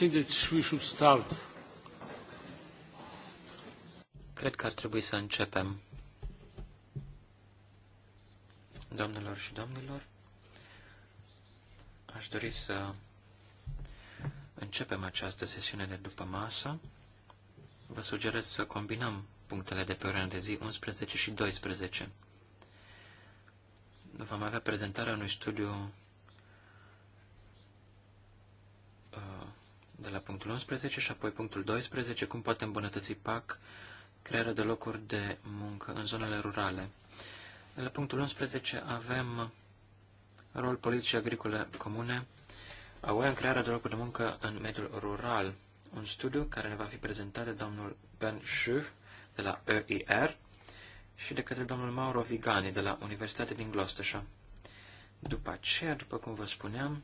we should start. Cred că ar trebui să începem. Doamnelor și domnilor, aș dori să începem această sesiune de după masă. Vă sugerez să combinăm punctele de pe ordine de zi 11 și 12. Vom avea prezentarea unui studiu de la punctul 11 și apoi punctul 12, cum poate îmbunătăți PAC crearea de locuri de muncă în zonele rurale. De la punctul 11 avem rol politicii agricole comune a în crearea de locuri de muncă în mediul rural. Un studiu care ne va fi prezentat de domnul Ben Schuh de la EIR și de către domnul Mauro Vigani de la Universitatea din Gloucestershire. După aceea, după cum vă spuneam,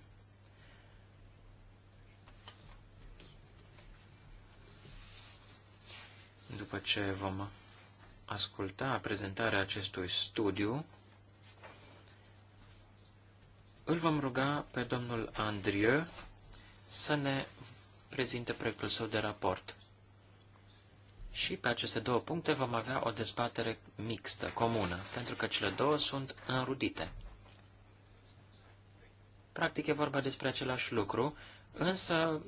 După ce vom asculta prezentarea acestui studiu, îl vom ruga pe domnul Andrieu să ne prezinte proiectul său de raport. Și pe aceste două puncte vom avea o dezbatere mixtă, comună, pentru că cele două sunt înrudite. Practic e vorba despre același lucru, însă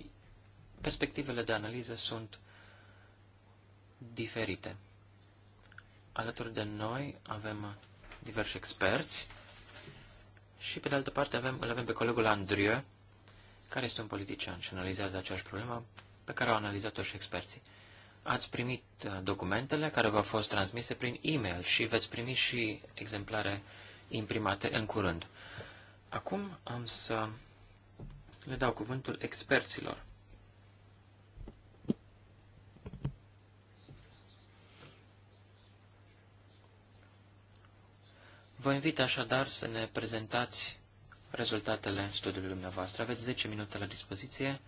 perspectivele de analiză sunt uh, diferite. Alături de noi avem diversi experți și, pe de altă parte, avem, îl avem pe colegul Andrieu, care este un politician și analizează aceeași problemă pe care au analizat-o și experții. Ați primit uh, documentele care v-au fost transmise prin e-mail și veți primi și exemplare imprimate în curând. Acum am să le dau cuvântul experților. Vă invit așadar să ne prezentați rezultatele studiului dumneavoastră. Aveți 10 minute la dispoziție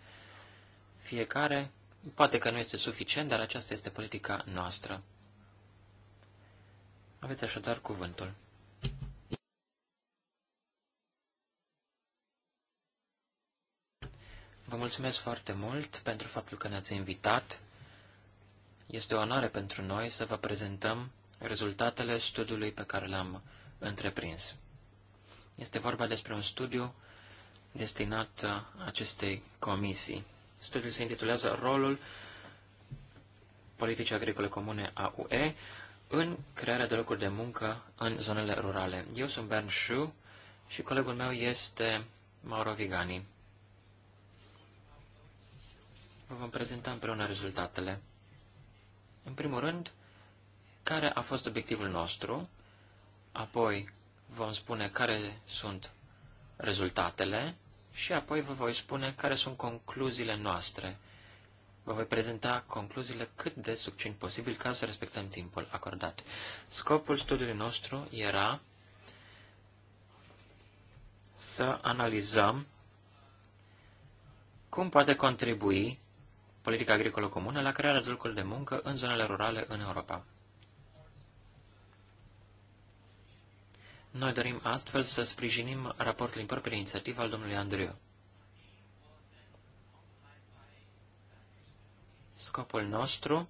fiecare. Poate că nu este suficient, dar aceasta este politica noastră. Aveți așadar cuvântul. Vă mulțumesc foarte mult pentru faptul că ne-ați invitat. Este o onoare pentru noi să vă prezentăm rezultatele studiului pe care l-am întreprins. Este vorba despre un studiu destinat uh, acestei comisii. Studiul se intitulează Rolul politicii agricole comune a UE în crearea de locuri de muncă în zonele rurale. Eu sunt Bern Shu și colegul meu este Mauro Vigani. Vă vom prezenta împreună rezultatele. În primul rând, care a fost obiectivul nostru Apoi vom spune care sunt rezultatele și apoi vă voi spune care sunt concluziile noastre. Vă voi prezenta concluziile cât de succint posibil ca să respectăm timpul acordat. Scopul studiului nostru era să analizăm cum poate contribui politica agricolă comună la crearea de locuri de muncă în zonele rurale în Europa. Noi dorim astfel să sprijinim raportul din proprie inițiativă al domnului Andriu. Scopul nostru,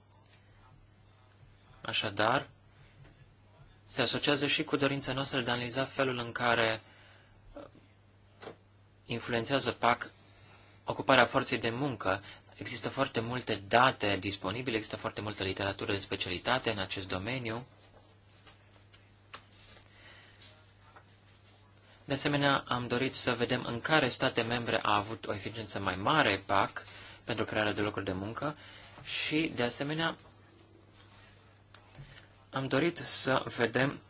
așadar, se asociază și cu dorința noastră de a analiza felul în care influențează PAC ocuparea forței de muncă. Există foarte multe date disponibile, există foarte multă literatură de specialitate în acest domeniu. De asemenea, am dorit să vedem în care state membre a avut o eficiență mai mare PAC pentru crearea de locuri de muncă și, de asemenea, am dorit să vedem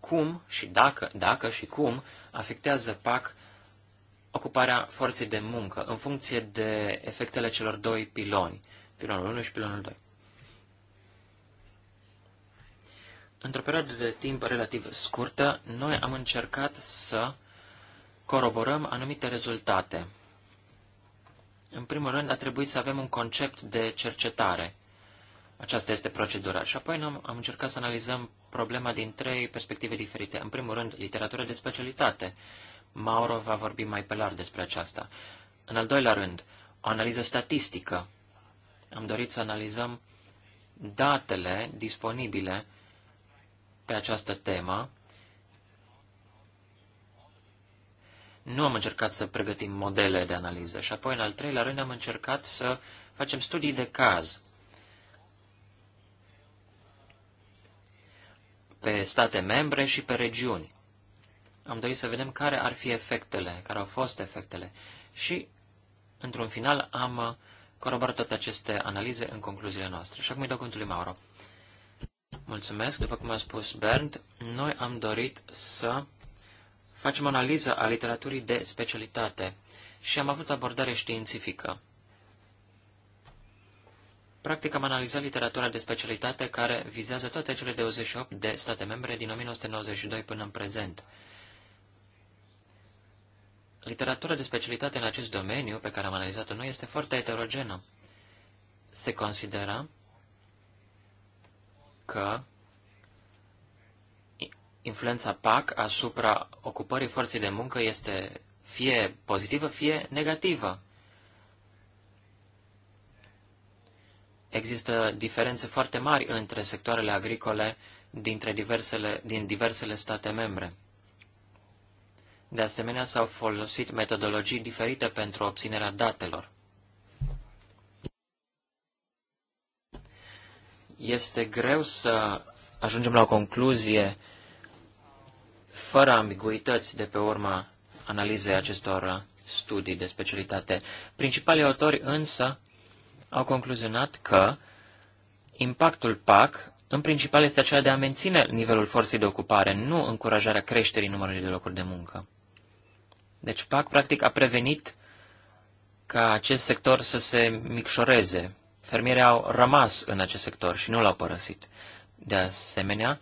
cum și dacă, dacă și cum afectează PAC ocuparea forței de muncă în funcție de efectele celor doi piloni, pilonul 1 și pilonul 2. Într-o perioadă de timp relativ scurtă, noi am încercat să coroborăm anumite rezultate. În primul rând, a trebuit să avem un concept de cercetare. Aceasta este procedura. Și apoi am, am încercat să analizăm problema din trei perspective diferite. În primul rând, literatura de specialitate. Mauro va vorbi mai pe larg despre aceasta. În al doilea rând, o analiză statistică. Am dorit să analizăm datele disponibile pe această temă nu am încercat să pregătim modele de analiză și apoi, în al treilea rând, am încercat să facem studii de caz pe state membre și pe regiuni. Am dorit să vedem care ar fi efectele, care au fost efectele și, într-un final, am coroborat toate aceste analize în concluziile noastre. Și acum îi dau cuvântul lui Mauro. Mulțumesc. După cum a spus Bernd, noi am dorit să facem analiză a literaturii de specialitate și am avut abordare științifică. Practic am analizat literatura de specialitate care vizează toate cele 28 de state membre din 1992 până în prezent. Literatura de specialitate în acest domeniu pe care am analizat-o noi este foarte heterogenă. Se consideră că influența PAC asupra ocupării forței de muncă este fie pozitivă, fie negativă. Există diferențe foarte mari între sectoarele agricole dintre diversele, din diversele state membre. De asemenea, s-au folosit metodologii diferite pentru obținerea datelor. Este greu să ajungem la o concluzie fără ambiguități de pe urma analizei acestor studii de specialitate. Principalii autori însă au concluzionat că impactul PAC în principal este acela de a menține nivelul forței de ocupare, nu încurajarea creșterii numărului de locuri de muncă. Deci PAC practic a prevenit ca acest sector să se micșoreze. Fermierii au rămas în acest sector și nu l-au părăsit. De asemenea,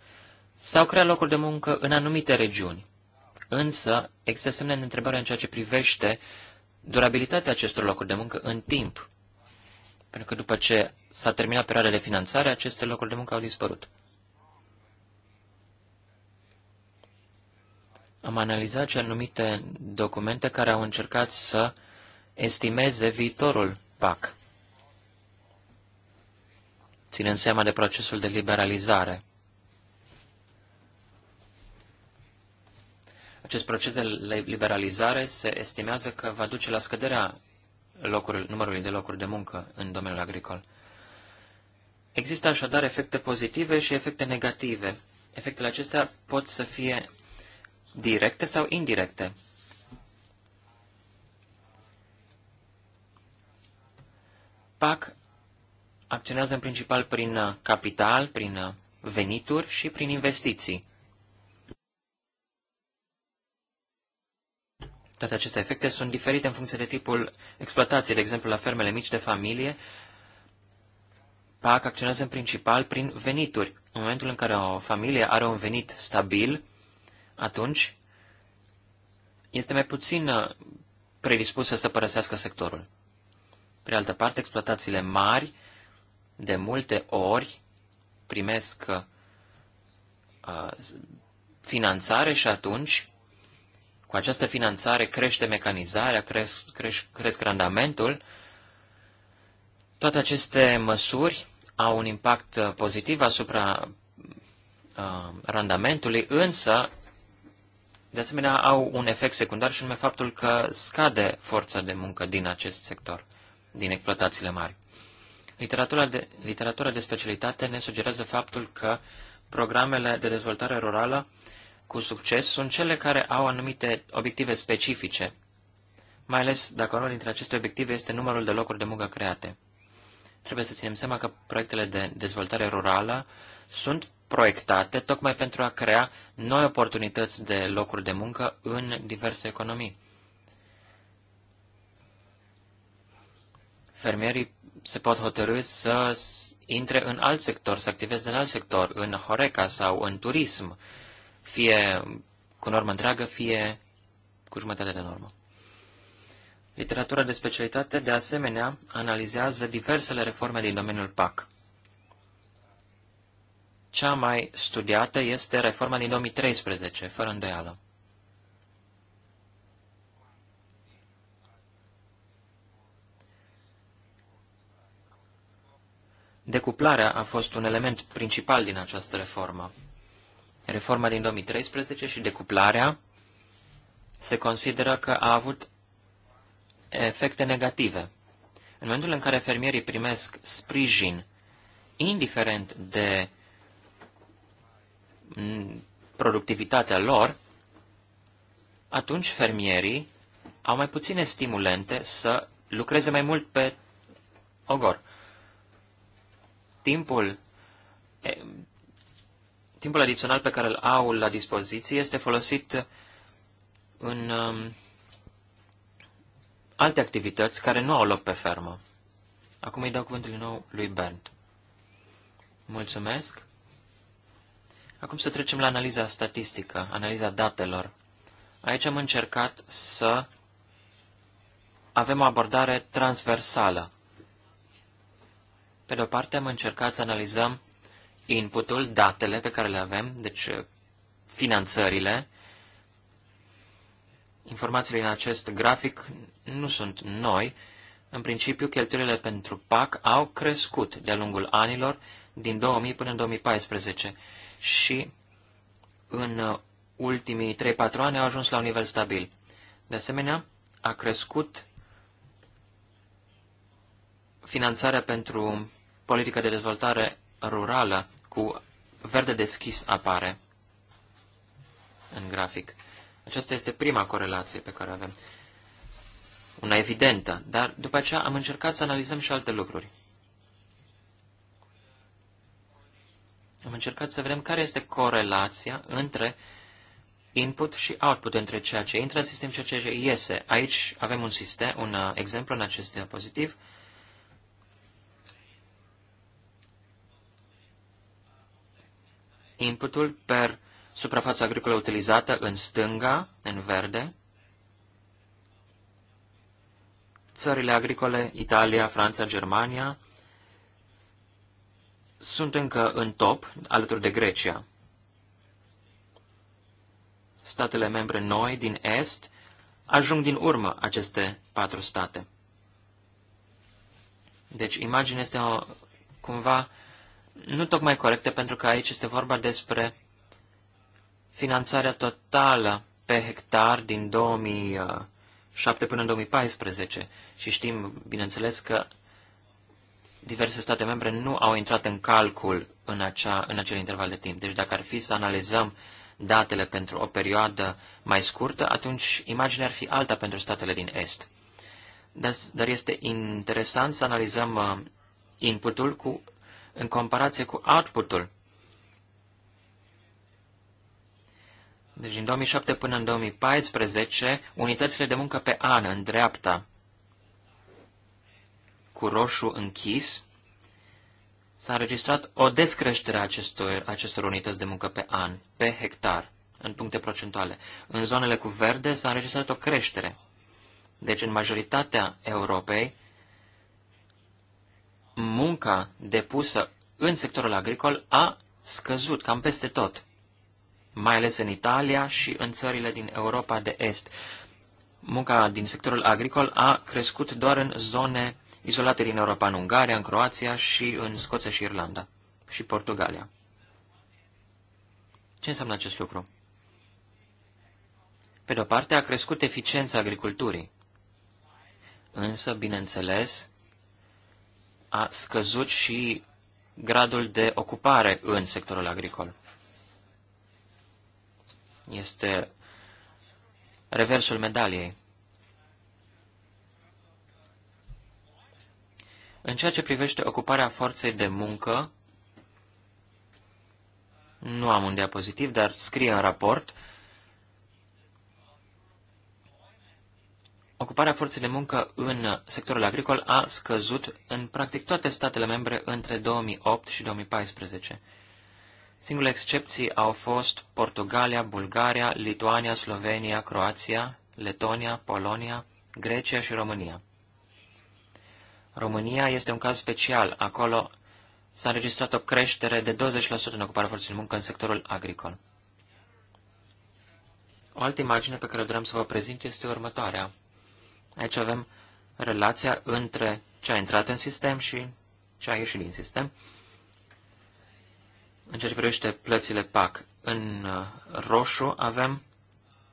S-au creat locuri de muncă în anumite regiuni, însă există semne de întrebare în ceea ce privește durabilitatea acestor locuri de muncă în timp, pentru că după ce s-a terminat perioada de finanțare, aceste locuri de muncă au dispărut. Am analizat și anumite documente care au încercat să estimeze viitorul PAC, ținând seama de procesul de liberalizare Acest proces de liberalizare se estimează că va duce la scăderea locuri, numărului de locuri de muncă în domeniul agricol. Există așadar efecte pozitive și efecte negative. Efectele acestea pot să fie directe sau indirecte. PAC acționează în principal prin capital, prin venituri și prin investiții. Toate aceste efecte sunt diferite în funcție de tipul exploatației, de exemplu la fermele mici de familie, PAC acționează în principal prin venituri. În momentul în care o familie are un venit stabil, atunci este mai puțin uh, predispusă să părăsească sectorul. Pe altă parte, exploatațiile mari de multe ori primesc uh, finanțare și atunci cu această finanțare crește mecanizarea, cresc, cresc, cresc randamentul. Toate aceste măsuri au un impact uh, pozitiv asupra uh, randamentului, însă, de asemenea, au un efect secundar și anume faptul că scade forța de muncă din acest sector, din exploatațiile mari. Literatura de, literatura de specialitate ne sugerează faptul că programele de dezvoltare rurală uh, cu succes sunt cele care au anumite obiective specifice, mai ales dacă unul dintre aceste obiective este numărul de locuri de muncă create. Trebuie să ținem seama că proiectele de dezvoltare rurală sunt proiectate tocmai pentru a crea noi oportunități de locuri de muncă în diverse economii. Fermierii se pot hotărâ să intre în alt sector, să activeze în alt sector, în Horeca sau în turism, fie cu normă întreagă, fie cu jumătate de normă. Literatura de specialitate, de asemenea, analizează diversele reforme din domeniul PAC. Cea mai studiată este reforma din 2013, fără îndoială. Decuplarea a fost un element principal din această reformă. Reforma din 2013 și decuplarea se consideră că a avut efecte negative. În momentul în care fermierii primesc sprijin, indiferent de productivitatea lor, atunci fermierii au mai puține stimulente să lucreze mai mult pe ogor. Timpul timpul adițional pe care îl au la dispoziție este folosit în um, alte activități care nu au loc pe fermă. Acum îi dau cuvântul din nou lui Bernd. Mulțumesc. Acum să trecem la analiza statistică, analiza datelor. Aici am încercat să avem o abordare transversală. Pe de o parte am încercat să analizăm inputul, datele pe care le avem, deci uh, finanțările. Informațiile în acest grafic nu sunt noi. În principiu, cheltuielile pentru PAC au crescut de-a lungul anilor, din 2000 până în 2014 și în uh, ultimii 3-4 ani au ajuns la un nivel stabil. De asemenea, a crescut finanțarea pentru politică de dezvoltare rurală cu verde deschis apare în grafic. Aceasta este prima corelație pe care o avem. Una evidentă, dar după aceea am încercat să analizăm și alte lucruri. Am încercat să vedem care este corelația între input și output, între ceea ce intră în sistem și ceea ce iese. Aici avem un sistem, un uh, exemplu în acest diapozitiv, pozitiv inputul per suprafața agricolă utilizată în stânga, în verde, țările agricole, Italia, Franța, Germania, sunt încă în top, alături de Grecia. Statele membre noi din Est ajung din urmă aceste patru state. Deci, imaginea este o, cumva nu tocmai corecte, pentru că aici este vorba despre finanțarea totală pe hectar din 2007 până în 2014 și știm, bineînțeles, că diverse state membre nu au intrat în calcul în, acea, în acel interval de timp. Deci dacă ar fi să analizăm datele pentru o perioadă mai scurtă, atunci imaginea ar fi alta pentru statele din Est. Dar, dar este interesant să analizăm uh, inputul cu în comparație cu outputul. Deci din 2007 până în 2014, unitățile de muncă pe an în dreapta, cu roșu închis, s-a înregistrat o descreștere a acestor, acestor unități de muncă pe an, pe hectar, în puncte procentuale. În zonele cu verde s-a înregistrat o creștere. Deci în majoritatea Europei, munca depusă în sectorul agricol a scăzut cam peste tot, mai ales în Italia și în țările din Europa de Est. Munca din sectorul agricol a crescut doar în zone izolate din Europa, în Ungaria, în Croația și în Scoția și Irlanda și Portugalia. Ce înseamnă acest lucru? Pe de-o parte, a crescut eficiența agriculturii. Însă, bineînțeles, a scăzut și gradul de ocupare în sectorul agricol. Este reversul medaliei. În ceea ce privește ocuparea forței de muncă, nu am un diapozitiv, dar scrie în raport Ocuparea forței de muncă în sectorul agricol a scăzut în practic toate statele membre între 2008 și 2014. Singurele excepții au fost Portugalia, Bulgaria, Lituania, Slovenia, Croația, Letonia, Polonia, Grecia și România. România este un caz special. Acolo s-a înregistrat o creștere de 20% în ocuparea forței de muncă în sectorul agricol. O altă imagine pe care o doream să vă prezint este următoarea. Aici avem relația între ce a intrat în sistem și ce a ieșit din sistem. În ceea ce privește plățile PAC, în uh, roșu avem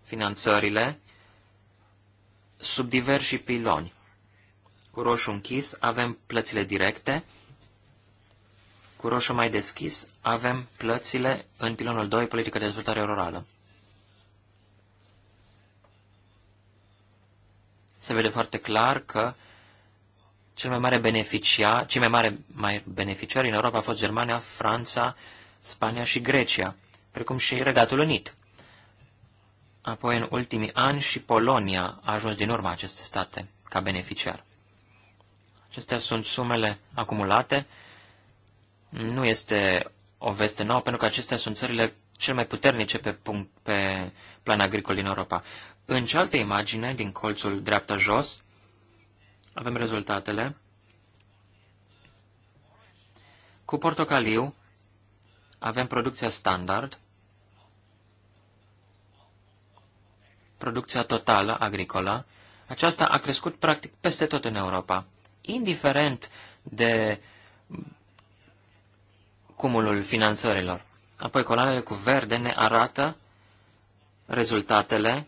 finanțările sub diversi piloni. Cu roșu închis avem plățile directe, cu roșu mai deschis avem plățile în pilonul 2, politică de dezvoltare rurală. se vede foarte clar că cel mai mare beneficiar, cei mai mari mai beneficiari în Europa au fost Germania, Franța, Spania și Grecia, precum și Regatul Unit. Apoi, în ultimii ani, și Polonia a ajuns din urma aceste state ca beneficiar. Acestea sunt sumele acumulate. Nu este o veste nouă, pentru că acestea sunt țările cel mai puternice pe, punct, pe plan agricol din Europa. În cealaltă imagine, din colțul dreapta jos, avem rezultatele. Cu portocaliu avem producția standard, producția totală agricolă. Aceasta a crescut practic peste tot în Europa, indiferent de cumulul finanțărilor. Apoi coloanele cu verde ne arată rezultatele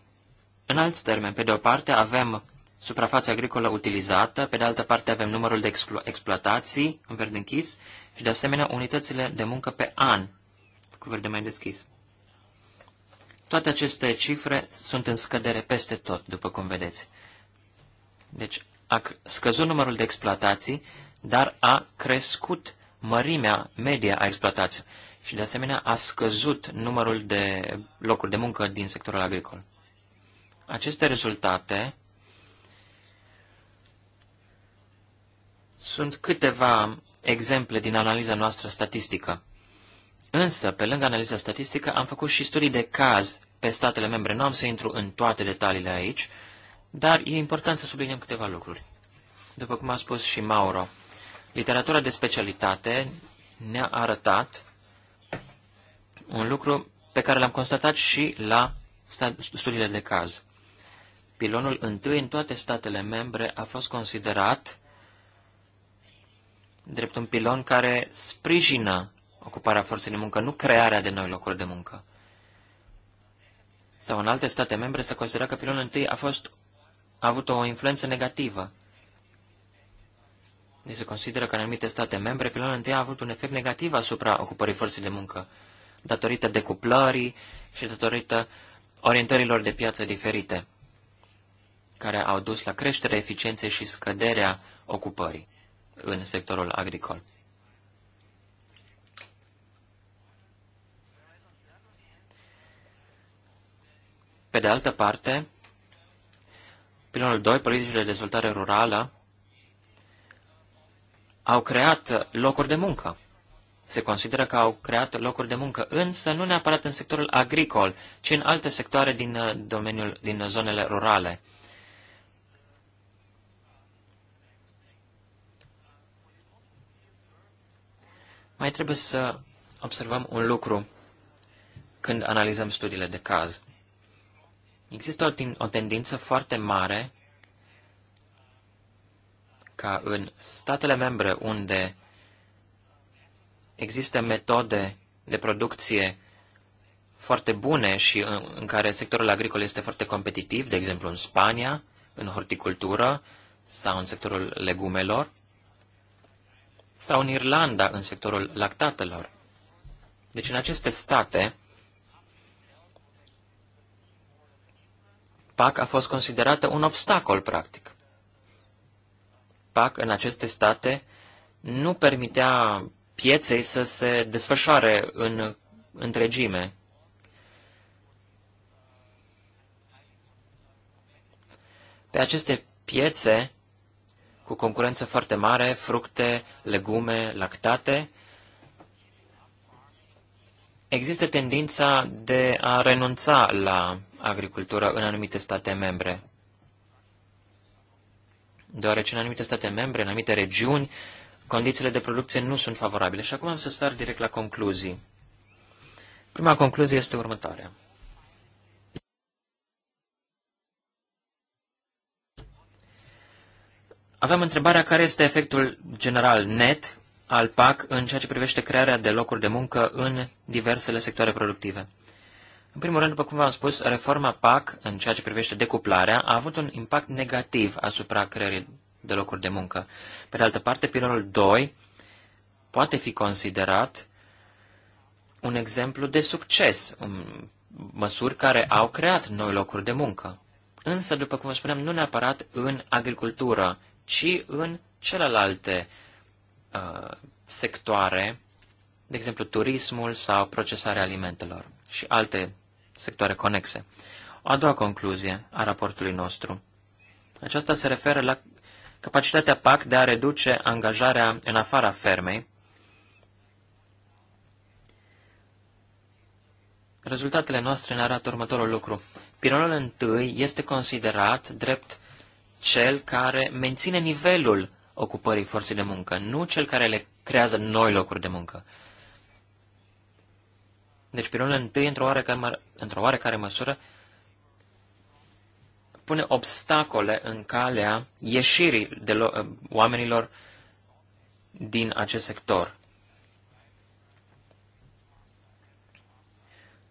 în alți termeni, pe de o parte avem suprafața agricolă utilizată, pe de altă parte avem numărul de explo exploatații în verde închis și de asemenea unitățile de muncă pe an cu verde mai deschis. Toate aceste cifre sunt în scădere peste tot, după cum vedeți. Deci a scăzut numărul de exploatații, dar a crescut mărimea media a exploatației și de asemenea a scăzut numărul de locuri de muncă din sectorul agricol. Aceste rezultate sunt câteva exemple din analiza noastră statistică. Însă, pe lângă analiza statistică, am făcut și studii de caz pe statele membre. Nu am să intru în toate detaliile aici, dar e important să subliniem câteva lucruri. După cum a spus și Mauro, literatura de specialitate ne-a arătat un lucru pe care l-am constatat și la studiile de caz. Pilonul întâi în toate statele membre a fost considerat drept un pilon care sprijină ocuparea forței de muncă, nu crearea de noi locuri de muncă. Sau în alte state membre se considera că pilonul întâi a, fost, a avut o influență negativă. Deci se consideră că în anumite state membre pilonul întâi a avut un efect negativ asupra ocupării forței de muncă, datorită decuplării și datorită orientărilor de piață diferite care au dus la creșterea eficienței și scăderea ocupării în sectorul agricol. Pe de altă parte, pilonul 2, politicile de dezvoltare rurală, au creat locuri de muncă. Se consideră că au creat locuri de muncă, însă nu neapărat în sectorul agricol, ci în alte sectoare din uh, domeniul, din zonele rurale. Mai trebuie să observăm un lucru când analizăm studiile de caz. Există o, o tendință foarte mare ca în statele membre unde există metode de producție foarte bune și în, în care sectorul agricol este foarte competitiv, de exemplu în Spania, în horticultură sau în sectorul legumelor, sau în Irlanda, în sectorul lactatelor. Deci în aceste state, PAC a fost considerată un obstacol practic. PAC în aceste state nu permitea pieței să se desfășoare în întregime. Pe aceste piețe cu concurență foarte mare, fructe, legume, lactate. Există tendința de a renunța la agricultură în anumite state membre, deoarece în anumite state membre, în anumite regiuni, condițiile de producție nu sunt favorabile. Și acum am să sar direct la concluzii. Prima concluzie este următoarea. Avem întrebarea care este efectul general net al PAC în ceea ce privește crearea de locuri de muncă în diversele sectoare productive. În primul rând, după cum v-am spus, reforma PAC, în ceea ce privește decuplarea, a avut un impact negativ asupra creării de locuri de muncă. Pe de altă parte, pilonul 2 poate fi considerat un exemplu de succes, măsuri care au creat noi locuri de muncă. Însă, după cum vă spuneam, nu neapărat în agricultură ci în celelalte uh, sectoare, de exemplu turismul sau procesarea alimentelor și alte sectoare conexe. O a doua concluzie a raportului nostru. Aceasta se referă la capacitatea PAC de a reduce angajarea în afara fermei. Rezultatele noastre ne arată următorul lucru. Pilonul întâi este considerat drept cel care menține nivelul ocupării forței de muncă, nu cel care le creează noi locuri de muncă. Deci pilonul întâi, într-o oarecare, într oarecare măsură, pune obstacole în calea ieșirii de oamenilor din acest sector.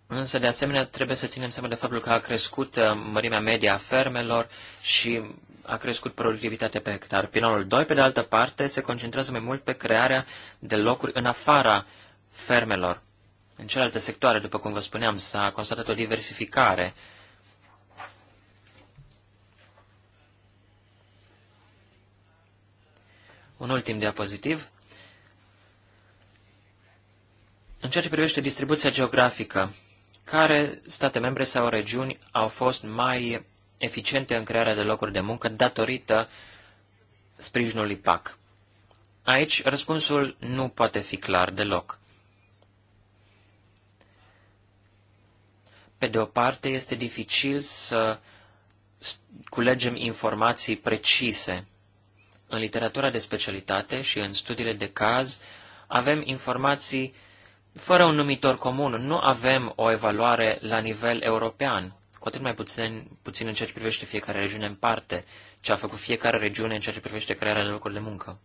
Însă, de asemenea, trebuie să ținem seama de faptul că a crescut uh, mărimea media a fermelor și a crescut productivitatea pe hectar. Pilonul 2, pe de altă parte, se concentrează mai mult pe crearea de locuri în afara fermelor. În celelalte sectoare, după cum vă spuneam, s-a constatat o diversificare. Un ultim diapozitiv. În ceea ce privește distribuția geografică, care state membre sau regiuni au fost mai eficiente în crearea de locuri de muncă datorită sprijinului PAC. Aici răspunsul nu poate fi clar deloc. Pe de o parte, este dificil să culegem informații precise. În literatura de specialitate și în studiile de caz avem informații fără un numitor comun, nu avem o evaluare la nivel european cu atât mai puțin, puțin în ceea ce privește fiecare regiune în parte, ce a făcut fiecare regiune în ceea ce privește crearea de locuri de muncă.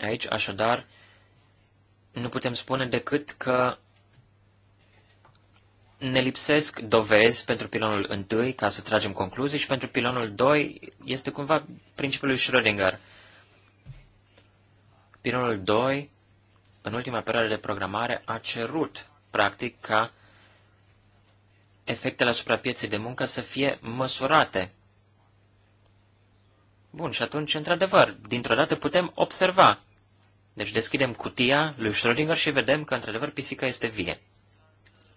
Aici, așadar, nu putem spune decât că ne lipsesc dovezi pentru pilonul întâi ca să tragem concluzii și pentru pilonul 2 este cumva principiul lui Schrödinger. Pilonul 2, în ultima perioadă de programare, a cerut practic, ca efectele asupra pieței de muncă să fie măsurate. Bun, și atunci, într-adevăr, dintr-o dată putem observa. Deci deschidem cutia lui Schrödinger și vedem că, într-adevăr, pisica este vie.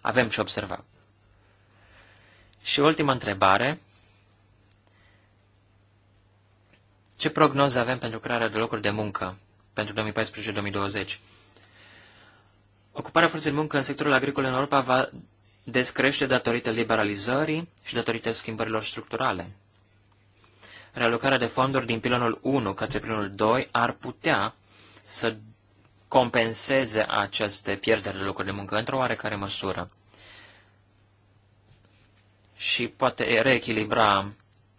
Avem ce observa. Și ultima întrebare. Ce prognoză avem pentru crearea de locuri de muncă pentru 2014-2020? Ocuparea forței de muncă în sectorul agricol în Europa va descrește datorită liberalizării și datorită schimbărilor structurale. Realocarea de fonduri din pilonul 1 către pilonul 2 ar putea să compenseze aceste pierderi de locuri de muncă într-o oarecare măsură și poate reechilibra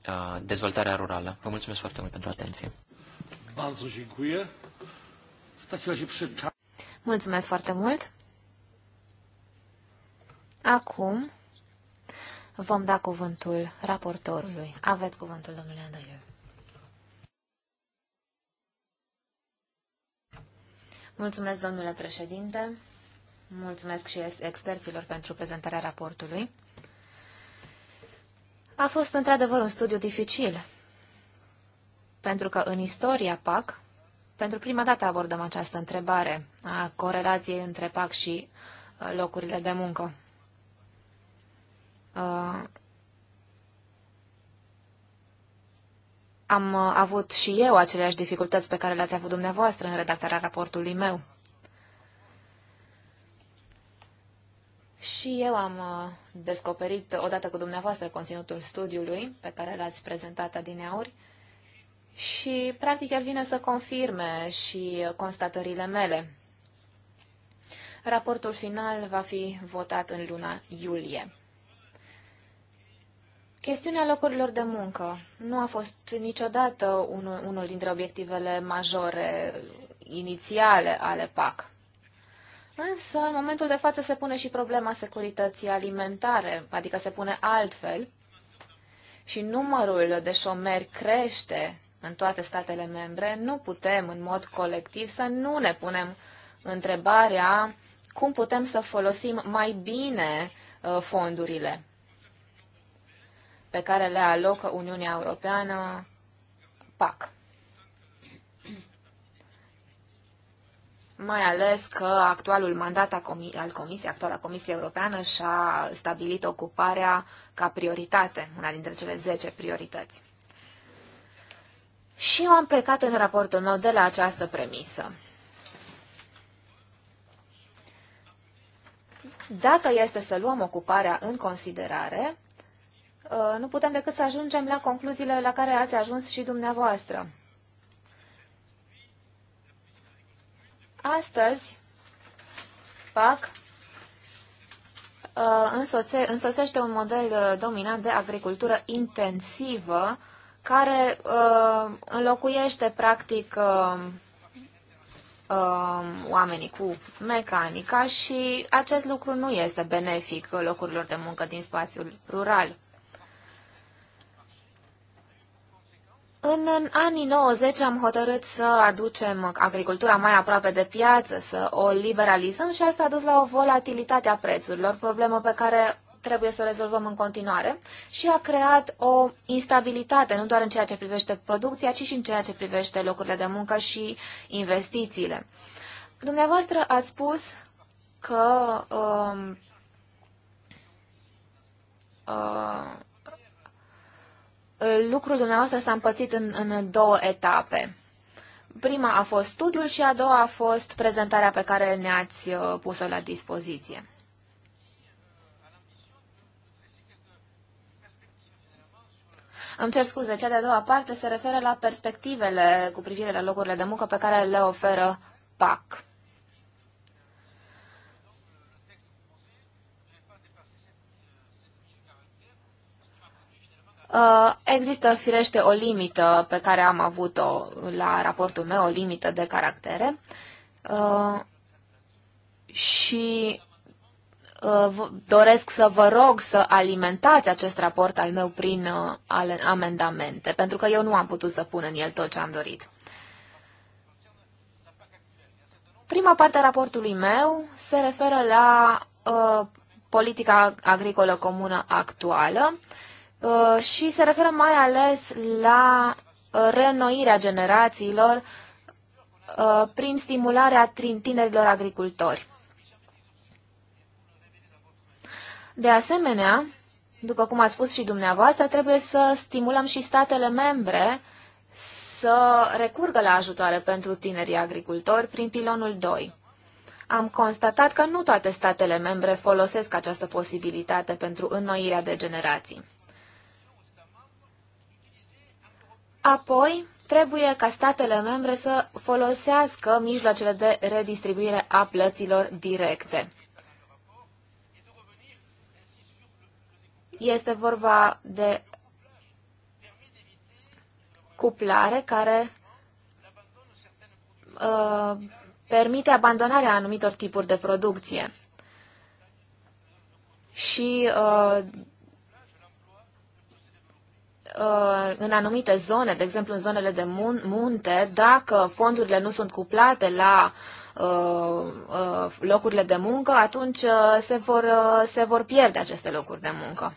uh, dezvoltarea rurală. Vă mulțumesc foarte mult pentru atenție. Bardzo dziękuję. W takim razie Mulțumesc foarte mult! Acum vom da cuvântul raportorului. Aveți cuvântul, domnule Andrei. Mulțumesc, domnule președinte. Mulțumesc și experților pentru prezentarea raportului. A fost într-adevăr un studiu dificil, pentru că în istoria PAC pentru prima dată abordăm această întrebare a corelației între PAC și uh, locurile de muncă. Uh, am uh, avut și eu aceleași dificultăți pe care le-ați avut dumneavoastră în redactarea raportului meu. Și eu am descoperit, odată cu dumneavoastră, conținutul studiului pe care l-ați prezentat adineauri și, practic, el vine să confirme și constatările mele. Raportul final va fi votat în luna iulie. Chestiunea locurilor de muncă nu a fost niciodată unul, unul dintre obiectivele majore inițiale ale PAC. Însă, în momentul de față se pune și problema securității alimentare, adică se pune altfel și numărul de șomeri crește în toate statele membre, nu putem în mod colectiv să nu ne punem întrebarea cum putem să folosim mai bine uh, fondurile pe care le alocă Uniunea Europeană PAC. Mai ales că actualul mandat al Comisiei, actuala Comisie Europeană, și-a stabilit ocuparea ca prioritate, una dintre cele 10 priorități. Și eu am plecat în raportul meu de la această premisă. Dacă este să luăm ocuparea în considerare, uh, nu putem decât să ajungem la concluziile la care ați ajuns și dumneavoastră. Astăzi, PAC uh, însoțe, însoțește un model uh, dominant de agricultură intensivă care uh, înlocuiește practic uh, uh, oamenii cu mecanica și acest lucru nu este benefic locurilor de muncă din spațiul rural. În, în anii 90 am hotărât să aducem agricultura mai aproape de piață, să o liberalizăm și asta a dus la o volatilitate a prețurilor, problemă pe care trebuie să o rezolvăm în continuare și a creat o instabilitate, nu doar în ceea ce privește producția, ci și în ceea ce privește locurile de muncă și investițiile. Dumneavoastră ați spus că um, uh, lucrul dumneavoastră s-a împățit în, în două etape. Prima a fost studiul și a doua a fost prezentarea pe care ne-ați uh, pus-o la dispoziție. Îmi cer scuze, cea de-a doua parte se referă la perspectivele cu privire la locurile de muncă pe care le oferă PAC. Uh, există, firește, o limită pe care am avut-o la raportul meu, o limită de caractere. Uh, și Uh, doresc să vă rog să alimentați acest raport al meu prin uh, amendamente, pentru că eu nu am putut să pun în el tot ce am dorit. Prima parte a raportului meu se referă la uh, politica agricolă comună actuală uh, și se referă mai ales la uh, reînnoirea generațiilor uh, prin stimularea tinerilor agricultori. De asemenea, după cum ați spus și dumneavoastră, trebuie să stimulăm și statele membre să recurgă la ajutoare pentru tinerii agricultori prin pilonul 2. Am constatat că nu toate statele membre folosesc această posibilitate pentru înnoirea de generații. Apoi, trebuie ca statele membre să folosească mijloacele de redistribuire a plăților directe. Este vorba de cuplare care uh, permite abandonarea anumitor tipuri de producție. Și uh, uh, în anumite zone, de exemplu în zonele de munte, dacă fondurile nu sunt cuplate la locurile de muncă, atunci se vor, se vor pierde aceste locuri de muncă.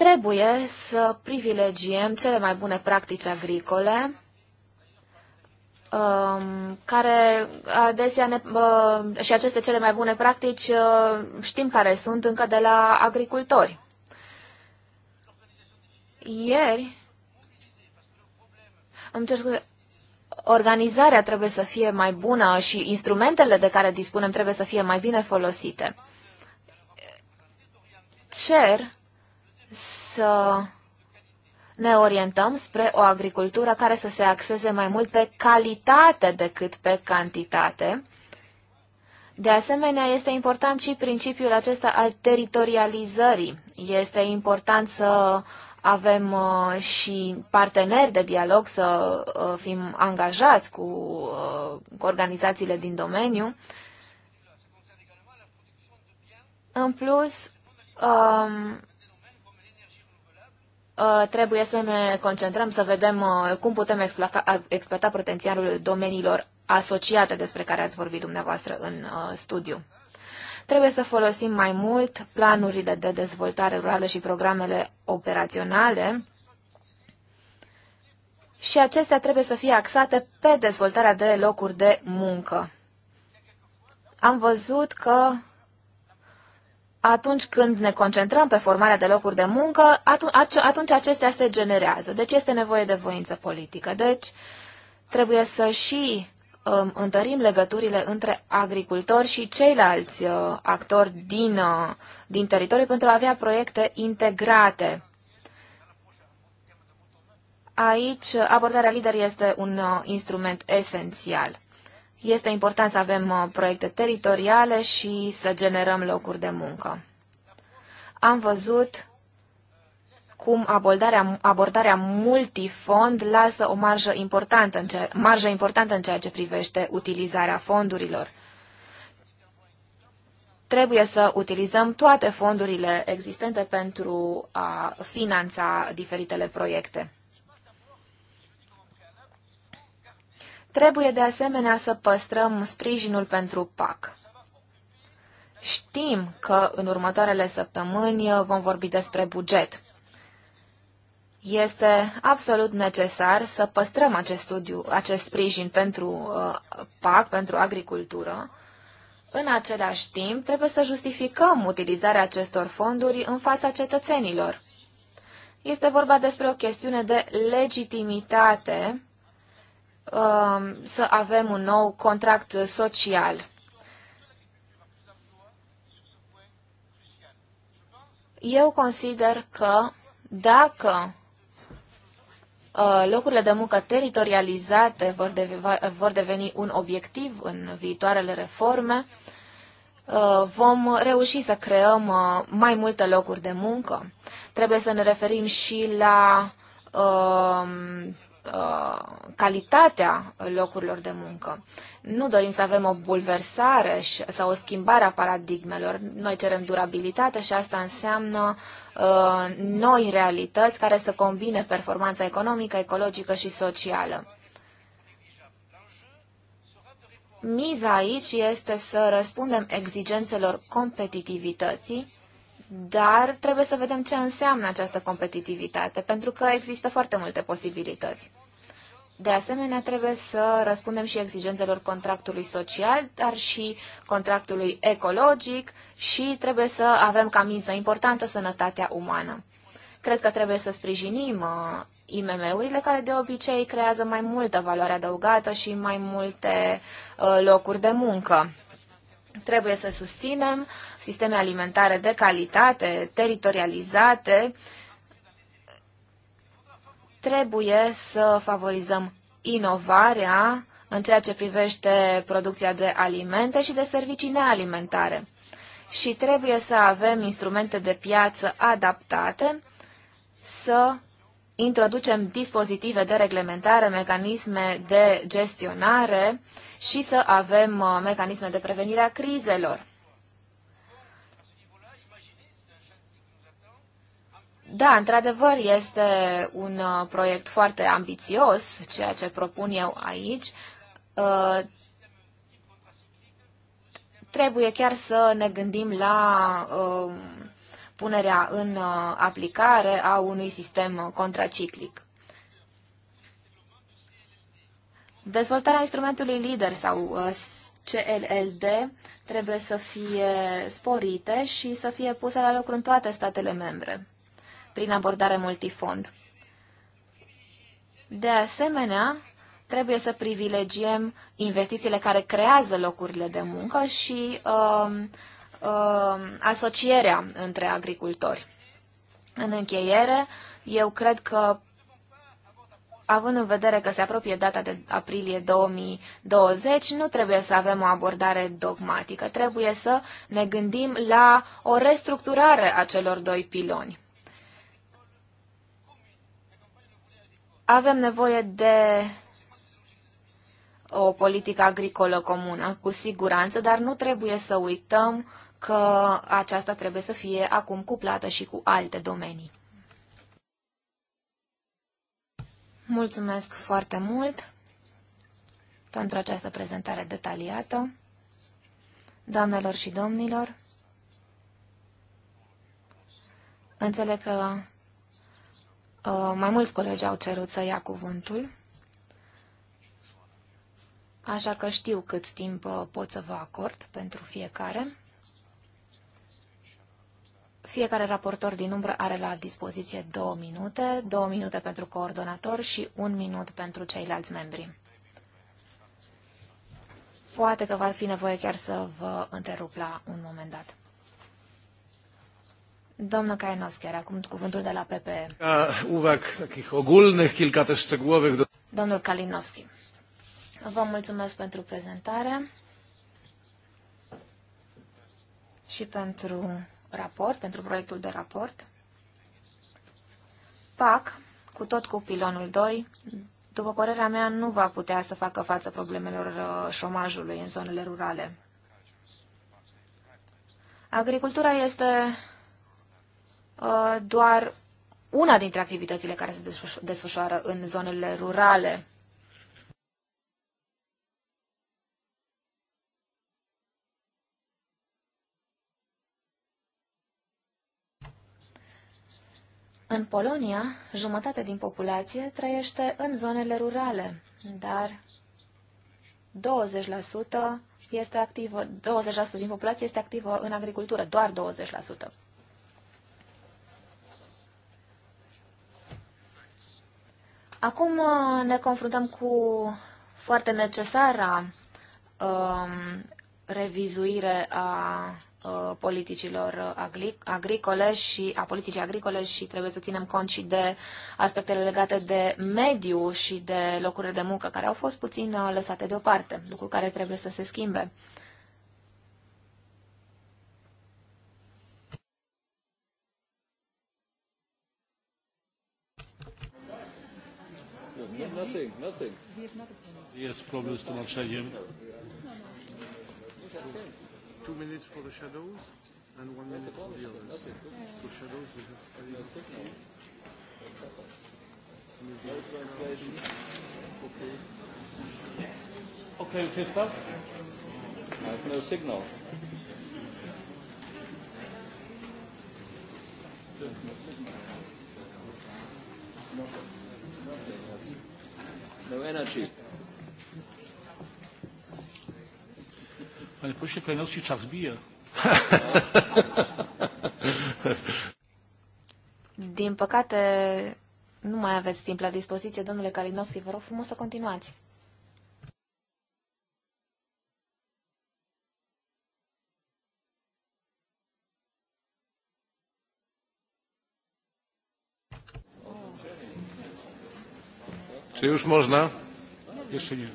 Trebuie să privilegiem cele mai bune practici agricole, um, care adesea ne, uh, și aceste cele mai bune practici uh, știm care sunt încă de la agricultori. Ieri, îmi cer scuze, organizarea trebuie să fie mai bună și instrumentele de care dispunem trebuie să fie mai bine folosite. Cer să ne orientăm spre o agricultură care să se axeze mai mult pe calitate decât pe cantitate. De asemenea, este important și principiul acesta al teritorializării. Este important să avem uh, și parteneri de dialog, să uh, fim angajați cu, uh, cu organizațiile din domeniu. În plus, um, Uh, trebuie să ne concentrăm, să vedem uh, cum putem exploata, exploata potențialul domeniilor asociate despre care ați vorbit dumneavoastră în uh, studiu. Trebuie să folosim mai mult planurile de dezvoltare rurală și programele operaționale și acestea trebuie să fie axate pe dezvoltarea de locuri de muncă. Am văzut că atunci când ne concentrăm pe formarea de locuri de muncă, atunci acestea se generează. Deci este nevoie de voință politică. Deci trebuie să și um, întărim legăturile între agricultori și ceilalți uh, actori din, uh, din teritoriu pentru a avea proiecte integrate. Aici abordarea lider este un uh, instrument esențial. Este important să avem uh, proiecte teritoriale și să generăm locuri de muncă. Am văzut cum abordarea, abordarea multifond lasă o marjă importantă, în ceea, marjă importantă în ceea ce privește utilizarea fondurilor. Trebuie să utilizăm toate fondurile existente pentru a finanța diferitele proiecte. Trebuie de asemenea să păstrăm sprijinul pentru PAC. Știm că în următoarele săptămâni vom vorbi despre buget. Este absolut necesar să păstrăm acest studiu, acest sprijin pentru uh, PAC, pentru agricultură. În același timp, trebuie să justificăm utilizarea acestor fonduri în fața cetățenilor. Este vorba despre o chestiune de legitimitate Um, să avem un nou contract social. Eu consider că dacă uh, locurile de muncă teritorializate vor, deve, vor deveni un obiectiv în viitoarele reforme, uh, vom reuși să creăm uh, mai multe locuri de muncă. Trebuie să ne referim și la um, Uh, calitatea locurilor de muncă. Nu dorim să avem o bulversare sau o schimbare a paradigmelor. Noi cerem durabilitate și asta înseamnă uh, noi realități care să combine performanța economică, ecologică și socială. Miza aici este să răspundem exigențelor competitivității dar trebuie să vedem ce înseamnă această competitivitate, pentru că există foarte multe posibilități. De asemenea, trebuie să răspundem și exigențelor contractului social, dar și contractului ecologic și trebuie să avem ca minsă importantă sănătatea umană. Cred că trebuie să sprijinim uh, IMM-urile care de obicei creează mai multă valoare adăugată și mai multe uh, locuri de muncă. Trebuie să susținem sisteme alimentare de calitate, teritorializate. Trebuie să favorizăm inovarea în ceea ce privește producția de alimente și de servicii nealimentare. Și trebuie să avem instrumente de piață adaptate, să introducem dispozitive de reglementare, mecanisme de gestionare și să avem uh, mecanisme de prevenire a crizelor. Da, într-adevăr, este un uh, proiect foarte ambițios, ceea ce propun eu aici. Uh, trebuie chiar să ne gândim la punerea în aplicare a unui sistem contraciclic. Dezvoltarea instrumentului lider sau uh, CLLD trebuie să fie sporite și să fie puse la lucru în toate statele membre, prin abordare multifond. De asemenea, trebuie să privilegiem investițiile care creează locurile de muncă și uh, uh, asocierea între agricultori. În încheiere, eu cred că având în vedere că se apropie data de aprilie 2020, nu trebuie să avem o abordare dogmatică, trebuie să ne gândim la o restructurare a celor doi piloni. Avem nevoie de o politică agricolă comună, cu siguranță, dar nu trebuie să uităm că aceasta trebuie să fie acum cuplată și cu alte domenii. Mulțumesc foarte mult pentru această prezentare detaliată. Doamnelor și domnilor, înțeleg că uh, mai mulți colegi au cerut să ia cuvântul, așa că știu cât timp uh, pot să vă acord pentru fiecare. Fiecare raportor din umbră are la dispoziție două minute, două minute pentru coordonator și un minut pentru ceilalți membri. Poate că va fi nevoie chiar să vă întrerup la un moment dat. Domnul Kajanowski, are acum cuvântul de la PPE. Domnul Kalinowski, vă mulțumesc pentru prezentare și pentru raport, pentru proiectul de raport. PAC, cu tot cu pilonul 2, după părerea mea, nu va putea să facă față problemelor uh, șomajului în zonele rurale. Agricultura este uh, doar una dintre activitățile care se desfășoară în zonele rurale. În Polonia, jumătate din populație trăiește în zonele rurale, dar 20% este activă, 20% din populație este activă în agricultură, doar 20%. Acum uh, ne confruntăm cu foarte necesara um, revizuire a Uh, politicilor uh, agricole și a politicii agricole și trebuie să ținem cont și de aspectele legate de mediu și de locurile de muncă care au fost puțin uh, lăsate deoparte, lucru care trebuie să se schimbe. Nothing, nothing. Jest problem z tłumaczeniem. No, no two minutes for the shadows and one minute for the others. For shadows, we have five minutes. Okay. Okay, okay, stop. I have no signal. Proszę kolejności czas bije. Din păcate, nu mai aveți timp la dispoziție, domnule Kalinowski, vă rog frumos să continuați. Czy już można? Jeszcze nie.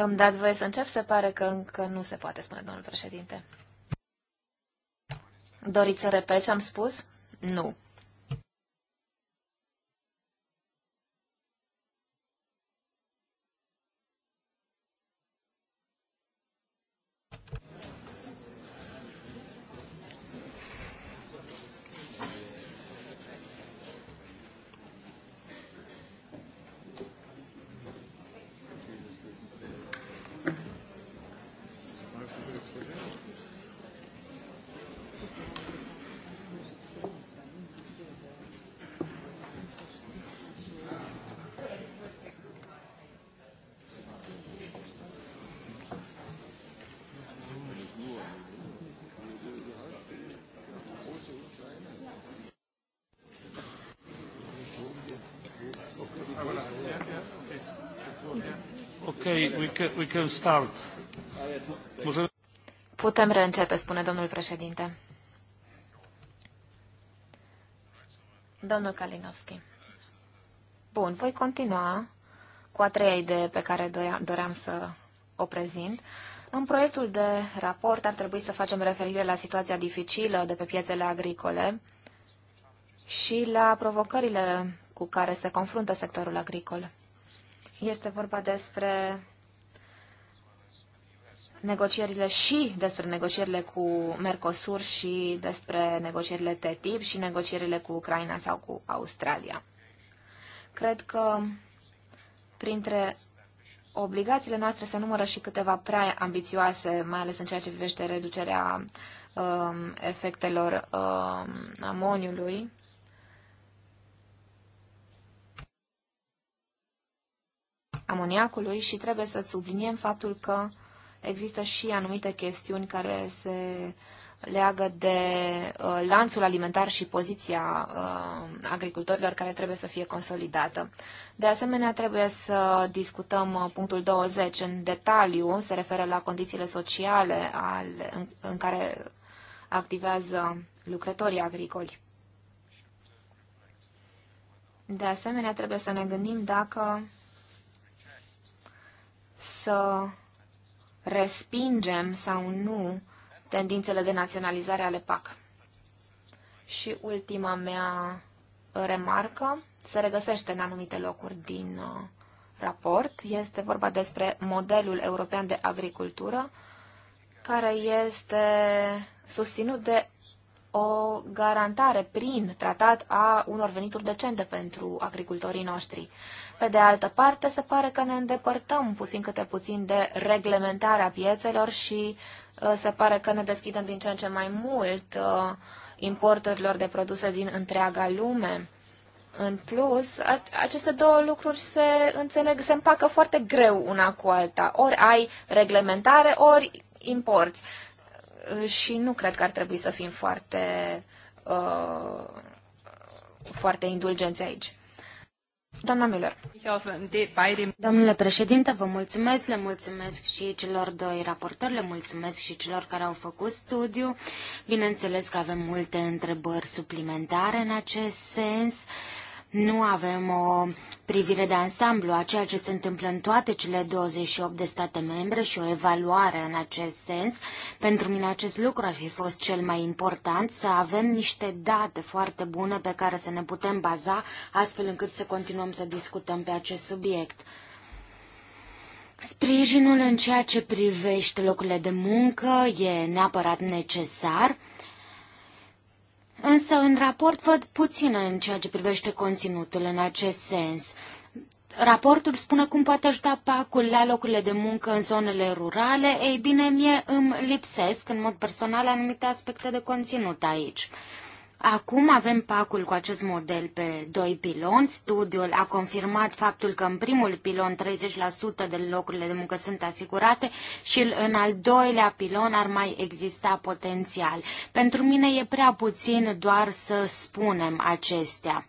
Îmi dați voie să încep? Se pare că încă nu se poate, spune domnul președinte. Doriți să repet ce am spus? Nu, Putem reîncepe, spune domnul președinte. Domnul Kalinowski. Bun, voi continua cu a treia idee pe care doream să o prezint. În proiectul de raport ar trebui să facem referire la situația dificilă de pe piețele agricole și la provocările cu care se confruntă sectorul agricol. Este vorba despre negocierile și despre negocierile cu Mercosur și despre negocierile TTIP și negocierile cu Ucraina sau cu Australia. Cred că printre obligațiile noastre se numără și câteva prea ambițioase, mai ales în ceea ce privește reducerea um, efectelor um, amoniului. amoniacului și trebuie să subliniem faptul că există și anumite chestiuni care se leagă de uh, lanțul alimentar și poziția uh, agricultorilor care trebuie să fie consolidată. De asemenea, trebuie să discutăm uh, punctul 20 în detaliu, se referă la condițiile sociale al, în, în care activează lucrătorii agricoli. De asemenea, trebuie să ne gândim dacă să respingem sau nu tendințele de naționalizare ale PAC. Și ultima mea remarcă se regăsește în anumite locuri din uh, raport. Este vorba despre modelul european de agricultură, care este susținut de o garantare prin tratat a unor venituri decente pentru agricultorii noștri. Pe de altă parte, se pare că ne îndepărtăm puțin câte puțin de reglementarea piețelor și uh, se pare că ne deschidem din ce în ce mai mult uh, importurilor de produse din întreaga lume. În plus, aceste două lucruri se înțeleg, se împacă foarte greu una cu alta. Ori ai reglementare, ori importi și nu cred că ar trebui să fim foarte, uh, foarte indulgenți aici. Doamna Miller. Domnule președinte, vă mulțumesc, le mulțumesc și celor doi raportori, le mulțumesc și celor care au făcut studiu. Bineînțeles că avem multe întrebări suplimentare în acest sens. Uh, nu avem o privire de ansamblu a ceea ce se întâmplă în toate cele 28 de state membre și o evaluare în acest sens. Pentru mine acest lucru ar fi fost cel mai important, să avem niște date foarte bune pe care să ne putem baza, astfel încât să continuăm să discutăm pe acest subiect. Sprijinul în ceea ce privește locurile de muncă e neapărat necesar. Însă în raport văd puțină în ceea ce privește conținutul în acest sens. Raportul spune cum poate ajuta pacul la locurile de muncă în zonele rurale. Ei bine, mie îmi lipsesc în mod personal anumite aspecte de conținut aici. Acum avem pacul cu acest model pe doi piloni. Studiul a confirmat faptul că în primul pilon 30% din locurile de muncă sunt asigurate și în al doilea pilon ar mai exista potențial. Pentru mine e prea puțin doar să spunem acestea.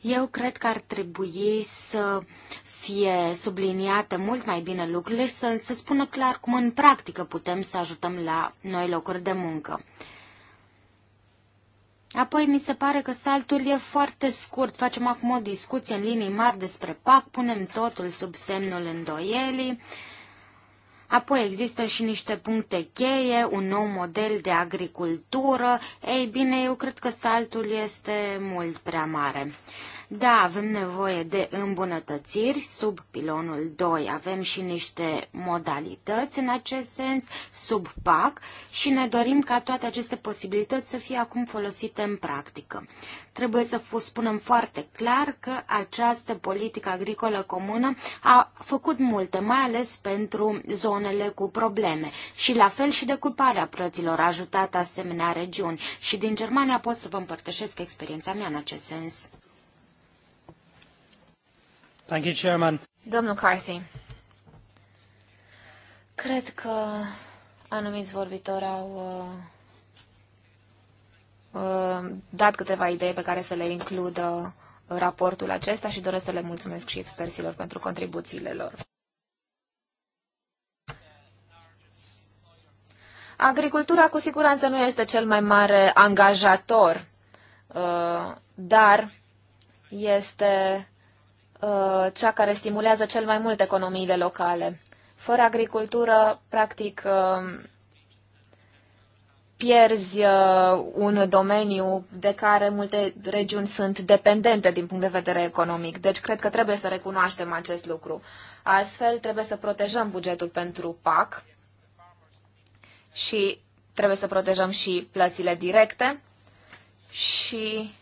Eu cred că ar trebui să fie subliniate mult mai bine lucrurile și să se spună clar cum în practică putem să ajutăm la noi locuri de muncă. Apoi mi se pare că saltul e foarte scurt, facem acum o discuție în linii mari despre PAC, punem totul sub semnul îndoielii, apoi există și niște puncte cheie, un nou model de agricultură, ei bine, eu cred că saltul este mult prea mare. Da, avem nevoie de îmbunătățiri sub pilonul 2. Avem și niște modalități în acest sens sub PAC și ne dorim ca toate aceste posibilități să fie acum folosite în practică. Trebuie să spunem foarte clar că această politică agricolă comună a făcut multe, mai ales pentru zonele cu probleme și la fel și decuparea plăților a ajutat asemenea regiuni și din Germania pot să vă împărtășesc experiența mea în acest sens. Domnul Carthy, cred că anumiți vorbitori au uh, uh, dat câteva idei pe care să le includă raportul acesta și doresc să le mulțumesc și experților pentru contribuțiile lor. Agricultura cu siguranță nu este cel mai mare angajator, uh, dar este Uh, cea care stimulează cel mai mult economiile locale. Fără agricultură, practic, uh, pierzi uh, un domeniu de care multe regiuni sunt dependente din punct de vedere economic. Deci cred că trebuie să recunoaștem acest lucru. Astfel, trebuie să protejăm bugetul pentru PAC și trebuie să protejăm și plățile directe și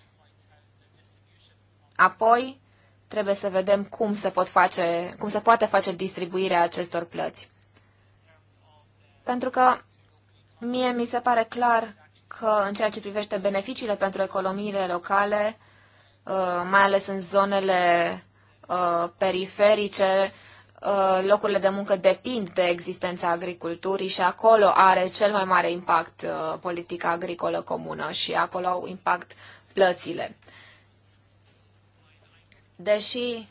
apoi trebuie să vedem cum se, pot face, cum se poate face distribuirea acestor plăți. Pentru că mie mi se pare clar că în ceea ce privește beneficiile pentru economiile locale, uh, mai ales în zonele uh, periferice, uh, locurile de muncă depind de existența agriculturii și acolo are cel mai mare impact politica agricolă comună și acolo au impact plățile. Deși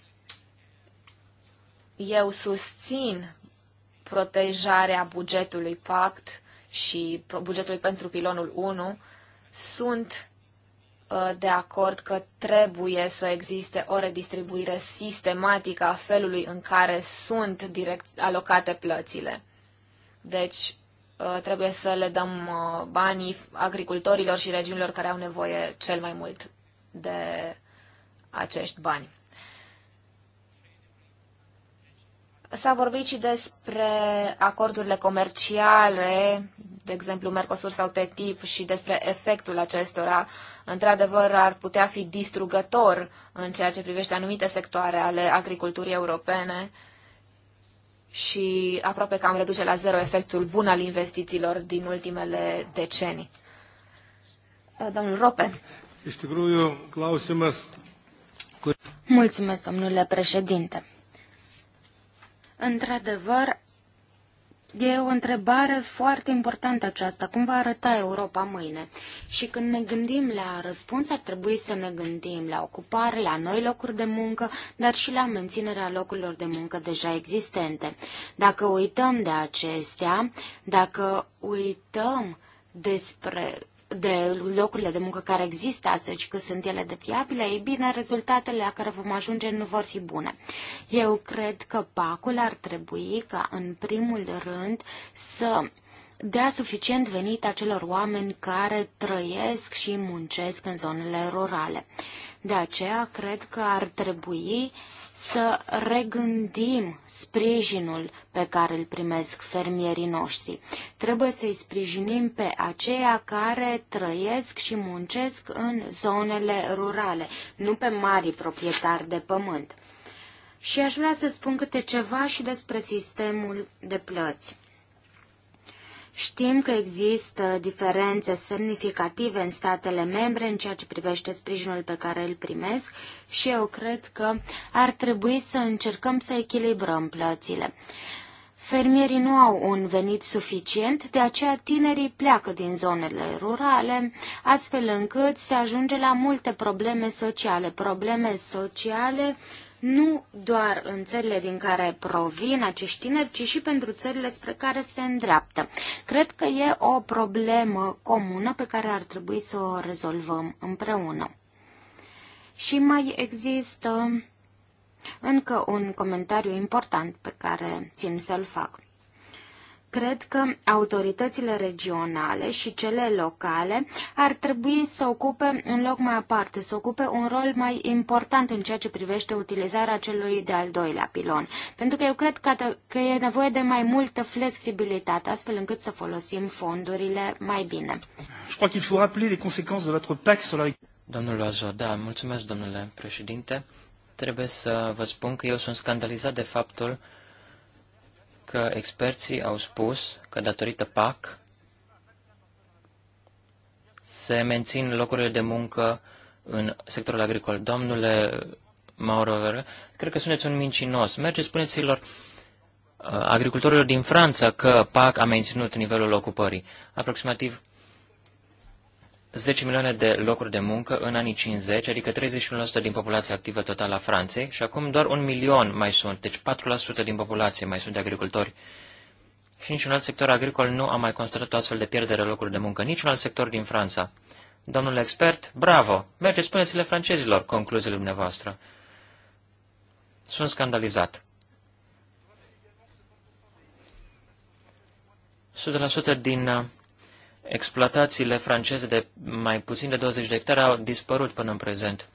eu susțin protejarea bugetului pact și bugetului pentru pilonul 1, sunt uh, de acord că trebuie să existe o redistribuire sistematică a felului în care sunt direct alocate plățile. Deci uh, trebuie să le dăm uh, banii agricultorilor și regiunilor care au nevoie cel mai mult de acești bani. S-a vorbit și despre acordurile comerciale, de exemplu Mercosur sau TTIP, și despre efectul acestora. Într-adevăr, ar putea fi distrugător în ceea ce privește anumite sectoare ale agriculturii europene și aproape că am reduce la zero efectul bun al investițiilor din ultimele decenii. Uh, domnul Rope. Mulțumesc, domnule președinte. Într-adevăr, E o întrebare foarte importantă aceasta. Cum va arăta Europa mâine? Și când ne gândim la răspuns, ar trebui să ne gândim la ocupare, la noi locuri de muncă, dar și la menținerea locurilor de muncă deja existente. Dacă uităm de acestea, dacă uităm despre de locurile de muncă care există astăzi, cât sunt ele de fiabile, ei bine, rezultatele la care vom ajunge nu vor fi bune. Eu cred că pacul ar trebui ca, în primul rând, să dea suficient venit acelor oameni care trăiesc și muncesc în zonele rurale. De aceea, cred că ar trebui să regândim sprijinul pe care îl primesc fermierii noștri. Trebuie să-i sprijinim pe aceia care trăiesc și muncesc în zonele rurale, nu pe mari proprietari de pământ. Și aș vrea să spun câte ceva și despre sistemul de plăți. Știm că există diferențe semnificative în statele membre în ceea ce privește sprijinul pe care îl primesc și eu cred că ar trebui să încercăm să echilibrăm plățile. Fermierii nu au un venit suficient, de aceea tinerii pleacă din zonele rurale, astfel încât se ajunge la multe probleme sociale, probleme sociale uh, nu doar în țările din care provin acești tineri, ci și pentru țările spre care se îndreaptă. Cred că e o problemă comună pe care ar trebui să o rezolvăm împreună. Și mai există încă un comentariu important pe care țin să-l fac. Cred că autoritățile regionale și cele locale ar trebui să ocupe în loc mai aparte, să ocupe un rol mai important în ceea ce privește utilizarea celui de-al doilea pilon. Pentru că eu cred că, că e nevoie de mai multă flexibilitate, astfel încât să folosim fondurile mai bine. Je crois qu'il faut rappeler les conséquences de votre sur la... Domnul da, mulțumesc, domnule președinte. Trebuie să vă spun că eu sunt scandalizat de faptul că experții au spus că datorită PAC se mențin locurile de muncă în sectorul agricol. Domnule Maurover, cred că sunteți un mincinos. Mergeți, spuneți-lor uh, agricultorilor din Franța că PAC a menținut nivelul ocupării. Aproximativ 10 milioane de locuri de muncă în anii 50, adică 31% din populația activă totală a Franței și acum doar un milion mai sunt, deci 4% din populație mai sunt agricultori. Și niciun alt sector agricol nu a mai constatat o astfel de pierdere de locuri de muncă, niciun alt sector din Franța. Domnule expert, bravo! Mergeți, spuneți-le francezilor concluziile dumneavoastră. Sunt scandalizat. 100% din uh, Exploatațiile franceze de mai puțin de 20 de hectare au dispărut până în prezent.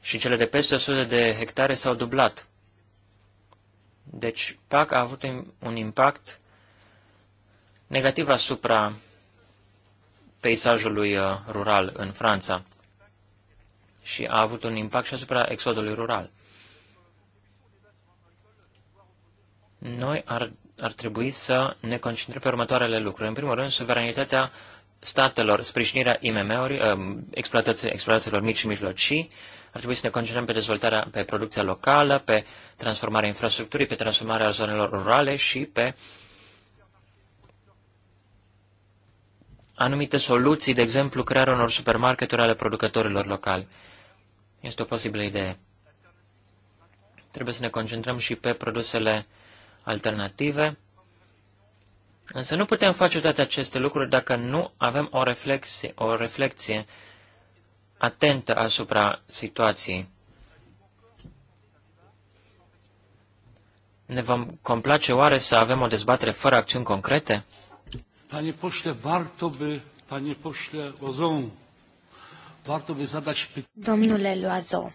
Și cele de peste 100 de hectare s-au dublat. Deci PAC a avut un impact negativ asupra peisajului uh, rural în Franța și a avut un impact și asupra exodului rural. Noi ar ar trebui să ne concentrăm pe următoarele lucruri. În primul rând, suveranitatea statelor, sprijinirea IMM-uri, uh, exploatațiilor mici și mijlocii, ar trebui să ne concentrăm pe dezvoltarea, pe producția locală, pe transformarea infrastructurii, pe transformarea zonelor rurale și pe anumite soluții, de exemplu, crearea unor supermarketuri ale producătorilor locali. Este o posibilă idee. Trebuie să ne concentrăm și pe produsele alternative, însă nu putem face toate aceste lucruri dacă nu avem o reflexie, o reflexie atentă asupra situației. Ne vom complace oare să avem o dezbatere fără acțiuni concrete? Panie pośle, warto by, panie pośle Ozon, warto by zadać Domnule Loazou,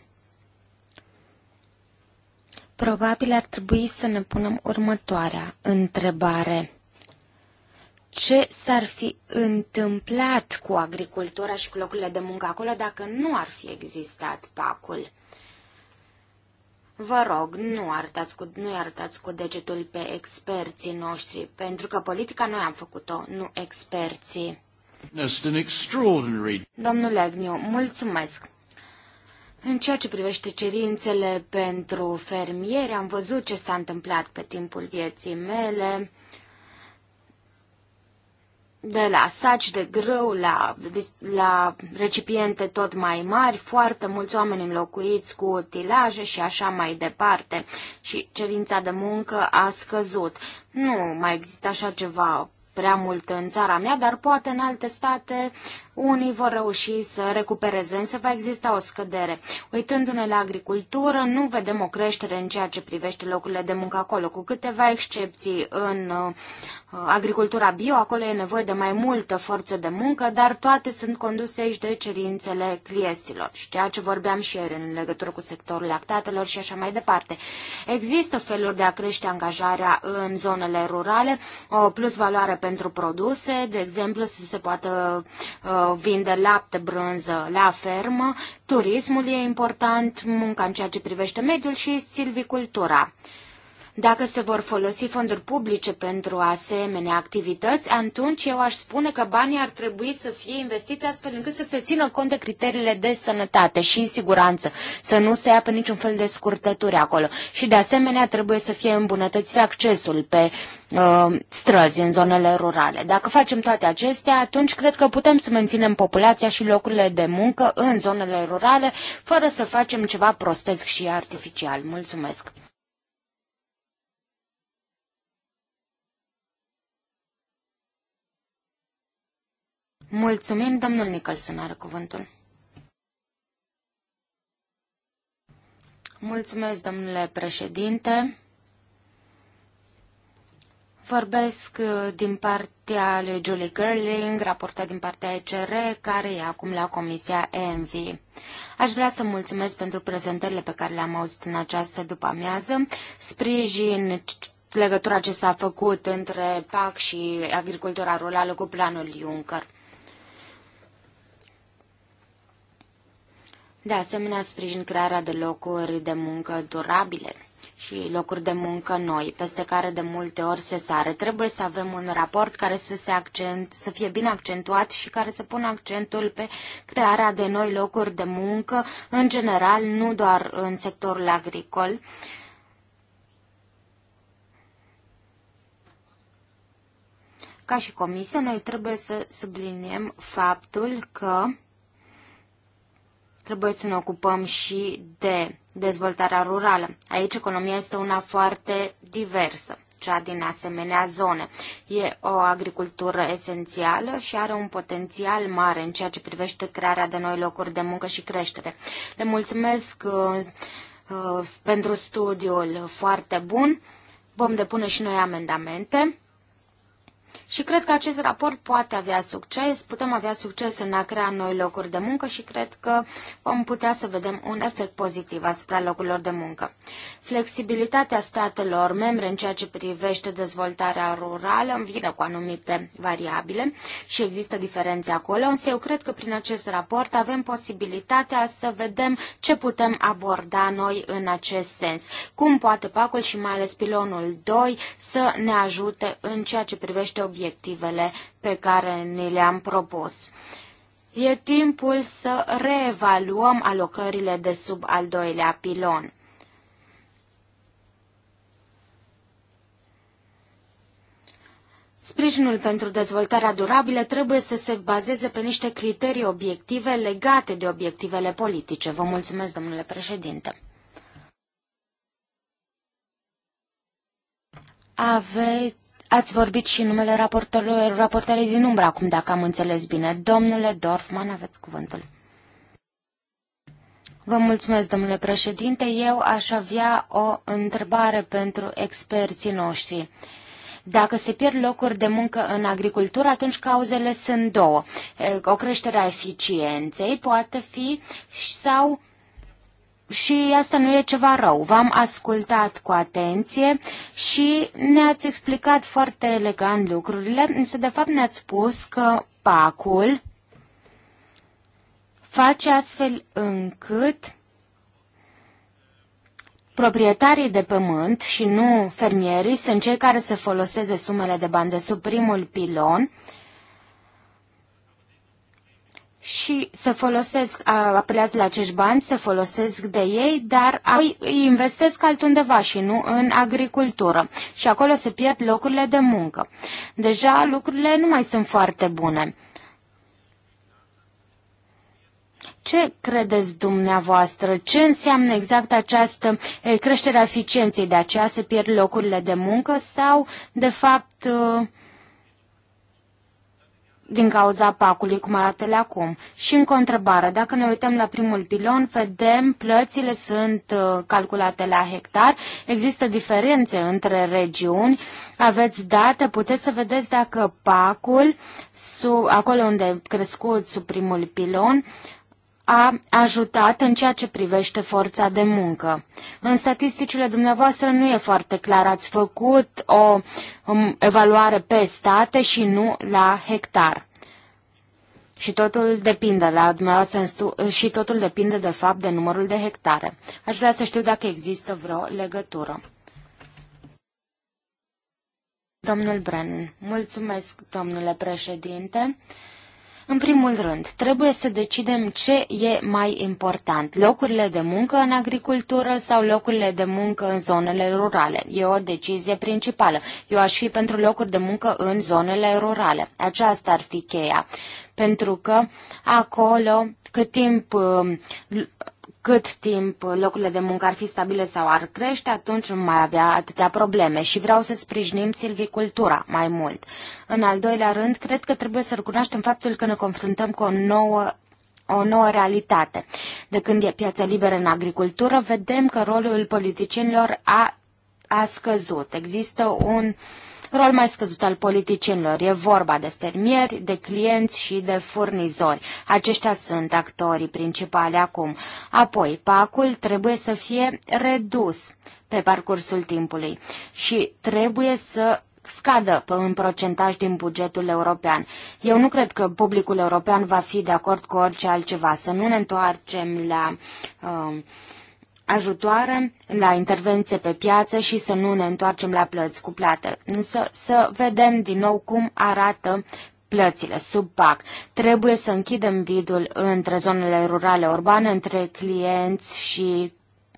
Probabil ar trebui să ne punem următoarea întrebare. Ce s-ar fi întâmplat cu agricultura și cu locurile de muncă acolo dacă nu ar fi existat pacul? Vă rog, nu arătați cu, nu arătați cu degetul pe experții noștri, pentru că politica noi am făcut-o, nu experții. Domnule Agniu, mulțumesc. În ceea ce privește cerințele pentru fermieri, am văzut ce s-a întâmplat pe timpul vieții mele, de la saci de grâu la, la recipiente tot mai mari, foarte mulți oameni înlocuiți cu utilaje și așa mai departe. Și cerința de muncă a scăzut. Nu mai există așa ceva prea mult în țara mea, dar poate în alte state unii vor reuși să recupereze, însă va exista o scădere. Uitându-ne la agricultură, nu vedem o creștere în ceea ce privește locurile de muncă acolo, cu câteva excepții în uh, agricultura bio, acolo e nevoie de mai multă forță de muncă, dar toate sunt conduse aici de cerințele clienților și ceea ce vorbeam și ieri în legătură cu sectorul lactatelor și așa mai departe. Există feluri de a crește angajarea în zonele rurale, o plus valoare pentru produse, de exemplu să se poată uh, vinde lapte, brânză la fermă, turismul e important, munca în ceea ce privește mediul și silvicultura. Dacă se vor folosi fonduri publice pentru asemenea activități, atunci eu aș spune că banii ar trebui să fie investiți astfel încât să se țină cont de criteriile de sănătate și în siguranță, să nu se ia pe niciun fel de scurtături acolo. Și de asemenea trebuie să fie îmbunătățit accesul pe uh, străzi în zonele rurale. Dacă facem toate acestea, atunci cred că putem să menținem populația și locurile de muncă în zonele rurale, fără să facem ceva prostesc și artificial. Mulțumesc! Mulțumim, domnul Nicholson are cuvântul. Mulțumesc, domnule președinte. Vorbesc uh, din partea lui Julie Gerling, raportat din partea ECR, care e acum la Comisia EMV. Aș vrea să mulțumesc pentru prezentările pe care le-am auzit în această după-amiază. Sprijin legătura ce s-a făcut între PAC și agricultura rurală cu planul Juncker. De asemenea, sprijin crearea de locuri de muncă durabile și locuri de muncă noi, peste care de multe ori se sare. Trebuie să avem un raport care să, se accent, să fie bine accentuat și care să pună accentul pe crearea de noi locuri de muncă, în general, nu doar în sectorul agricol. Ca și comisie, noi trebuie să subliniem faptul că trebuie să ne ocupăm și de dezvoltarea rurală. Aici economia este una foarte diversă, cea din asemenea zone. E o agricultură esențială și are un potențial mare în ceea ce privește crearea de noi locuri de muncă și creștere. Le mulțumesc uh, uh, pentru studiul foarte bun. Vom depune și noi amendamente. Și cred că acest raport poate avea succes, putem avea succes în a crea noi locuri de muncă și cred că vom putea să vedem un efect pozitiv asupra locurilor de muncă. Flexibilitatea statelor membre în ceea ce privește dezvoltarea rurală învină cu anumite variabile și există diferențe acolo, însă eu cred că prin acest raport avem posibilitatea să vedem ce putem aborda noi în acest sens. Cum poate pacul și mai ales pilonul 2 să ne ajute în ceea ce privește obiectivele pe care ni le-am propus. E timpul să reevaluăm alocările de sub al doilea pilon. Sprijinul pentru dezvoltarea durabilă trebuie să se bazeze pe niște criterii obiective legate de obiectivele politice. Vă mulțumesc, domnule președinte. Aveți Ați vorbit și numele raportorului din umbră acum, dacă am înțeles bine. Domnule Dorfman, aveți cuvântul. Vă mulțumesc, domnule președinte. Eu aș avea o întrebare pentru experții noștri. Dacă se pierd locuri de muncă în agricultură, atunci cauzele sunt două. O creștere a eficienței poate fi sau și asta nu e ceva rău. V-am ascultat cu atenție și ne-ați explicat foarte elegant lucrurile, însă de fapt ne-ați spus că pacul face astfel încât proprietarii de pământ și nu fermierii sunt cei care se foloseze sumele de bani de sub primul pilon și se folosesc, apelează la acești bani, se folosesc de ei, dar apoi îi investesc altundeva și nu în agricultură. Și acolo se pierd locurile de muncă. Deja lucrurile nu mai sunt foarte bune. Ce credeți dumneavoastră? Ce înseamnă exact această creștere a eficienței? De aceea se pierd locurile de muncă sau, de fapt, uh, din cauza pacului cum arată ele acum. Și în întrebare, dacă ne uităm la primul pilon, vedem plățile sunt uh, calculate la hectar, există diferențe între regiuni, aveți date, puteți să vedeți dacă pacul, sub, acolo unde crescut sub primul pilon, a ajutat în ceea ce privește forța de muncă. În statisticile dumneavoastră nu e foarte clar. Ați făcut o um, evaluare pe state și nu la hectar. Și totul depinde la dumneavoastră și totul depinde de fapt de numărul de hectare. Aș vrea să știu dacă există vreo legătură. Domnul Brennan, mulțumesc, domnule președinte. În primul rând, trebuie să decidem ce e mai important, locurile de muncă în agricultură sau locurile de muncă în zonele rurale. E o decizie principală. Eu aș fi pentru locuri de muncă în zonele rurale. Aceasta ar fi cheia. Pentru că acolo, cât timp um, cât timp locurile de muncă ar fi stabile sau ar crește, atunci nu mai avea atâtea probleme și vreau să sprijinim silvicultura mai mult. În al doilea rând, cred că trebuie să recunoaștem faptul că ne confruntăm cu o nouă o nouă realitate. De când e piața liberă în agricultură, vedem că rolul politicienilor a, a scăzut. Există un uh, rol mai scăzut al politicienilor. E vorba de fermieri, de clienți și de furnizori. Aceștia sunt actorii principali acum. Apoi, pacul trebuie să fie redus pe parcursul timpului și trebuie să scadă un procentaj din bugetul european. Eu nu cred că publicul european va fi de acord cu orice altceva. Să nu ne întoarcem la uh, ajutoare, la intervenție pe piață și să nu ne întoarcem la plăți plată. Însă să vedem din nou cum arată plățile sub PAC. Trebuie să închidem vidul între zonele rurale urbane, între clienți și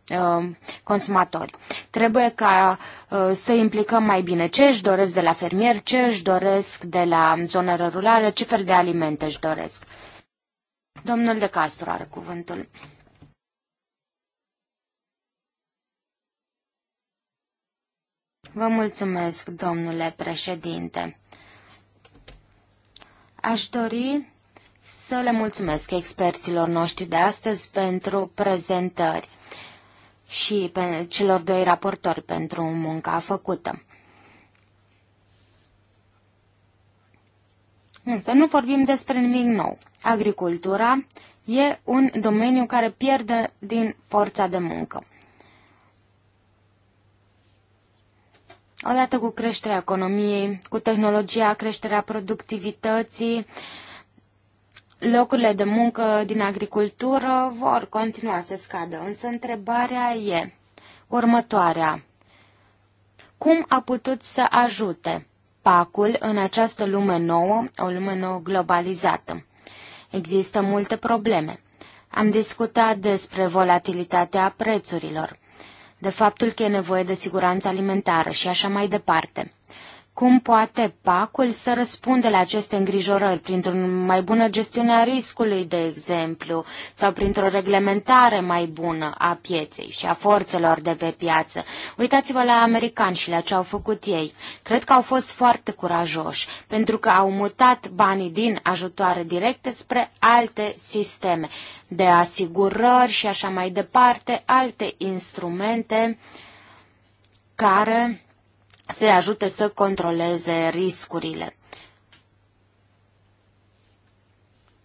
uh, consumatori. Trebuie ca uh, să implicăm mai bine ce își doresc de la fermier, ce își doresc de la zonele rurale, ce fel de alimente își doresc. Domnul de Castro are cuvântul. Vă mulțumesc, domnule președinte. Aș dori să le mulțumesc experților noștri de astăzi pentru prezentări și pe celor doi raportori pentru munca făcută. Însă nu vorbim despre nimic nou. Agricultura e un domeniu care pierde din forța de muncă. Odată cu creșterea economiei, cu tehnologia, creșterea productivității, locurile de muncă din agricultură vor continua să scadă. Însă întrebarea e următoarea. Cum a putut să ajute pacul în această lume nouă, o lume nouă globalizată? Există multe probleme. Am discutat despre volatilitatea prețurilor de faptul că e nevoie de siguranță alimentară și așa mai departe. Cum poate PAC-ul să răspunde la aceste îngrijorări printr-o mai bună gestiune a riscului, de exemplu, sau printr-o reglementare mai bună a pieței și a forțelor de pe piață? Uitați-vă la americani și la ce au făcut ei. Cred că au fost foarte curajoși, pentru că au mutat banii din ajutoare directe spre alte sisteme de asigurări și așa mai departe, alte instrumente care se ajute să controleze riscurile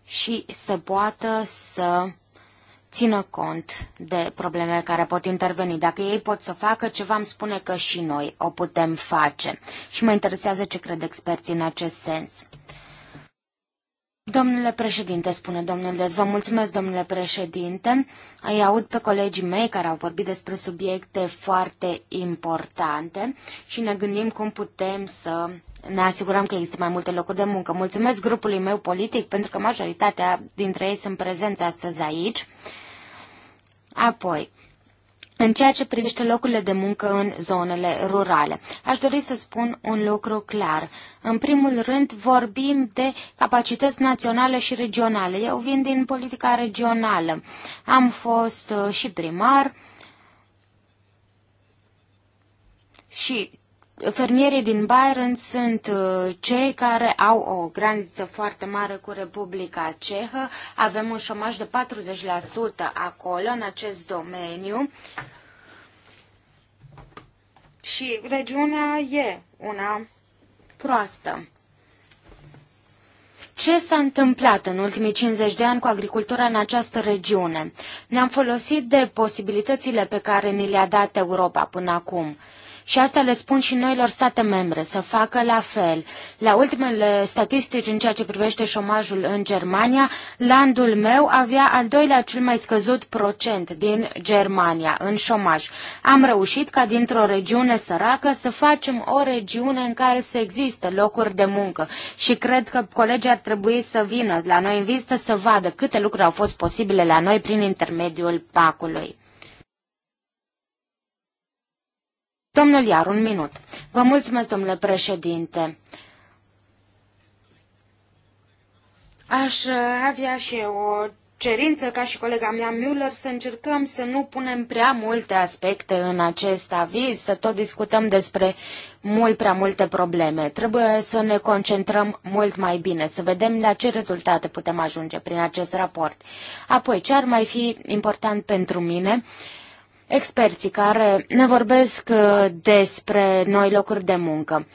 și să poată să țină cont de probleme care pot interveni. Dacă ei pot să facă ceva, îmi spune că și noi o putem face. Și mă interesează ce cred experții în acest sens. Domnule președinte, spune domnul Dez, vă mulțumesc, domnule președinte. Ai aud pe colegii mei care au vorbit despre subiecte foarte importante și ne gândim cum putem să ne asigurăm că există mai multe locuri de muncă. Mulțumesc grupului meu politic pentru că majoritatea dintre ei sunt prezenți astăzi aici. Apoi, în ceea ce privește locurile de muncă în zonele rurale. Aș dori să spun un lucru clar. În primul rând, vorbim de capacități naționale și regionale. Eu vin din politica regională. Am fost uh, și primar și fermierii din Bayern sunt uh, cei care au o graniță foarte mare cu Republica Cehă. Avem un șomaj de 40% acolo, în acest domeniu. Și regiunea e una proastă. Ce s-a întâmplat în ultimii 50 de ani cu agricultura în această regiune? Ne-am folosit de posibilitățile pe care ni le-a dat Europa până acum. Și asta le spun și noilor state membre, să facă la fel. La ultimele statistici în ceea ce privește șomajul în Germania, landul meu avea al doilea cel mai scăzut procent din Germania în șomaj. Am reușit ca dintr-o regiune săracă să facem o regiune în care să există locuri de muncă și cred că colegii ar trebui să vină la noi în vizită să vadă câte lucruri au fost posibile la noi prin intermediul pacului. Domnul Iar, un minut. Vă mulțumesc, domnule președinte. Aș avea și eu o cerință ca și colega mea Müller să încercăm să nu punem prea multe aspecte în acest aviz, să tot discutăm despre mult prea multe probleme. Trebuie să ne concentrăm mult mai bine, să vedem la ce rezultate putem ajunge prin acest raport. Apoi, ce ar mai fi important pentru mine? Uh, experții care ne vorbesc uh, despre noi locuri de muncă.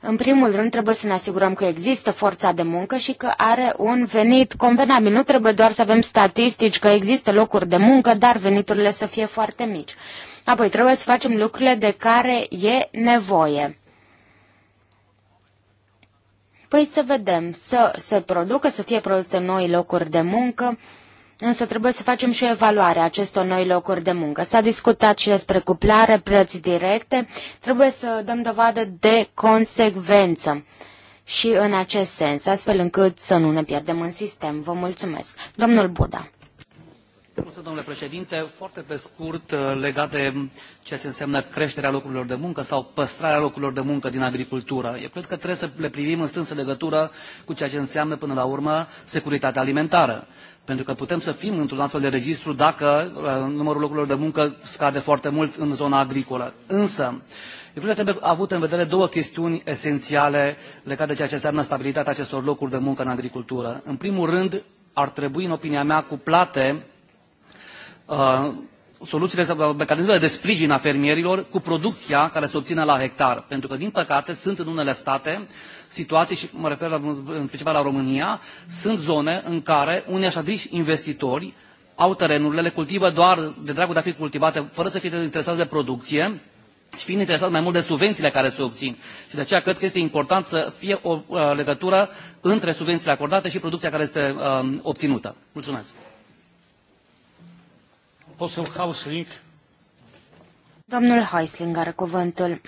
În primul rând, trebuie să ne asigurăm că există forța de muncă și că are un venit convenabil. Nu trebuie doar să avem statistici că există locuri de muncă, dar veniturile să fie foarte mici. Apoi, trebuie să facem lucrurile de care e nevoie. Păi să vedem, să se producă, să fie produse noi locuri de muncă, Însă trebuie să facem și o evaluare a acestor noi locuri de muncă. S-a discutat și despre cuplare, plăți directe. Trebuie să dăm dovadă de consecvență și în acest sens, astfel încât să nu ne pierdem în sistem. Vă mulțumesc. Domnul Buda. Mulțumesc, domnule președinte. Foarte pe scurt, uh, legat de ceea ce înseamnă creșterea locurilor de muncă sau păstrarea locurilor de muncă din agricultură. Eu cred că trebuie să le privim în strânsă legătură cu ceea ce înseamnă, până la urmă, securitatea alimentară pentru că putem să fim într-un astfel de registru dacă uh, numărul locurilor de muncă scade foarte mult în zona agricolă. Însă, eu cred că trebuie avut în vedere două chestiuni esențiale legate de ceea ce înseamnă stabilitatea acestor locuri de muncă în agricultură. În primul rând, ar trebui, în opinia mea, cuplate uh, soluțiile sau mecanismele de sprijin a fermierilor cu producția care se obține la hectar. Pentru că, din păcate, sunt în unele state situații, și mă refer la, în principal la România, sunt zone în care unii așa zis investitori au terenurile, le cultivă doar de dragul de a fi cultivate, fără să fie interesați de producție, și fiind interesat mai mult de subvențiile care se obțin. Și de aceea cred că este important să fie o uh, legătură între subvențiile acordate și producția care este um, obținută. Mulțumesc! Domnul Heisling are cuvântul.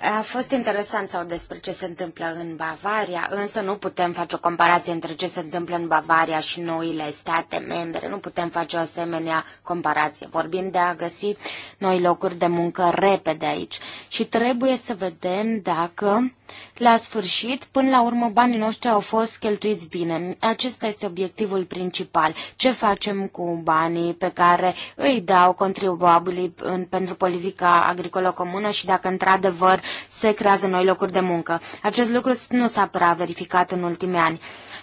A fost interesant sau despre ce se întâmplă în Bavaria, însă nu putem face o comparație între ce se întâmplă în Bavaria și noile state membre. Nu putem face o asemenea comparație. Vorbim de a găsi noi locuri de muncă repede aici și trebuie să vedem dacă la sfârșit, până la urmă, banii noștri au fost cheltuiți bine. Acesta este obiectivul principal. Ce facem cu banii pe care îi dau contribuabilii pentru politica agricolă comună și dacă într-adevăr se creează noi locuri de muncă. Acest lucru nu s-a prea verificat în ultimii ani.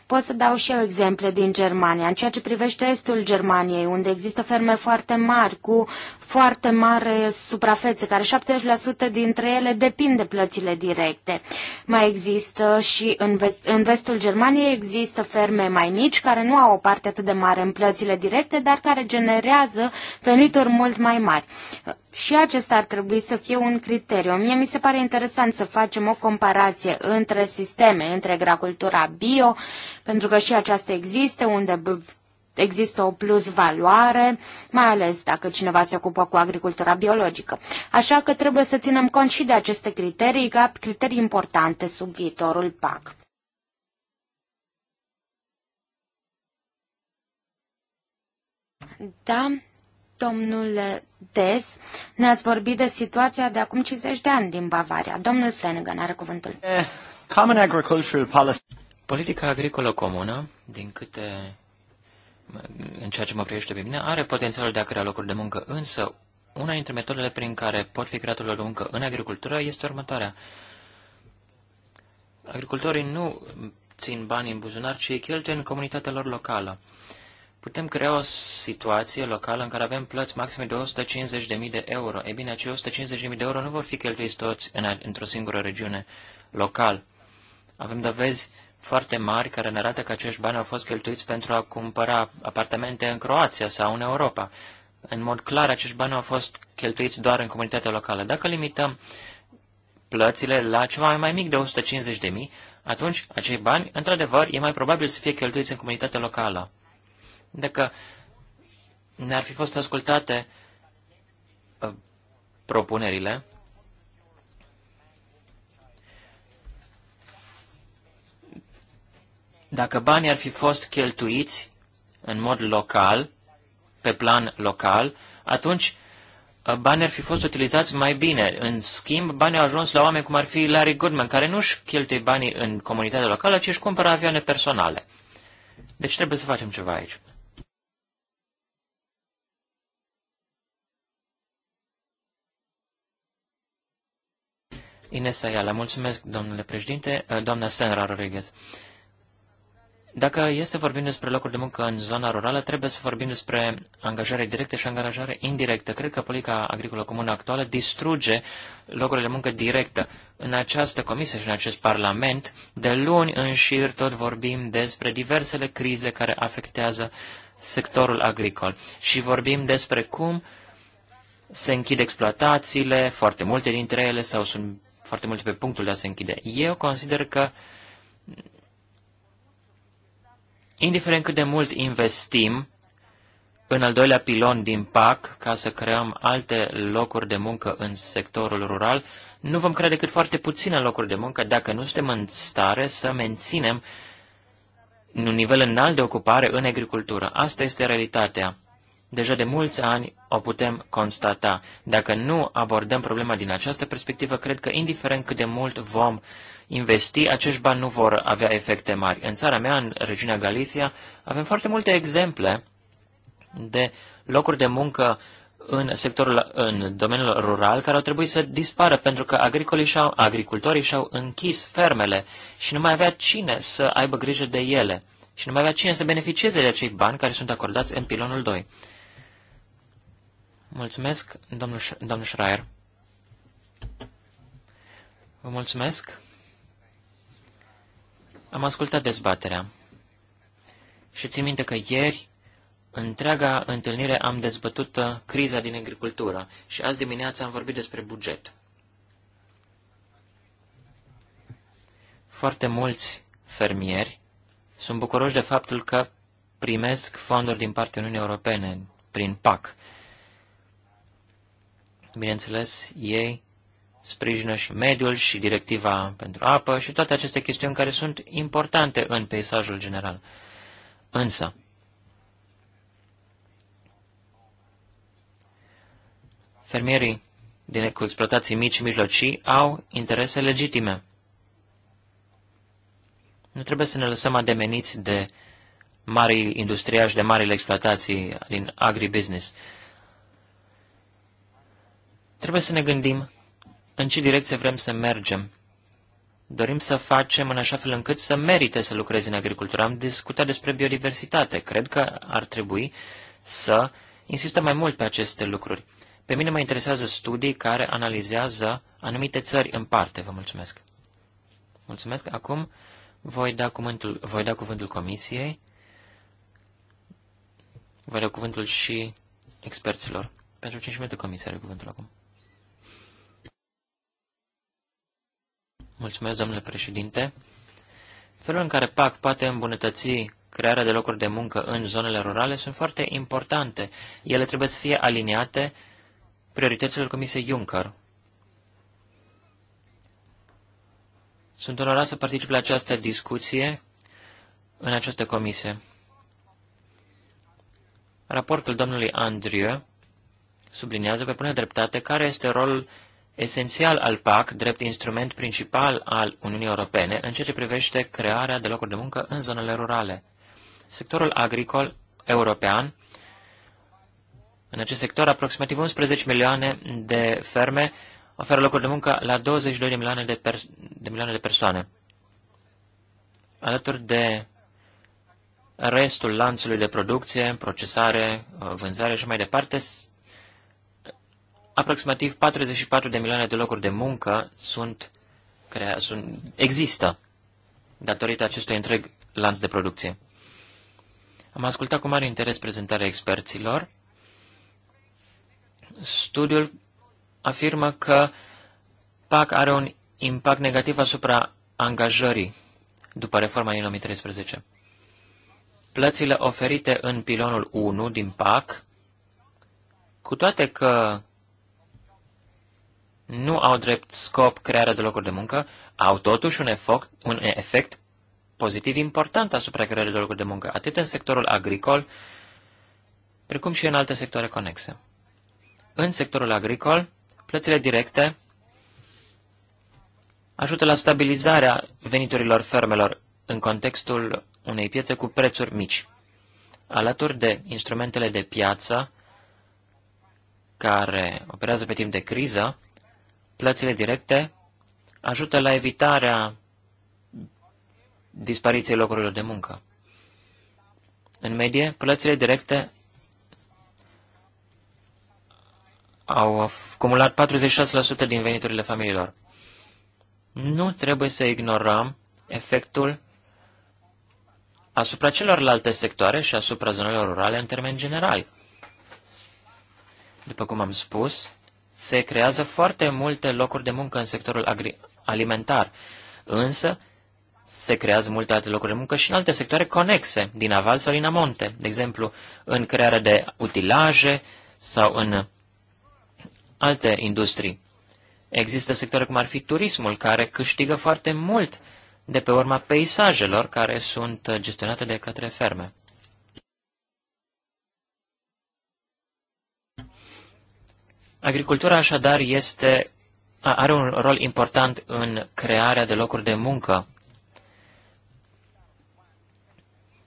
Pot să dau și eu exemple din Germania. În ceea ce privește estul Germaniei, unde există ferme foarte mari, cu foarte mare suprafețe, care 70% dintre ele depind de plățile directe. Mai există și în, vest, în vestul Germaniei există ferme mai mici, care nu au o parte atât de mare în plățile directe, dar care generează venituri mult mai mari. Și acesta ar trebui să fie un criteriu. Mie mi se pare interesant să facem o comparație între sisteme, între agricultura bio, pentru că și aceasta există, unde există o plus valoare, mai ales dacă cineva se ocupă cu agricultura biologică. Așa că trebuie să ținem cont și de aceste criterii ca criterii importante sub viitorul PAC. Da, domnule Des, ne-ați vorbit de situația de acum 50 de ani din Bavaria. Domnul Flanagan are cuvântul. Eh, common agricultural policy. Politica agricolă comună, din câte în ceea ce mă privește pe mine, are potențialul de a crea locuri de muncă, însă una dintre metodele prin care pot fi create locuri de muncă în agricultură este următoarea. Agricultorii nu țin bani în buzunar, ci cheltuie în comunitatea lor locală putem crea o situație locală în care avem plăți maxime de 150.000 de euro. E bine, acei 150.000 de euro nu vor fi cheltuiți toți în, într-o singură regiune local. Avem dovezi foarte mari care ne arată că acești bani au fost cheltuiți pentru a cumpăra apartamente în Croația sau în Europa. În mod clar, acești bani au fost cheltuiți doar în comunitatea locală. Dacă limităm plățile la ceva mai mic de 150.000, atunci acei bani, într-adevăr, e mai probabil să fie cheltuiți în comunitatea locală. Dacă ne-ar fi fost ascultate uh, propunerile, dacă banii ar fi fost cheltuiți în mod local, pe plan local, atunci uh, banii ar fi fost utilizați mai bine. În schimb, banii au ajuns la oameni cum ar fi Larry Goodman, care nu își cheltuie banii în comunitatea locală, ci își cumpără avioane personale. Deci trebuie să facem ceva aici. Ines Ayala, mulțumesc, domnule președinte, eh, doamna Senra Rodriguez. Dacă este vorbim despre locuri de muncă în zona rurală, trebuie să vorbim despre angajare directă și angajare indirectă. Cred că politica agricolă comună actuală distruge locurile de muncă directă. În această comisie și în acest parlament, de luni în șir tot vorbim despre diversele crize care afectează sectorul agricol și vorbim despre cum se închid exploatațiile, foarte multe dintre ele, sau sunt foarte mult pe punctul de a se închide. Eu consider că, indiferent cât de mult investim în al doilea pilon din PAC, ca să creăm alte locuri de muncă în sectorul rural, nu vom crea decât foarte puține locuri de muncă dacă nu suntem în stare să menținem un nivel înalt de ocupare în agricultură. Asta este realitatea. Deja de mulți ani o putem constata. Dacă nu abordăm problema din această perspectivă, cred că, indiferent cât de mult vom investi, acești bani nu vor avea efecte mari. În țara mea, în regiunea Galicia, avem foarte multe exemple de locuri de muncă în sectorul, în domeniul rural, care au trebuit să dispară pentru că și-au, agricultorii și-au închis fermele și nu mai avea cine să aibă grijă de ele și nu mai avea cine să beneficieze de acei bani care sunt acordați în pilonul 2. Mulțumesc, domnul, domnul Schreier. Vă mulțumesc. Am ascultat dezbaterea și țin minte că ieri, întreaga întâlnire, am dezbătut uh, criza din agricultură și azi dimineața am vorbit despre buget. Foarte mulți fermieri sunt bucuroși de faptul că primesc fonduri din partea Uniunii Europene prin PAC Bineînțeles, ei sprijină și mediul și directiva pentru apă și toate aceste chestiuni care sunt importante în peisajul general. Însă, fermierii din, cu exploatații mici și mijlocii au interese legitime. Nu trebuie să ne lăsăm ademeniți de mari industriași, de marile exploatații din agribusiness. Trebuie să ne gândim în ce direcție vrem să mergem. Dorim să facem în așa fel încât să merite să lucrezi în agricultură. Am discutat despre biodiversitate. Cred că ar trebui să insistăm mai mult pe aceste lucruri. Pe mine mă interesează studii care analizează anumite țări în parte. Vă mulțumesc. Mulțumesc. Acum voi da cuvântul, voi da cuvântul comisiei. Voi da cuvântul și experților. Pentru 5 minute comisia are cuvântul acum. Mulțumesc, domnule președinte. Felul în care PAC poate îmbunătăți crearea de locuri de muncă în zonele rurale sunt foarte importante. Ele trebuie să fie aliniate priorităților Comisiei Juncker. Sunt onorat să particip la această discuție în această comisie. Raportul domnului Andrieu subliniază pe până dreptate care este rolul esențial al PAC drept instrument principal al Uniunii Europene în ceea ce privește crearea de locuri de muncă în zonele rurale. Sectorul agricol european, în acest sector, aproximativ 11 milioane de ferme oferă locuri de muncă la 22 de milioane de, per- de, milioane de persoane. Alături de restul lanțului de producție, procesare, vânzare și mai departe, aproximativ 44 de milioane de locuri de muncă sunt, crea, sunt există datorită acestui întreg lanț de producție. Am ascultat cu mare interes prezentarea experților. Studiul afirmă că PAC are un impact negativ asupra angajării după reforma din 2013. Plățile oferite în pilonul 1 din PAC, cu toate că nu au drept scop crearea de locuri de muncă, au totuși un efect, un efect pozitiv important asupra creării de locuri de muncă, atât în sectorul agricol, precum și în alte sectoare conexe. În sectorul agricol, plățile directe ajută la stabilizarea veniturilor fermelor în contextul unei piețe cu prețuri mici. Alături de instrumentele de piață care operează pe timp de criză, plățile directe ajută la evitarea dispariției locurilor de muncă. În medie, plățile directe au acumulat 46% din veniturile familiilor. Nu trebuie să ignorăm efectul asupra celorlalte sectoare și asupra zonelor rurale în termeni generali. După cum am spus, se creează foarte multe locuri de muncă în sectorul alimentar, însă se creează multe alte locuri de muncă și în alte sectoare conexe, din aval sau din amonte, de exemplu, în crearea de utilaje sau în alte industrii. Există sectoare cum ar fi turismul, care câștigă foarte mult de pe urma peisajelor care sunt gestionate de către ferme. Agricultura așadar este, are un rol important în crearea de locuri de muncă.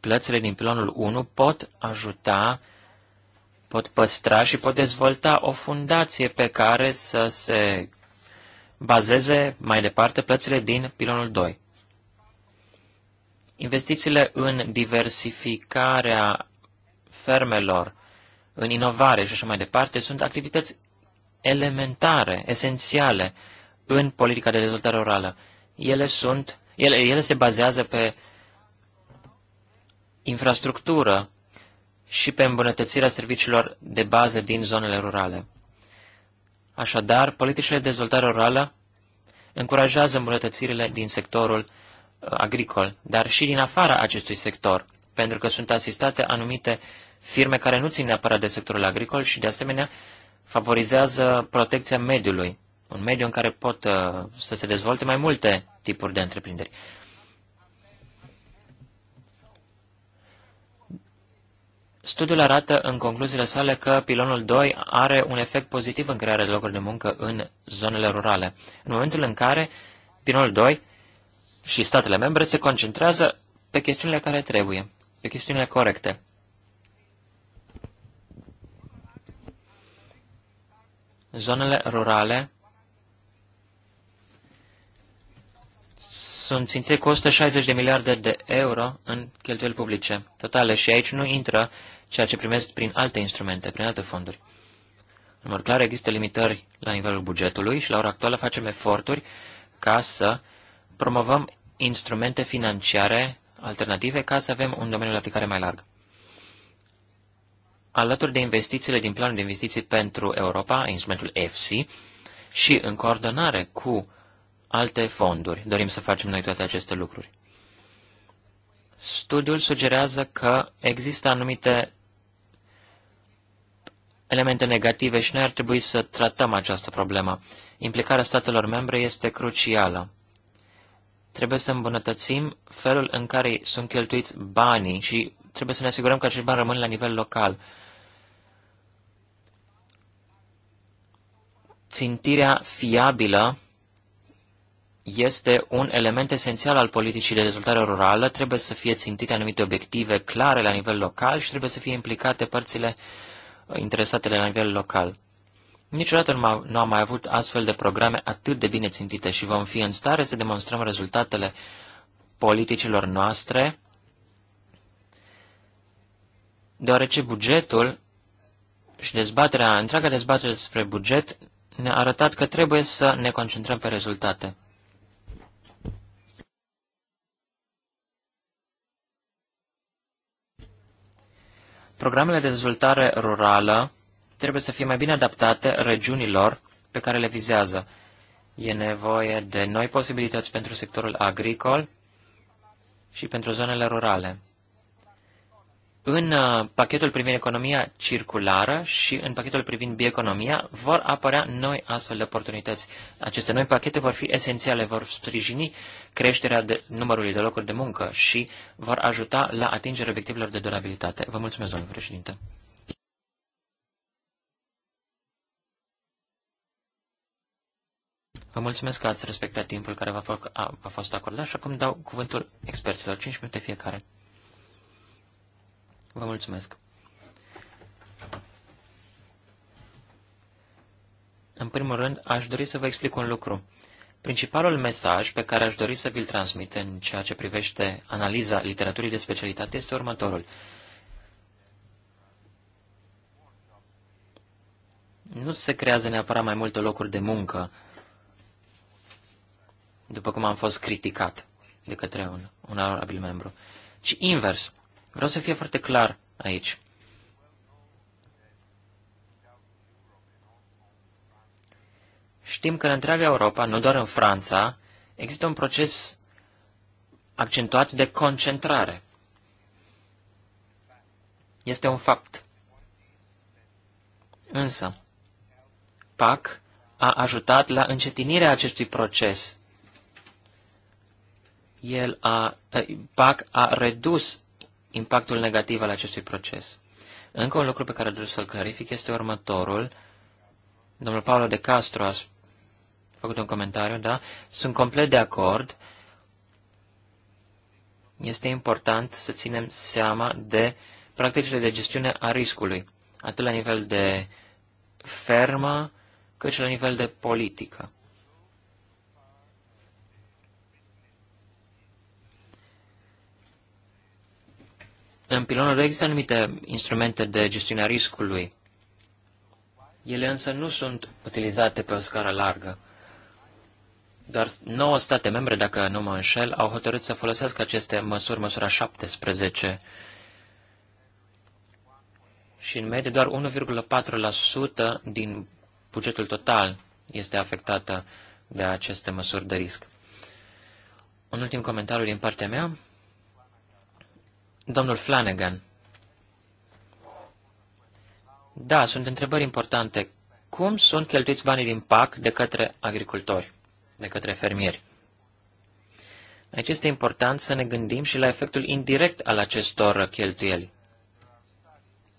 Plățile din pilonul 1 pot ajuta, pot păstra și pot dezvolta o fundație pe care să se bazeze mai departe plățile din pilonul 2. Investițiile în diversificarea fermelor, în inovare și așa mai departe, sunt activități elementare, esențiale în politica de dezvoltare orală. Ele, sunt, ele, ele se bazează pe infrastructură și pe îmbunătățirea serviciilor de bază din zonele rurale. Așadar, politicile de dezvoltare orală încurajează îmbunătățirile din sectorul uh, agricol, dar și din afara acestui sector, pentru că sunt asistate anumite firme care nu țin neapărat de sectorul agricol și, de asemenea, favorizează protecția mediului, un mediu în care pot uh, să se dezvolte mai multe tipuri de întreprinderi. Studiul arată în concluziile sale că pilonul 2 are un efect pozitiv în crearea de locuri de muncă în zonele rurale, în momentul în care pilonul 2 și statele membre se concentrează pe chestiunile care trebuie, pe chestiunile corecte. Zonele rurale sunt ținte cu 160 de miliarde de euro în cheltuieli publice totale și aici nu intră ceea ce primesc prin alte instrumente, prin alte fonduri. În mod clar, există limitări la nivelul bugetului și la ora actuală facem eforturi ca să promovăm instrumente financiare alternative ca să avem un domeniu de aplicare mai larg alături de investițiile din planul de investiții pentru Europa, instrumentul EFSI, și în coordonare cu alte fonduri. Dorim să facem noi toate aceste lucruri. Studiul sugerează că există anumite elemente negative și noi ar trebui să tratăm această problemă. Implicarea statelor membre este crucială. Trebuie să îmbunătățim felul în care sunt cheltuiți banii și trebuie să ne asigurăm că acești bani rămân la nivel local. Țintirea fiabilă este un element esențial al politicii de dezvoltare rurală, trebuie să fie țintite anumite obiective clare la nivel local și trebuie să fie implicate părțile interesate la nivel local. Niciodată nu am mai avut astfel de programe atât de bine țintite și vom fi în stare să demonstrăm rezultatele politicilor noastre deoarece bugetul și dezbaterea, întreaga dezbatere despre buget ne-a arătat că trebuie să ne concentrăm pe rezultate. Programele de dezvoltare rurală trebuie să fie mai bine adaptate regiunilor pe care le vizează. E nevoie de noi posibilități pentru sectorul agricol și pentru zonele rurale. În uh, pachetul privind economia circulară și în pachetul privind bioeconomia vor apărea noi astfel de oportunități. Aceste noi pachete vor fi esențiale, vor sprijini creșterea de numărului de locuri de muncă și vor ajuta la atingerea obiectivelor de durabilitate. Vă mulțumesc, domnule președinte. Vă mulțumesc că ați respectat timpul care v-a fost acordat și acum dau cuvântul experților, 5 minute fiecare. Vă mulțumesc. În primul rând, aș dori să vă explic un lucru. Principalul mesaj pe care aș dori să vi-l transmit în ceea ce privește analiza literaturii de specialitate este următorul. Nu se creează neapărat mai multe locuri de muncă, după cum am fost criticat de către un, un arabil membru, ci invers. Vreau să fie foarte clar aici. Știm că în întreaga Europa, nu doar în Franța, există un proces accentuat de concentrare. Este un fapt. Însă, PAC a ajutat la încetinirea acestui proces. El a, eh, PAC a redus impactul negativ al acestui proces. Încă un lucru pe care doresc să-l clarific este următorul. Domnul Paolo de Castro a făcut un comentariu, da? Sunt complet de acord. Este important să ținem seama de practicile de gestiune a riscului, atât la nivel de fermă, cât și la nivel de politică. În pilonul 2 există anumite instrumente de gestiune a riscului. Ele însă nu sunt utilizate pe o scară largă. Doar 9 state membre, dacă nu mă înșel, au hotărât să folosească aceste măsuri, măsura 17. Și în medie doar 1,4% din bugetul total este afectată de aceste măsuri de risc. Un ultim comentariu din partea mea. Domnul Flanagan. Da, sunt întrebări importante. Cum sunt cheltuiți banii din PAC de către agricultori, de către fermieri? Aici este important să ne gândim și la efectul indirect al acestor cheltuieli.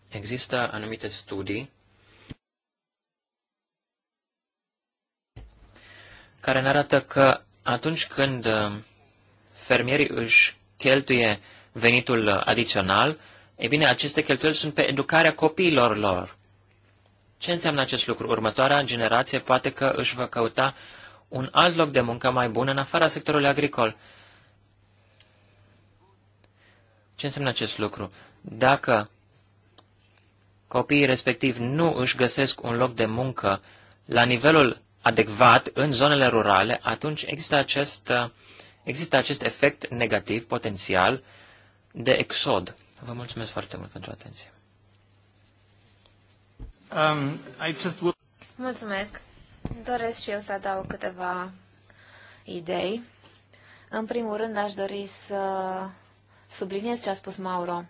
Există anumite studii care ne arată că atunci când uh, fermierii își cheltuie venitul adițional, e bine, aceste cheltuieli sunt pe educarea copiilor lor. Ce înseamnă acest lucru? Următoarea generație poate că își va căuta un alt loc de muncă mai bun în afara sectorului agricol. Ce înseamnă acest lucru? Dacă copiii respectiv nu își găsesc un loc de muncă la nivelul adecvat în zonele rurale, atunci există acest, există acest efect negativ potențial de exod. Vă mulțumesc foarte mult pentru atenție. Um, I just... Mulțumesc. Doresc și eu să adaug câteva idei. În primul rând, aș dori să subliniez ce a spus Mauro.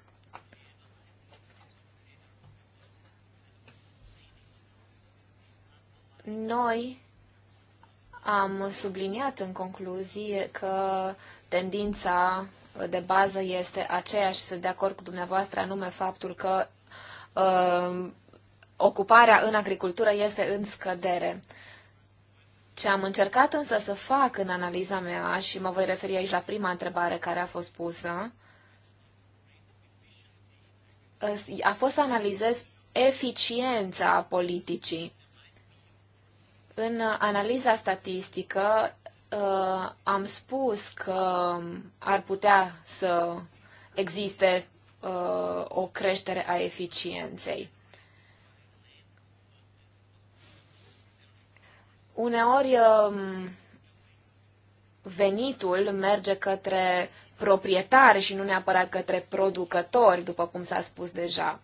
Noi am subliniat în concluzie că tendința de bază este aceeași, sunt de acord cu dumneavoastră, anume faptul că uh, ocuparea în agricultură este în scădere. Ce am încercat însă să fac în analiza mea, și mă voi referi aici la prima întrebare care a fost pusă, uh, a fost să analizez eficiența politicii. În analiza statistică uh, am spus că ar putea să existe uh, o creștere a eficienței. Uneori um, venitul merge către proprietari și nu neapărat către producători, după cum s-a spus deja.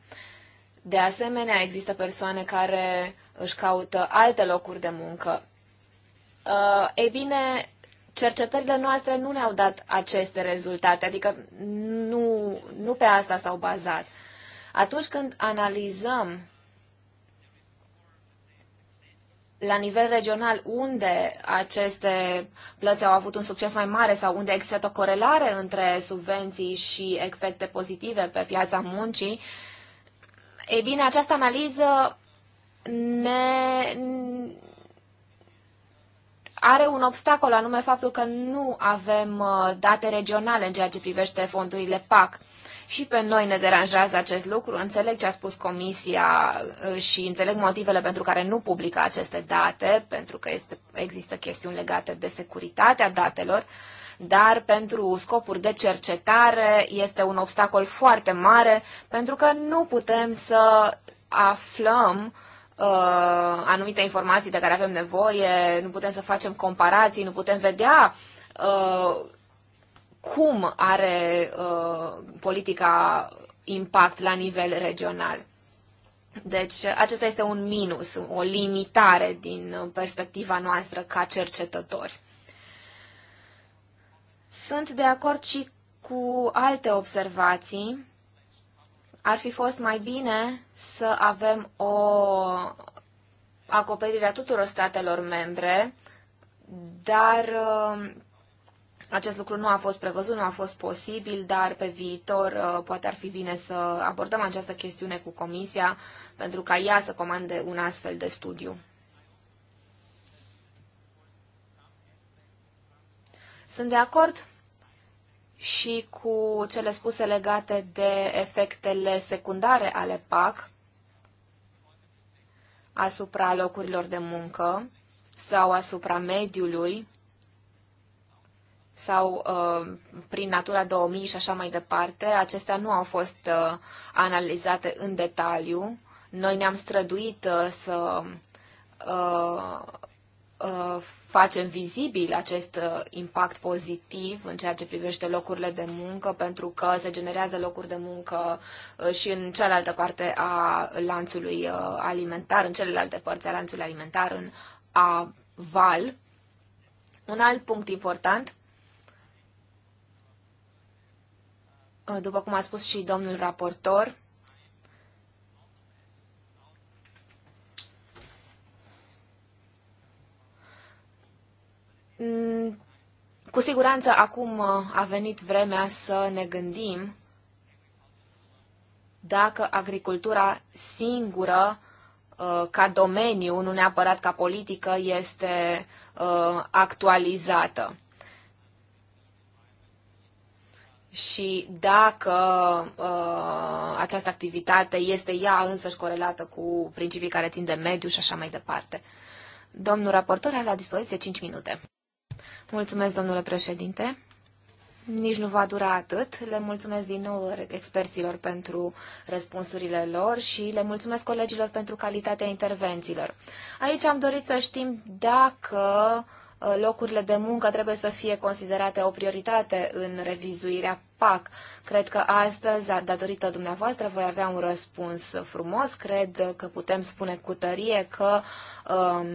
De asemenea, există persoane care își caută alte locuri de muncă Uh, ei bine, cercetările noastre nu ne-au dat aceste rezultate, adică nu, nu pe asta s-au bazat. Atunci când analizăm la nivel regional unde aceste plăți au avut un succes mai mare sau unde există o corelare între subvenții și efecte pozitive pe piața muncii, ei bine, această analiză ne, are un obstacol, anume faptul că nu avem uh, date regionale în ceea ce privește fondurile PAC. Și pe noi ne deranjează acest lucru. Înțeleg ce a spus Comisia uh, și înțeleg motivele pentru care nu publică aceste date, pentru că este, există chestiuni legate de securitatea datelor, dar pentru scopuri de cercetare este un obstacol foarte mare, pentru că nu putem să aflăm uh, Uh, anumite informații de care avem nevoie, nu putem să facem comparații, nu putem vedea uh, cum are uh, politica impact la nivel regional. Deci acesta este un minus, o limitare din perspectiva noastră ca cercetători. Sunt de acord și cu alte observații ar fi fost mai bine să avem o acoperire a tuturor statelor membre, dar uh, acest lucru nu a fost prevăzut, nu a fost posibil, dar pe viitor uh, poate ar fi bine să abordăm această chestiune cu Comisia pentru ca ea să comande un astfel de studiu. Sunt de acord și cu cele spuse legate de efectele secundare ale PAC asupra locurilor de muncă sau asupra mediului sau uh, prin Natura 2000 și așa mai departe. Acestea nu au fost uh, analizate în detaliu. Noi ne-am străduit uh, să uh, Uh, facem vizibil acest uh, impact pozitiv în ceea ce privește locurile de muncă, pentru că se generează locuri de muncă uh, și în cealaltă parte a lanțului alimentar, în celelalte părți a lanțului alimentar, în aval. Un alt punct important, după cum a spus și domnul raportor, Mm, cu siguranță acum uh, a venit vremea să ne gândim dacă agricultura singură uh, ca domeniu, nu neapărat ca politică, este uh, actualizată. Și dacă această activitate este ea însăși corelată cu principii care țin de mediu și așa mai departe. Domnul raportor are la dispoziție 5 minute. Mulțumesc, domnule președinte. Nici nu va dura atât. Le mulțumesc din nou experților pentru răspunsurile lor și le mulțumesc colegilor pentru calitatea intervențiilor. Aici am dorit să știm dacă uh, Uh, locurile de muncă trebuie să fie considerate o prioritate în revizuirea PAC. Cred că astăzi, datorită dumneavoastră, voi avea un răspuns frumos. Cred că putem spune cu tărie că um,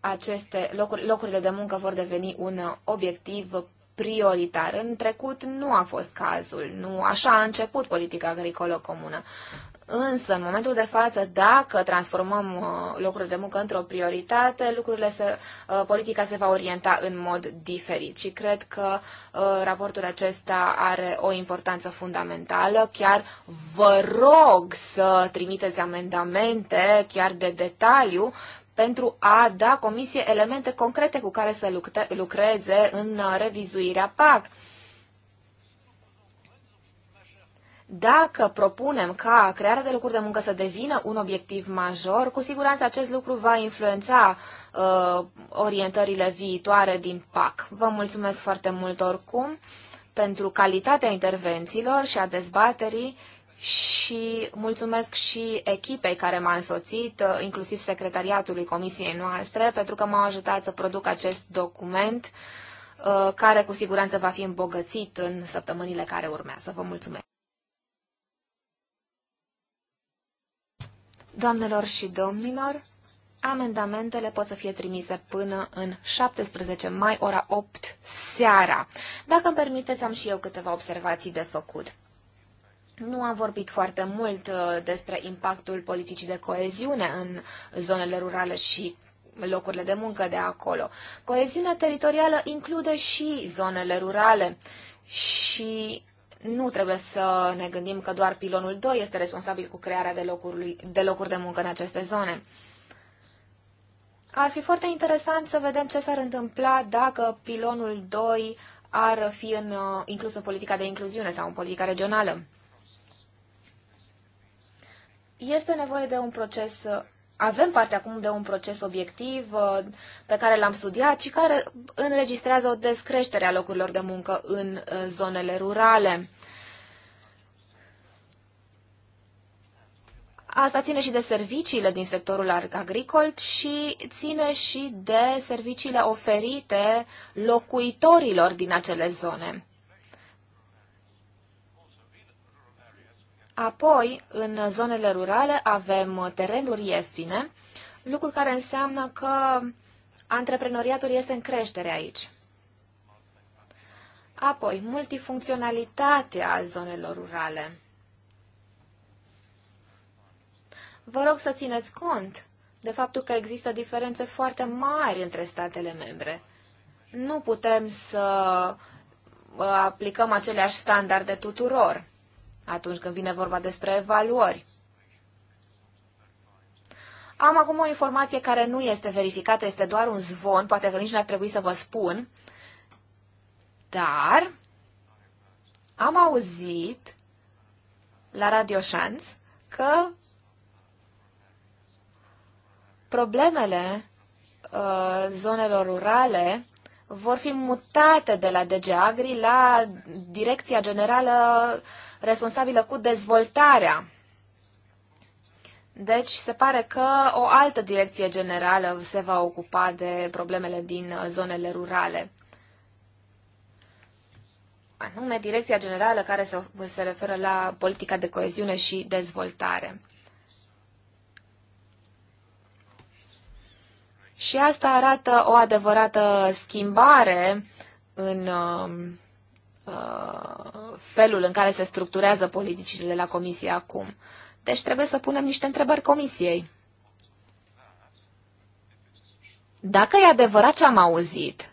aceste locuri, locurile de muncă vor deveni un obiectiv prioritar. În trecut nu a fost cazul, nu așa a început politica agricolă comună. Însă, în momentul de față, dacă transformăm uh, locurile de muncă într-o prioritate, lucrurile se, uh, politica se va orienta în mod diferit și cred că uh, raportul acesta are o importanță fundamentală. Chiar vă rog să trimiteți amendamente, chiar de detaliu, pentru a da comisie elemente concrete cu care să lucreze în uh, revizuirea PAC. Dacă propunem ca crearea de locuri de muncă să devină un obiectiv major, cu siguranță acest lucru va influența uh, orientările viitoare din PAC. Vă mulțumesc foarte mult oricum pentru calitatea intervențiilor și a dezbaterii și mulțumesc și echipei care m-a însoțit, inclusiv secretariatului comisiei noastre, pentru că m-au ajutat să produc acest document uh, care cu siguranță va fi îmbogățit în săptămânile care urmează. Vă mulțumesc! Doamnelor și domnilor, amendamentele pot să fie trimise până în 17 mai, ora 8 seara. Dacă îmi permiteți, am și eu câteva observații de făcut. Nu am vorbit foarte mult uh, despre impactul politicii de coeziune în zonele rurale și locurile de muncă de acolo. Coeziunea teritorială include și zonele rurale și nu trebuie să ne gândim că doar pilonul 2 este responsabil cu crearea de locuri de, locuri de muncă în aceste zone. Ar fi foarte interesant să vedem ce s-ar întâmpla dacă pilonul 2 ar fi în, uh, inclus în politica de incluziune sau în politica regională este nevoie de un proces, avem parte acum de un proces obiectiv uh, pe care l-am studiat și care înregistrează o descreștere a locurilor de muncă în uh, zonele rurale. Asta ține și de serviciile din sectorul agricol și ține și de serviciile oferite locuitorilor din acele zone. Apoi, în zonele rurale avem terenuri ieftine, lucru care înseamnă că antreprenoriatul este în creștere aici. Apoi, multifuncționalitatea zonelor rurale. Vă rog să țineți cont de faptul că există diferențe foarte mari între statele membre. Nu putem să uh, aplicăm aceleași standarde tuturor atunci când vine vorba despre evaluări. Am acum o informație care nu este verificată, este doar un zvon, poate că nici n-ar trebui să vă spun, dar am auzit la Radio Chance că problemele uh, zonelor rurale vor fi mutate de la DG Agri la Direcția Generală responsabilă cu dezvoltarea. Deci se pare că o altă direcție generală se va ocupa de problemele din zonele rurale. Anume, direcția generală care se, se referă la politica de coeziune și dezvoltare. Și asta arată o adevărată schimbare în um, uh, felul în care se structurează politicile la comisie acum. Deci trebuie să punem niște întrebări comisiei. Dacă e adevărat ce am auzit,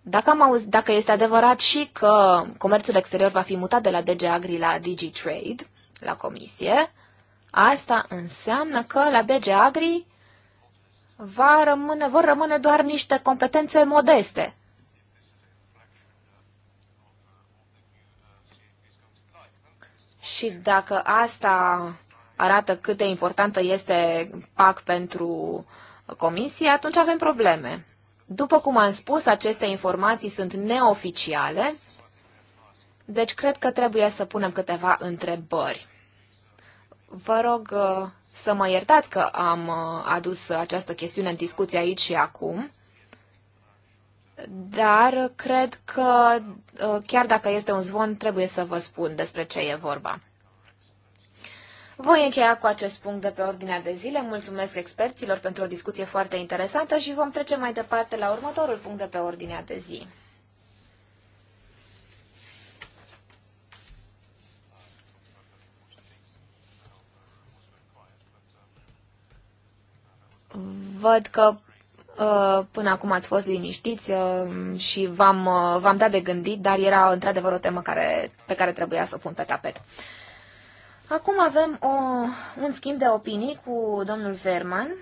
dacă, am auzit, dacă este adevărat și că comerțul exterior va fi mutat de la DG Agri la DigiTrade, la comisie, Asta înseamnă că la DG Agri va rămâne, vor rămâne doar niște competențe modeste. Și dacă asta arată cât de importantă este PAC pentru comisie, atunci avem probleme. După cum am spus, aceste informații sunt neoficiale, deci cred că trebuie să punem câteva întrebări. Vă rog uh, să mă iertați că am uh, adus această chestiune în discuție aici și acum, dar cred că uh, chiar dacă este un zvon, trebuie să vă spun despre ce e vorba. Voi încheia cu acest punct de pe ordinea de zile. Mulțumesc experților pentru o discuție foarte interesantă și vom trece mai departe la următorul punct de pe ordinea de zi. Văd că uh, până acum ați fost liniștiți uh, și v-am, uh, v-am dat de gândit, dar era într-adevăr o temă care, pe care trebuia să o pun pe tapet. Acum avem o, un schimb de opinii cu domnul Verman,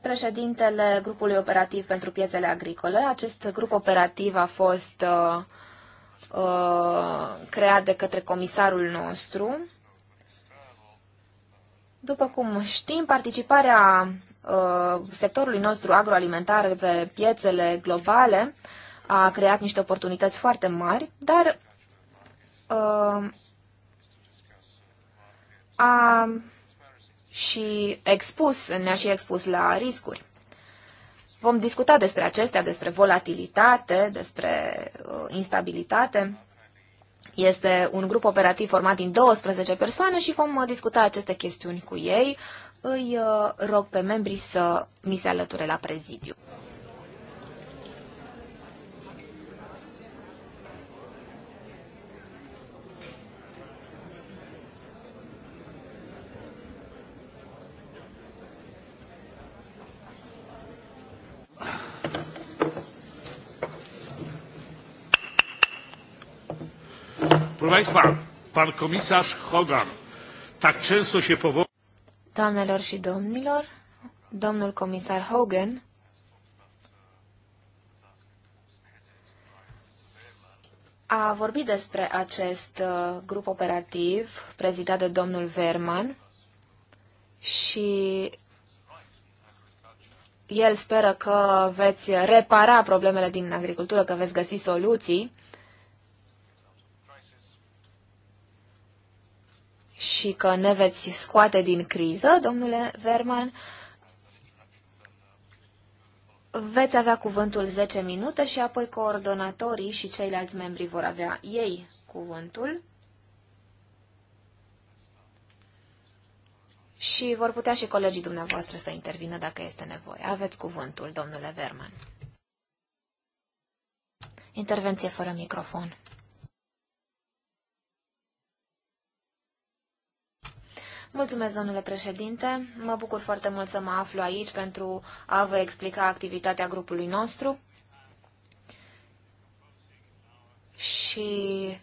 președintele grupului operativ pentru piețele agricole. Acest grup operativ a fost uh, uh, creat de către comisarul nostru, după cum știm, participarea uh, sectorului nostru agroalimentar pe piețele globale a creat niște oportunități foarte mari, dar uh, a și expus, ne-a și expus la riscuri. Vom discuta despre acestea, despre volatilitate, despre uh, instabilitate. Este un grup operativ format din 12 persoane și vom uh, discuta aceste chestiuni cu ei. Îi uh, rog pe membrii să mi se alăture la prezidiu. Proszę Państwa, pan komisarz Hogan tak często się powołał. Doamnelor și domnilor, domnul comisar Hogan a vorbit despre acest uh, grup operativ prezidat de domnul Verman și el speră că veți repara problemele din agricultură, că veți găsi soluții. și că ne veți scoate din criză, domnule Verman. Veți avea cuvântul 10 minute și apoi coordonatorii și ceilalți membri vor avea ei cuvântul. Și vor putea și colegii dumneavoastră să intervină dacă este nevoie. Aveți cuvântul, domnule Verman. Intervenție fără microfon. Mulțumesc, domnule președinte. Mă bucur foarte mult să mă aflu aici pentru a vă explica activitatea grupului nostru. Și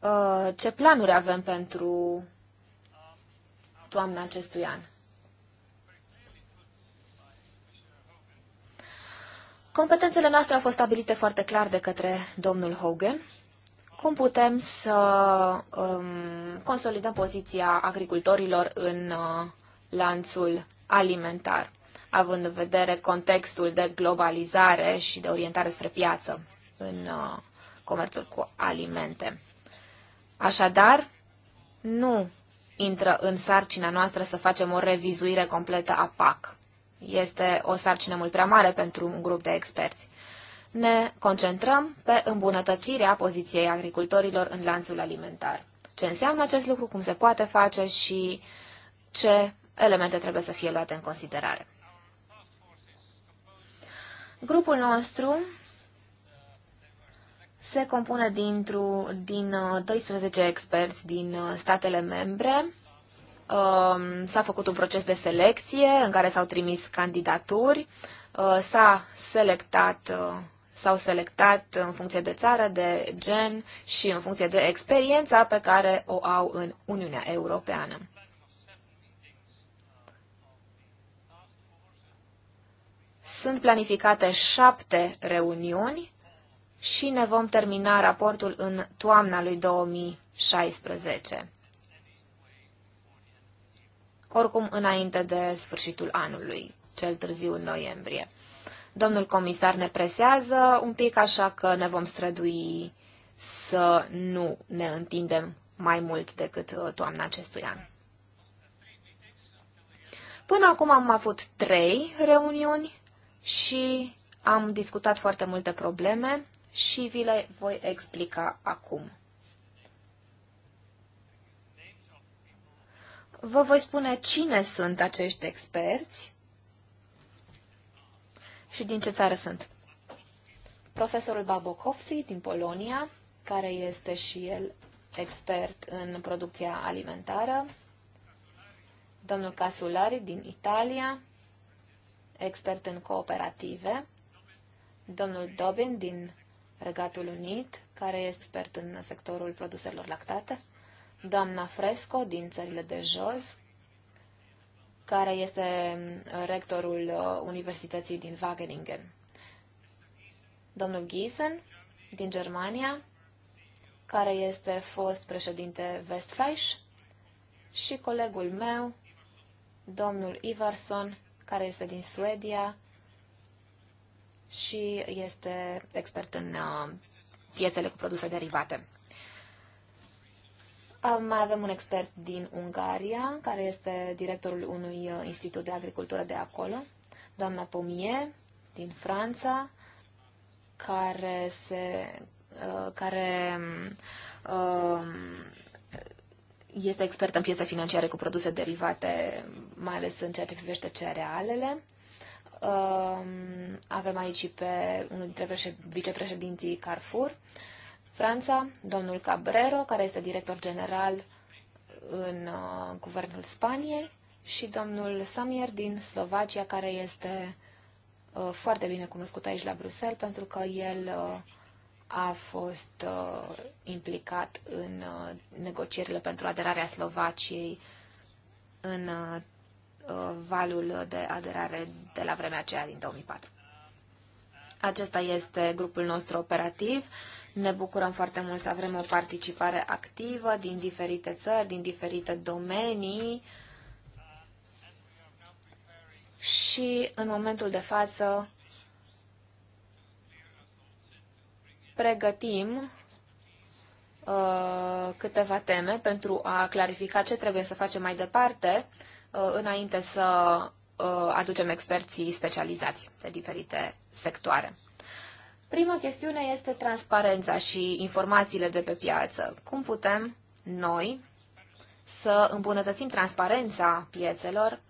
uh, ce planuri avem pentru toamna acestui an. Competențele noastre au fost stabilite foarte clar de către domnul Hogan cum putem să um, consolidăm poziția agricultorilor în uh, lanțul alimentar, având în vedere contextul de globalizare și de orientare spre piață în uh, comerțul cu alimente. Așadar, nu intră în sarcina noastră să facem o revizuire completă a PAC. Este o sarcină mult prea mare pentru un grup de experți ne concentrăm pe îmbunătățirea poziției agricultorilor în lanțul alimentar. Ce înseamnă acest lucru, cum se poate face și ce elemente trebuie să fie luate în considerare. Grupul nostru se compune dintr-o, din 12 uh, experți din uh, statele membre. Um, s-a făcut un proces de selecție în care s-au trimis candidaturi, uh, s-a selectat s-au selectat în funcție de țară, de gen și în funcție de experiența pe care o au în Uniunea Europeană. Sunt planificate șapte reuniuni și ne vom termina raportul în toamna lui 2016. Oricum, înainte de sfârșitul anului, cel târziu în noiembrie. Domnul comisar ne presează un pic, așa că ne vom strădui să nu ne întindem mai mult decât uh, toamna acestui an. Până acum am avut trei reuniuni și am discutat foarte multe probleme și vi le voi explica acum. Vă voi spune cine sunt acești experți și din ce țară sunt. Profesorul Babokowski din Polonia, care este și el expert în producția alimentară, domnul Casulari din Italia, expert în cooperative, domnul Dobin din Regatul Unit, care este expert în sectorul produselor lactate, doamna Fresco din țările de jos, care este mm, rectorul uh, Universității din Wageningen. Domnul Giesen, din Germania, care este fost președinte Westfleisch, și colegul meu, domnul Iverson, care este din Suedia și este expert în uh, piețele cu produse derivate. Mai avem un expert din Ungaria, care este directorul unui uh, institut de agricultură de acolo, doamna Pomie, din Franța, care se uh, care um, uh, este expert în piețe financiare cu produse derivate, mai ales în ceea ce privește cerealele. Um, avem aici pe unul dintre vicepreședinții Carrefour Franța, domnul Cabrero, care este director general în uh, guvernul Spaniei, și domnul Samier din Slovacia, care este uh, foarte bine cunoscut aici la Bruxelles, pentru că el uh, a fost implicat în negocierile pentru aderarea Slovaciei în valul de aderare de la vremea aceea din 2004. Acesta este grupul nostru operativ. Ne bucurăm foarte mult să avem o participare activă din diferite țări, din diferite domenii. Și în momentul de față pregătim uh, câteva teme pentru a clarifica ce trebuie să facem mai departe uh, înainte să uh, aducem experții specializați de diferite sectoare. Prima chestiune este transparența și informațiile de pe piață. Cum putem noi să îmbunătățim transparența piețelor,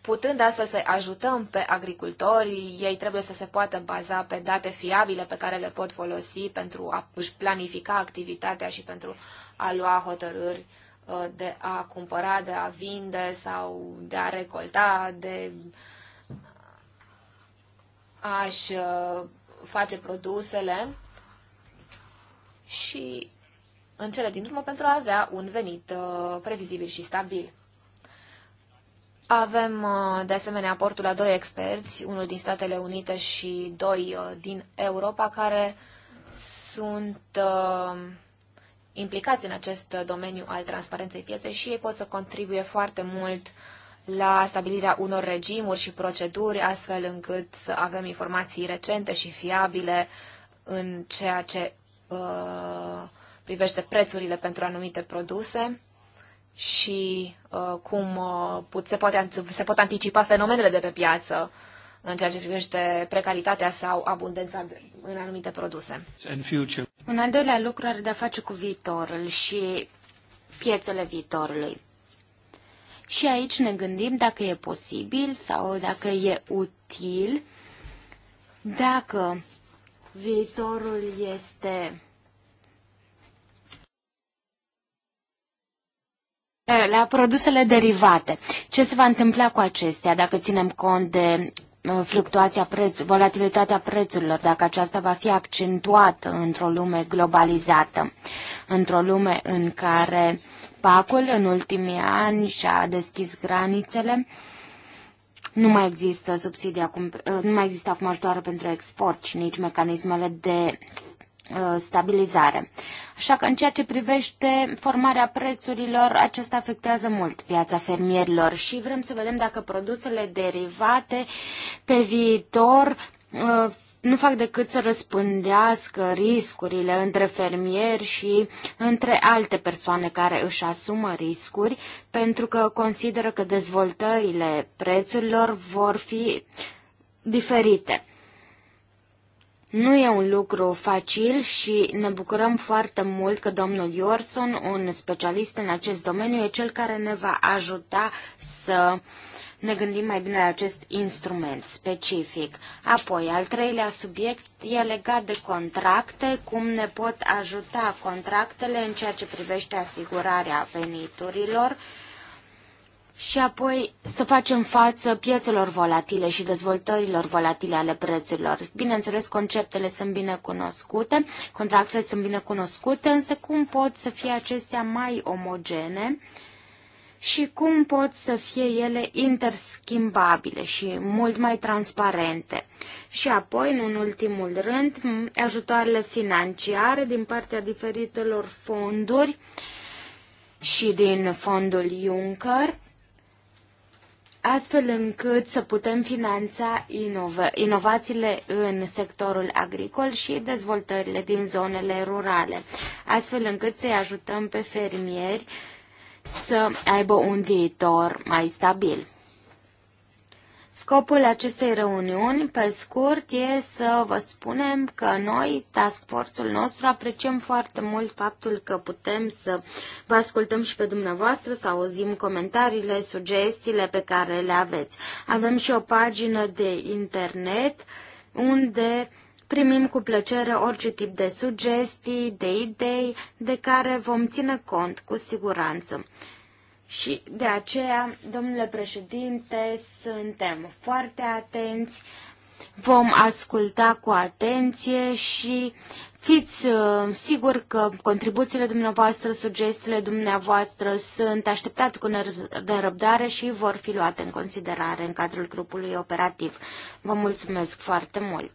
putând astfel să ajutăm pe agricultori, ei trebuie să se poată baza pe date fiabile pe care le pot folosi pentru a își planifica activitatea și pentru a lua hotărâri uh, de a cumpăra, de a vinde sau de a recolta, de uh, a-și uh, face produsele și în cele din urmă pentru a avea un venit uh, previzibil și stabil. Avem uh, de asemenea aportul la doi experți, unul din Statele Unite și doi din Europa, care sunt implicați în acest domeniu al transparenței pieței și ei pot să contribuie foarte mult uh, la stabilirea unor regimuri și proceduri, astfel încât să avem informații recente și fiabile în ceea ce uh, privește prețurile pentru anumite produse și uh, cum uh, se, poate, se pot anticipa fenomenele de pe piață în ceea ce privește precaritatea sau abundența de, în anumite produse. Un al doilea lucru are de-a face cu viitorul și piețele viitorului. Și aici ne gândim dacă e posibil sau dacă e util, dacă viitorul este la produsele derivate. Ce se va întâmpla cu acestea dacă ținem cont de uh, fluctuația prețurilor, volatilitatea prețurilor, dacă aceasta va fi accentuată într-o lume globalizată, într-o lume în care uh, Pacul în ultimii ani și-a deschis granițele. Nu mai există subsidii acum, uh, nu mai există acum ajutoare pentru export și nici mecanismele de uh, stabilizare. Așa că în ceea ce privește formarea prețurilor, acesta afectează mult piața fermierilor și vrem să vedem dacă produsele derivate pe viitor uh, nu fac decât să răspândească riscurile între fermieri și între alte persoane care își asumă riscuri, pentru că consideră că dezvoltările prețurilor vor fi diferite. Nu e un lucru facil și ne bucurăm foarte mult că domnul Iorson, un specialist în acest domeniu, e cel care ne va ajuta să uh, ne gândim mai bine la acest instrument specific. Apoi, al treilea subiect e legat de contracte, cum ne pot ajuta contractele în ceea ce privește asigurarea veniturilor și apoi să facem față piețelor volatile și dezvoltărilor volatile ale prețurilor. Bineînțeles, conceptele sunt bine cunoscute, contractele sunt bine cunoscute, însă cum pot să fie acestea mai omogene? și cum pot să fie ele interschimbabile și mult mai transparente. Și apoi, în ultimul rând, ajutoarele financiare din partea diferitelor fonduri și din fondul Juncker, astfel încât să putem finanța inova- inovațiile în sectorul agricol și dezvoltările din zonele rurale, astfel încât să-i ajutăm pe fermieri să aibă un viitor mai stabil. Scopul acestei reuniuni, pe scurt, e să vă spunem că noi, task force-ul nostru, apreciem foarte mult faptul că putem să vă ascultăm și pe dumneavoastră, să auzim comentariile, sugestiile pe care le aveți. Avem și o pagină de internet unde Primim cu plăcere orice tip de sugestii, de idei, de care vom ține cont cu siguranță. Și de aceea, domnule președinte, suntem foarte atenți, vom asculta cu atenție și fiți uh, sigur că contribuțiile dumneavoastră, sugestiile dumneavoastră sunt așteptate cu nerăbdare și vor fi luate în considerare în cadrul grupului operativ. Vă mulțumesc foarte mult!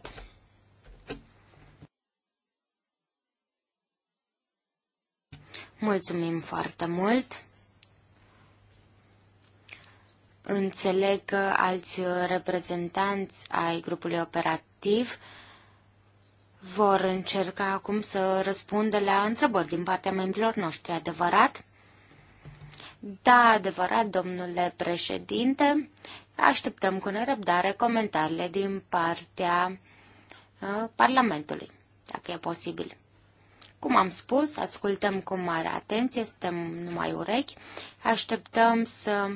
Mulțumim foarte mult! Înțeleg că alți reprezentanți ai grupului operativ vor încerca acum să răspundă la întrebări din partea membrilor noștri, adevărat? Da, adevărat, domnule președinte, așteptăm cu nerăbdare comentariile din partea uh, Parlamentului, dacă e posibil. Cum am spus, ascultăm cu mare atenție, stăm numai urechi, așteptăm să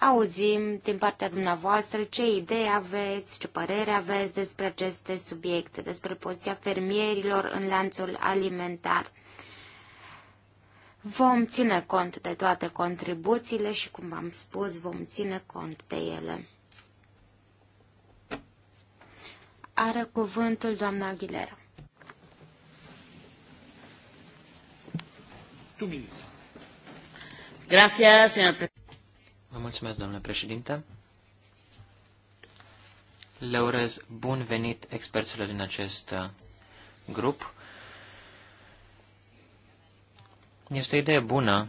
auzim din partea dumneavoastră ce idei aveți, ce părere aveți despre aceste subiecte, despre poziția fermierilor în lanțul alimentar. Vom ține cont de toate contribuțiile și, cum am spus, vom ține cont de ele. Are cuvântul doamna Aguilera. Vă mulțumesc, domnule președinte. Le urez bun venit experților din acest uh, grup. Este o idee bună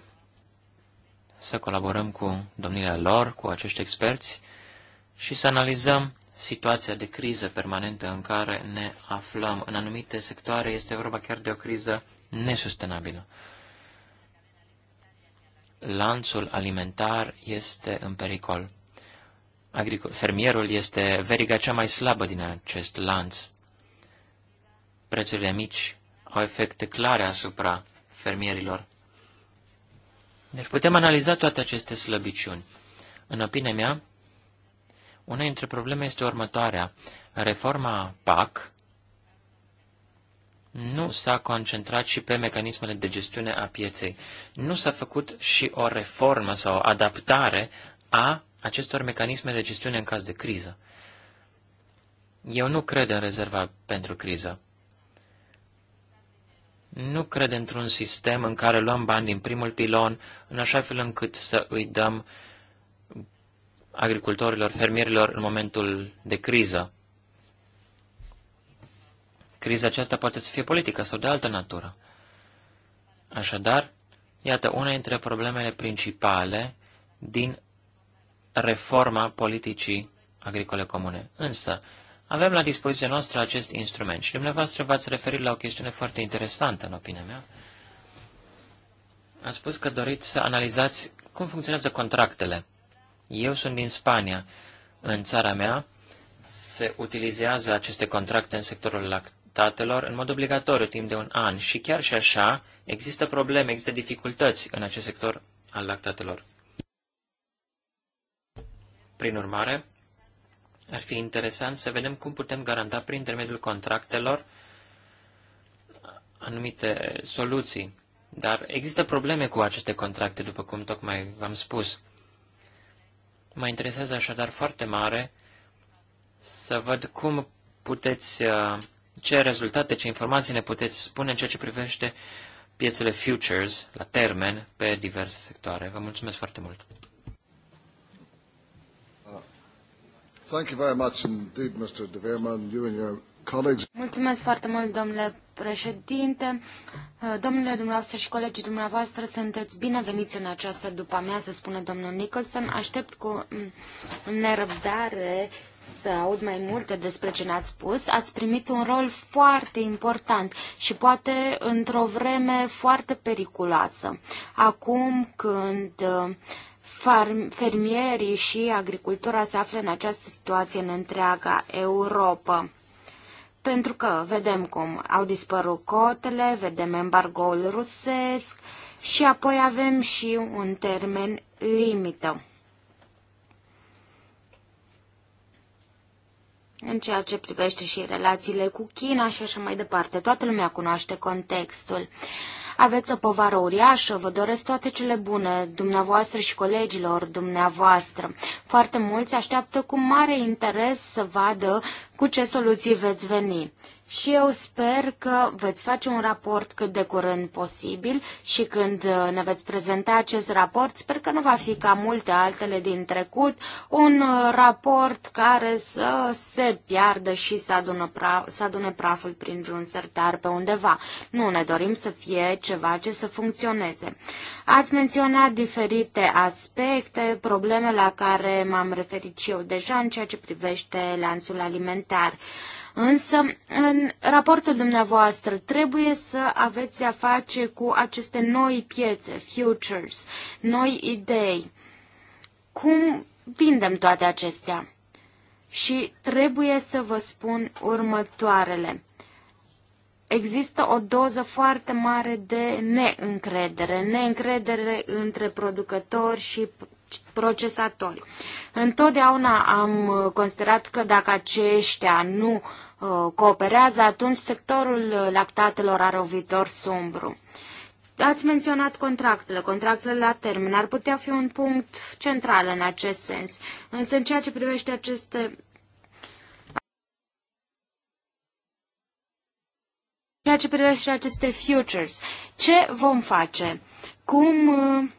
să colaborăm cu domnile lor, cu acești experți și să analizăm situația de criză permanentă în care ne aflăm. În anumite sectoare este vorba chiar de o criză nesustenabilă lanțul alimentar este în pericol. Agricul, Fermierul este veriga cea mai slabă din acest lanț. Prețurile mici au efecte clare asupra fermierilor. Deci putem analiza toate aceste slăbiciuni. În opinia mea, una dintre probleme este următoarea. Reforma PAC nu s-a concentrat și pe mecanismele de gestiune a pieței. Nu s-a făcut și o reformă sau o adaptare a acestor mecanisme de gestiune în caz de criză. Eu nu cred în rezerva pentru criză. Nu cred într-un sistem în care luăm bani din primul pilon, în așa fel încât să îi dăm agricultorilor, fermierilor în momentul de criză. Criza aceasta poate să fie politică sau de altă natură. Așadar, iată una dintre problemele principale din reforma politicii agricole comune. Însă, avem la dispoziția noastră acest instrument și dumneavoastră v-ați referit la o chestiune foarte interesantă, în opinia mea. Ați spus că doriți să analizați cum funcționează contractele. Eu sunt din Spania. În țara mea se utilizează aceste contracte în sectorul statelor în mod obligatoriu timp de un an și chiar și așa există probleme, există dificultăți în acest sector al lactatelor. Prin urmare, ar fi interesant să vedem cum putem garanta prin intermediul contractelor anumite soluții. Dar există probleme cu aceste contracte, după cum tocmai v-am spus. Mă interesează așadar foarte mare să văd cum puteți uh, ce rezultate, ce informații ne puteți spune în ceea ce privește piețele futures la termen pe diverse sectoare. Vă mulțumesc foarte mult! Uh, thank you very much indeed, Mr. De Veerman, you and your colleagues. Mulțumesc foarte mult, domnule președinte. Uh, domnule dumneavoastră și colegii dumneavoastră, sunteți bineveniți în această după amiază, spune domnul Nicholson. Aștept cu mm, nerăbdare să aud mai multe despre ce ne-ați spus. Ați primit un rol foarte important și poate într-o vreme foarte periculoasă. Acum când uh, fermierii și agricultura se află în această situație în întreaga Europa pentru că vedem cum au dispărut cotele, vedem embargoul rusesc și apoi avem și un termen limită. în ceea ce privește și relațiile cu China și așa mai departe. Toată lumea cunoaște contextul. Aveți o povară uriașă, vă doresc toate cele bune, dumneavoastră și colegilor dumneavoastră. Foarte mulți așteaptă cu mare interes să vadă cu ce soluții veți veni și eu sper că veți face un raport cât de curând posibil și când uh, ne veți prezenta acest raport, sper că nu va fi ca multe altele din trecut, un uh, raport care să se piardă și să, adună praf, să adune praful prin vreun sertar pe undeva. Nu ne dorim să fie ceva ce să funcționeze. Ați menționat diferite aspecte, probleme la care m-am referit și eu deja în ceea ce privește lanțul alimentar. Însă, în raportul dumneavoastră trebuie să aveți a face cu aceste noi piețe, futures, noi idei. Cum vindem toate acestea? Și trebuie să vă spun următoarele există o doză foarte mare de neîncredere, neîncredere între producători și procesatori. Întotdeauna am considerat că dacă aceștia nu Uh, cooperează, atunci sectorul lactatelor are o viitor sumbru. Ați menționat contractele. Contractele la termen ar putea fi un punct central în acest sens. Însă în ceea ce privește aceste ceea ce privește aceste futures, ce vom face? Cum uh,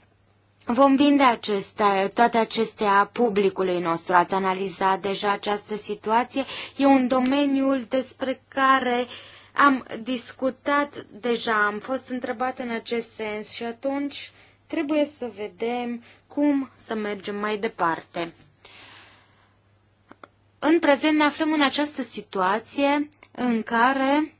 Vom vinde acestea, toate acestea publicului nostru. Ați analizat deja această situație. E un domeniu despre care am discutat deja, am fost întrebat în acest sens și atunci trebuie să vedem cum să mergem mai departe. În prezent ne aflăm în această situație în care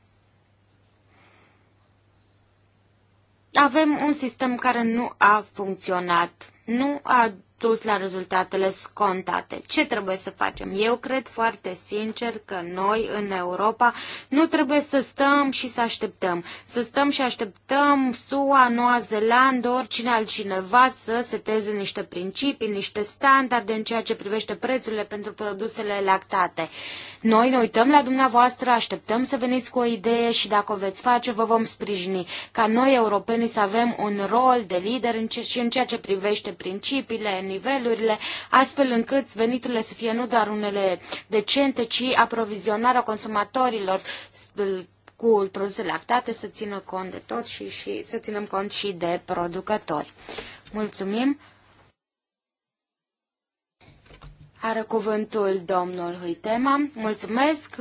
avem un sistem care nu a funcționat, nu a dus la rezultatele scontate. Ce trebuie să facem? Eu cred foarte sincer că noi în Europa nu trebuie să stăm și să așteptăm. Să stăm și așteptăm SUA, Noua Zeelandă, oricine altcineva să seteze niște principii, niște standarde în ceea ce privește prețurile pentru produsele lactate. Noi ne uităm la dumneavoastră, așteptăm să veniți cu o idee și dacă o veți face, vă vom sprijini. Ca noi, europenii, să avem un rol de lider în ce, și în ceea ce privește principiile, nivelurile, astfel încât veniturile să fie nu doar unele decente, ci aprovizionarea consumatorilor cu produse lactate să țină cont de tot și, și să ținem cont și de producători. Mulțumim! Are cuvântul domnul Huitema. Mulțumesc.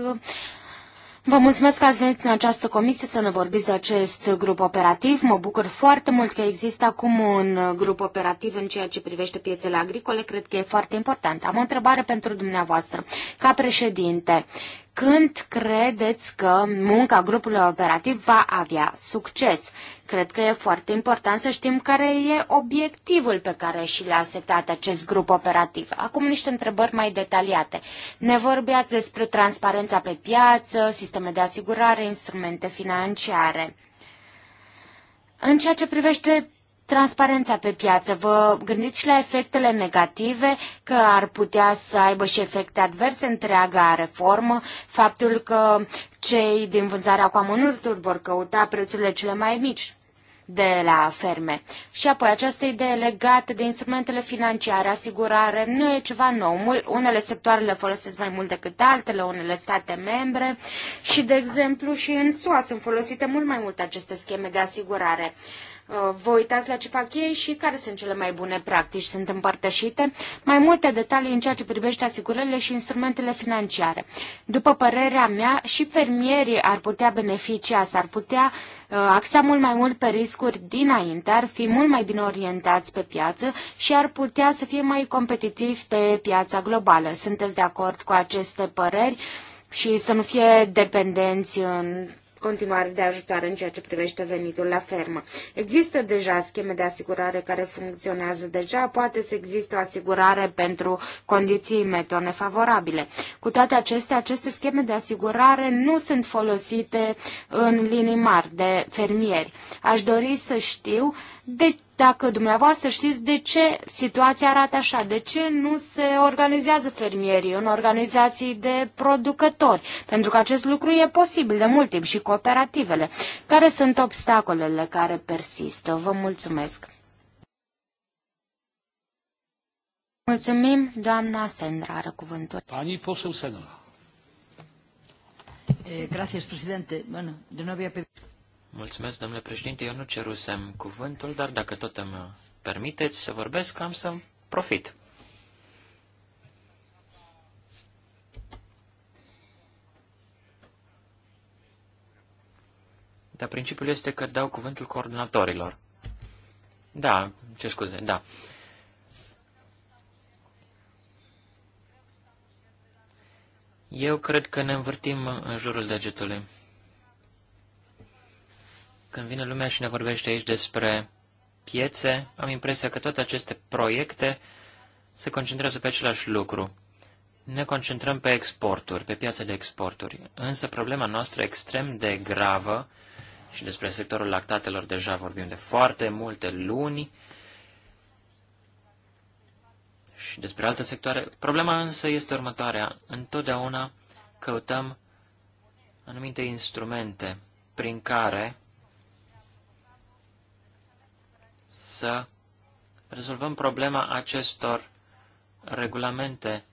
Vă mulțumesc că ați venit în această comisie să ne vorbiți de acest grup operativ. Mă bucur foarte mult că există acum un grup operativ în ceea ce privește piețele agricole. Cred că e foarte important. Am o întrebare pentru dumneavoastră. Ca președinte, când credeți că munca grupului operativ va avea succes? Cred că e foarte important să știm care e obiectivul pe care și l-a setat acest grup operativ. Acum niște întrebări mai detaliate. Ne vorbeați despre transparența pe piață, sisteme de asigurare, instrumente financiare. În ceea ce privește transparența pe piață, vă gândiți și la efectele negative, că ar putea să aibă și efecte adverse întreaga reformă, faptul că cei din vânzarea cu amănuntul vor căuta prețurile cele mai mici de la ferme. Și apoi această idee legată de instrumentele financiare, asigurare, nu e ceva nou. Unele sectoare le folosesc mai mult decât altele, unele state membre și, de exemplu, și în SUA sunt folosite mult mai mult aceste scheme de asigurare uh, vă uitați la ce fac ei și care sunt cele mai bune practici. Sunt împărtășite mai multe detalii în ceea ce privește asigurările și instrumentele financiare. După părerea mea, și fermierii ar putea beneficia, s-ar putea uh, Uh, axa mult mai mult pe riscuri dinainte, ar fi mult mai bine orientați pe piață și ar putea să fie mai competitivi pe piața globală. Sunteți de acord cu aceste păreri? și să nu fie dependenți în continuare de ajutoare în ceea ce privește venitul la fermă. Există deja scheme de asigurare care funcționează deja, poate să existe o asigurare pentru condiții meteo nefavorabile. Cu toate acestea, aceste scheme de asigurare nu sunt folosite în linii mari de fermieri. Aș dori să știu de, dacă dumneavoastră știți de ce situația arată așa, de ce nu se organizează fermierii în organizații de producători, pentru că acest lucru e posibil de mult timp și cooperativele. Care sunt obstacolele care persistă? Vă mulțumesc! Mulțumim, doamna Sendra are cuvântul. Pani poseu Sendra. Eh, gracias, presidente. Bueno, yo no había pedido... Mulțumesc, domnule președinte. Eu nu cerusem cuvântul, dar dacă tot îmi permiteți să vorbesc, am să profit. Dar principiul este că dau cuvântul coordonatorilor. Da, ce scuze, da. Eu cred că ne învârtim în jurul degetului. Când vine lumea și ne vorbește aici despre piețe, am impresia că toate aceste proiecte se concentrează pe același lucru. Ne concentrăm pe exporturi, pe piața de exporturi. Însă problema noastră extrem de gravă, și despre sectorul lactatelor deja vorbim de foarte multe luni, și despre alte sectoare. Problema însă este următoarea. Întotdeauna căutăm anumite instrumente prin care să rezolvăm problema acestor regulamente.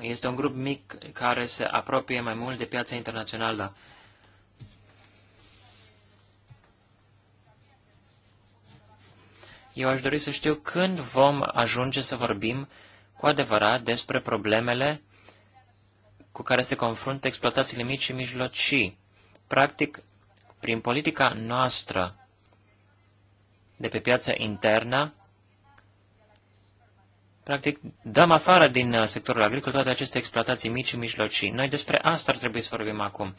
Este un grup mic care se apropie mai mult de piața internațională. Eu aș dori să știu când vom ajunge să vorbim cu adevărat despre problemele cu care se confruntă exploatațiile mici și mijlocii. Practic, prin politica noastră de pe piața internă, practic dăm afară din uh, sectorul agricol toate aceste exploatații mici și mijlocii. Noi despre asta ar trebui să vorbim acum.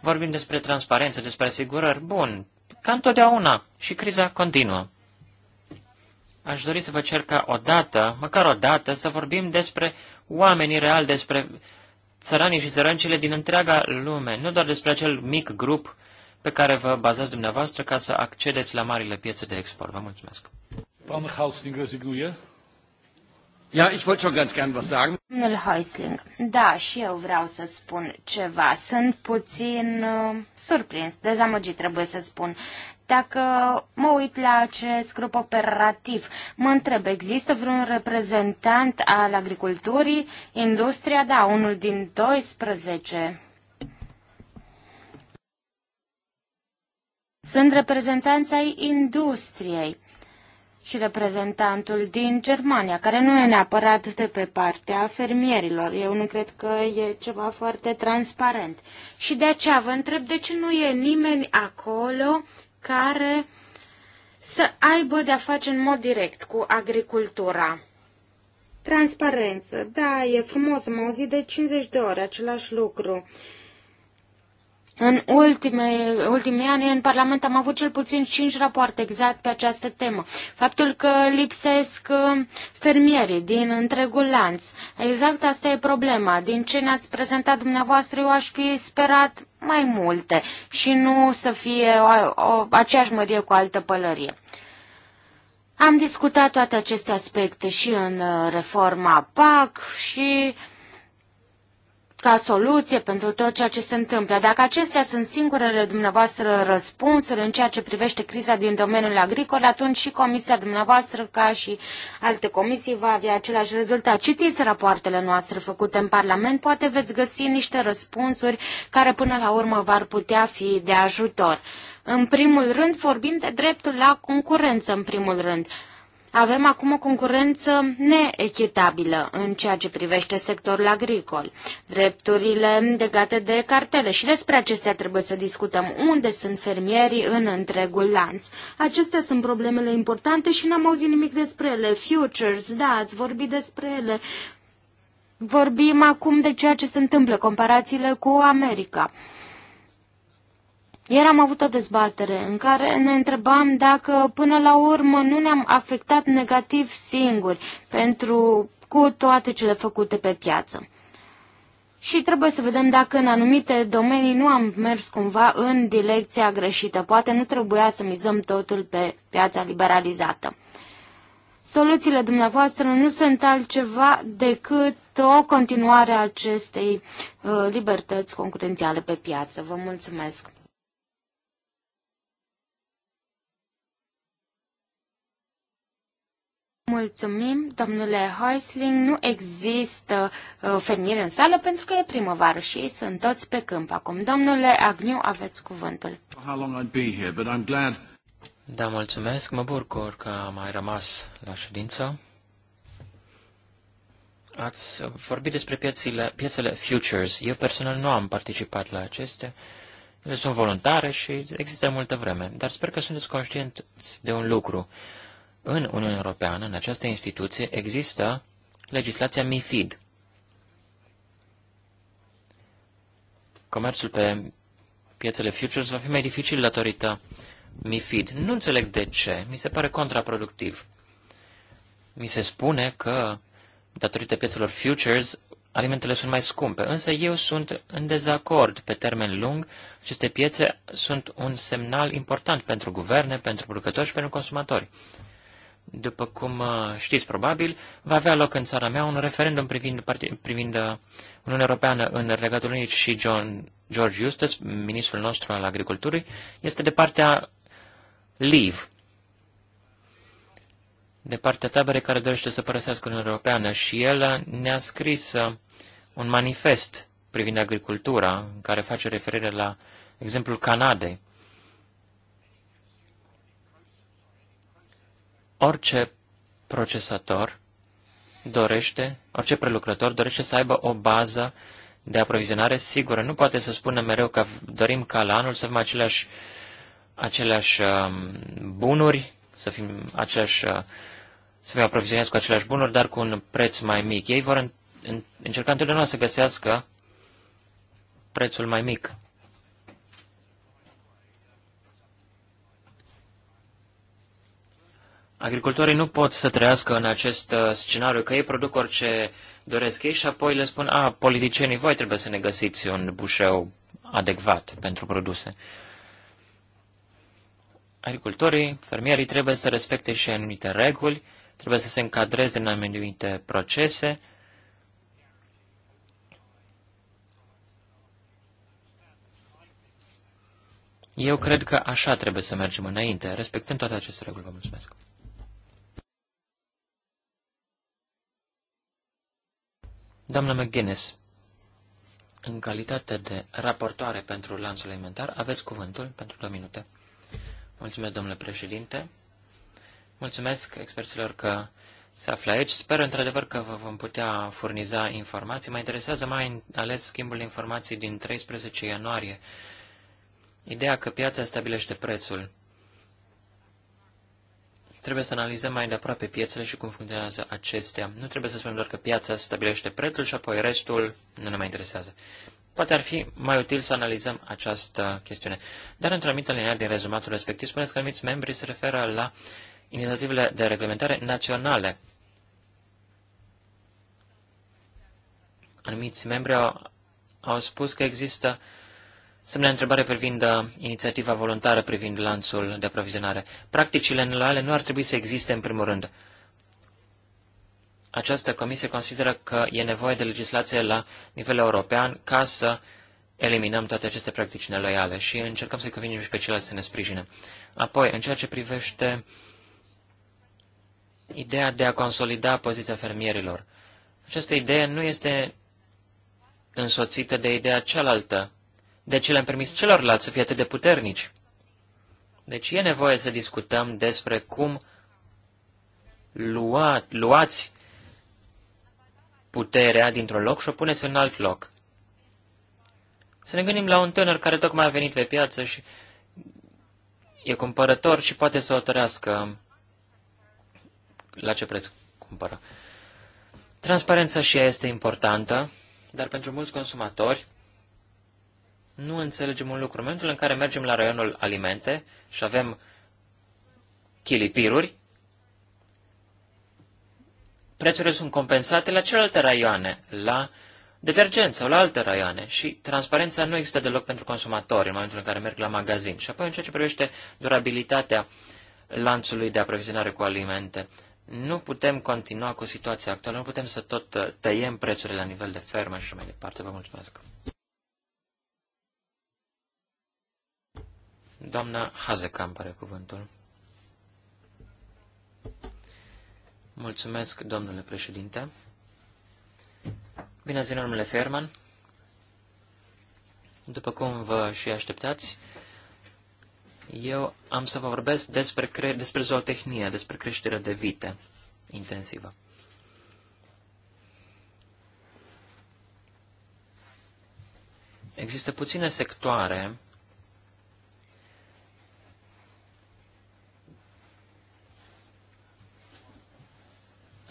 Vorbim despre transparență, despre asigurări. Bun, ca întotdeauna și criza continuă. Aș dori să vă cer ca odată, măcar odată, să vorbim despre oamenii reali, despre țăranii și țărăncile din întreaga lume, nu doar despre acel mic grup uh, pe care vă bazați dumneavoastră ca să accedeți la marile piețe de export. Vă mulțumesc. Ja, ich wollte schon ganz gern was sagen. Domnul Häusling. da, și eu vreau să spun ceva. Sunt puțin uh, surprins, dezamăgit trebuie să spun. Dacă mă uit la acest grup operativ, mă întreb, există vreun reprezentant al agriculturii, industria, da, unul din 12 Sunt reprezentanța ai industriei și reprezentantul din Germania, care nu e neapărat de pe partea fermierilor. Eu nu cred că e ceva foarte transparent. Și de aceea vă întreb de ce nu e nimeni acolo care să aibă de-a face în mod direct cu agricultura. Transparență, da, e frumos, am auzit de 50 de ori același lucru. Uh, în ultime, ultimii ani în Parlament am avut cel puțin cinci rapoarte exact pe această temă. Faptul că lipsesc uh, fermierii din întregul lanț. Exact asta e problema. Din ce ne-ați prezentat dumneavoastră, eu aș fi sperat mai multe și nu să fie o, o, aceeași mărie cu altă pălărie. Am discutat toate aceste aspecte și în uh, reforma PAC și ca soluție pentru tot ceea ce se întâmplă. Dacă acestea sunt singurele dumneavoastră răspunsuri în ceea ce privește criza din domeniul agricol, atunci și comisia dumneavoastră, ca și alte comisii, va avea același rezultat. Citiți rapoartele noastre făcute în Parlament, poate veți găsi niște răspunsuri care până la urmă v-ar putea fi de ajutor. În primul rând, vorbim de dreptul la concurență, în primul rând. Avem acum o concurență neechitabilă în ceea ce privește sectorul agricol, drepturile legate de cartele și despre acestea trebuie să discutăm. Unde sunt fermierii în întregul lanț? Acestea sunt problemele importante și n-am auzit nimic despre ele. Futures, da, ați vorbit despre ele. Vorbim acum de ceea ce se întâmplă, comparațiile cu America. Ieri am avut o dezbatere în care ne întrebam dacă până la urmă nu ne-am afectat negativ singuri pentru, cu toate cele făcute pe piață. Și trebuie să vedem dacă în anumite domenii nu am mers cumva în direcția greșită. Poate nu trebuia să mizăm totul pe piața liberalizată. Soluțiile dumneavoastră nu sunt altceva decât o continuare a acestei uh, libertăți concurențiale pe piață. Vă mulțumesc! Mulțumim, domnule Heusling. Nu există uh, fermieri în sală pentru că e primăvară și ei sunt toți pe câmp acum. Domnule Agniu, aveți cuvântul. Da, mulțumesc. Mă bucur că am mai rămas la ședință. Ați vorbit despre piețele, piețele futures. Eu personal nu am participat la acestea. Ele sunt voluntare și există multă vreme. Dar sper că sunteți conștienți de un lucru. Uh, în Uniunea Europeană, în această instituție, există legislația MIFID. Comerțul pe piețele futures va fi mai dificil datorită MIFID. Nu înțeleg de ce. Mi se pare contraproductiv. Mi se spune că, datorită piețelor futures, alimentele sunt mai scumpe, însă eu sunt în dezacord pe termen lung. Aceste piețe sunt un semnal important pentru guverne, pentru producători și pentru consumatori. După cum uh, știți probabil, va avea loc în țara mea un referendum privind, privind uh, Uniunea Europeană în Regatul Unit și John, George Eustace, ministrul nostru al agriculturii, este de partea Leave, de partea taberei care dorește să părăsească Uniunea Europeană și el ne-a scris uh, un manifest privind agricultura, în care face referire la exemplul Canadei. orice procesator dorește, orice prelucrător dorește să aibă o bază de aprovizionare sigură. Nu poate să spună mereu că dorim ca la anul să avem aceleași, aceleași um, bunuri, să fim aceleași, uh, să fim aprovizionați cu aceleași bunuri, dar cu un preț mai mic. Ei vor încerca întotdeauna să găsească prețul mai mic. Agricultorii nu pot să trăiască în acest uh, scenariu, că ei produc orice doresc ei și apoi le spun, a, politicienii, voi trebuie să ne găsiți un bușeu adecvat pentru produse. Agricultorii, fermierii trebuie să respecte și anumite reguli, trebuie să se încadreze în anumite procese, Eu cred că așa trebuie să mergem înainte, respectând toate aceste reguli. Vă mulțumesc. Doamna McGuinness, în calitate de raportoare pentru lanțul alimentar, aveți cuvântul pentru două minute. Mulțumesc, domnule președinte. Mulțumesc experților că se află aici. Sper într-adevăr că vă vom putea furniza informații. Mă interesează mai ales schimbul de informații din 13 ianuarie. Ideea că piața stabilește prețul. Trebuie să analizăm mai de aproape piețele și cum funcționează acestea. Nu trebuie să spunem doar că piața stabilește prețul și apoi restul nu ne mai interesează. Poate ar fi mai util să analizăm această chestiune. Dar într-o anumită linie din rezumatul respectiv, spuneți că anumiți membri se referă la inițiativele de reglementare naționale. Anumiți membri au, au spus că există uh, Semnea întrebare privind uh, inițiativa voluntară privind lanțul de aprovizionare. Practicile neloiale nu ar trebui să existe în primul rând. Această comisie consideră că e nevoie de legislație la nivel european ca să eliminăm toate aceste practici neloiale și încercăm să-i convingem și pe ceilalți să ne sprijine. Apoi, în ceea ce privește ideea de a consolida poziția fermierilor, această idee nu este însoțită de ideea cealaltă de ce le-am permis celorlalți să fie atât de puternici? Deci e nevoie să discutăm despre cum lua, luați puterea dintr-un loc și o puneți în alt loc. Să ne gândim la un tânăr care tocmai a venit pe piață și e cumpărător și poate să o tărească la ce preț cumpără. Transparența și ea este importantă, dar pentru mulți consumatori nu înțelegem un lucru. În momentul în care mergem la raionul alimente și avem chilipiruri, prețurile sunt compensate la celelalte raioane, la detergenți sau la alte raioane și transparența nu există deloc pentru consumatori în momentul în care merg la magazin. Și apoi în ceea ce privește durabilitatea lanțului de aprovizionare cu alimente, nu putem continua cu situația actuală, nu putem să tot tăiem prețurile la nivel de fermă și mai departe. Vă mulțumesc! Doamna Hazekamp are cuvântul. Mulțumesc, domnule președinte. Bine ați venit, domnule Ferman. După cum vă și așteptați, eu am să vă vorbesc despre, cre- despre zootehnie, despre creșterea de vite intensivă. Există puține sectoare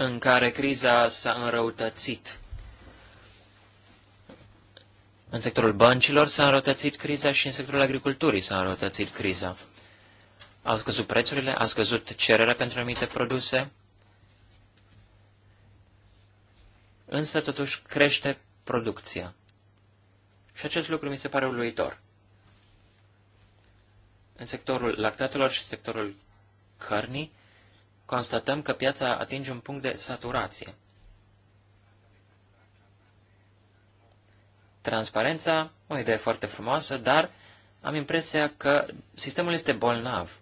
în care criza s-a înrăutățit. În sectorul băncilor s-a înrăutățit criza și în sectorul agriculturii s-a înrăutățit criza. Au scăzut prețurile, a scăzut cererea pentru anumite produse, însă totuși crește producția. Și acest lucru mi se pare uluitor. În sectorul lactatelor și sectorul cărnii constatăm că piața atinge un punct de saturație. Transparența, o idee foarte frumoasă, dar am impresia că sistemul este bolnav.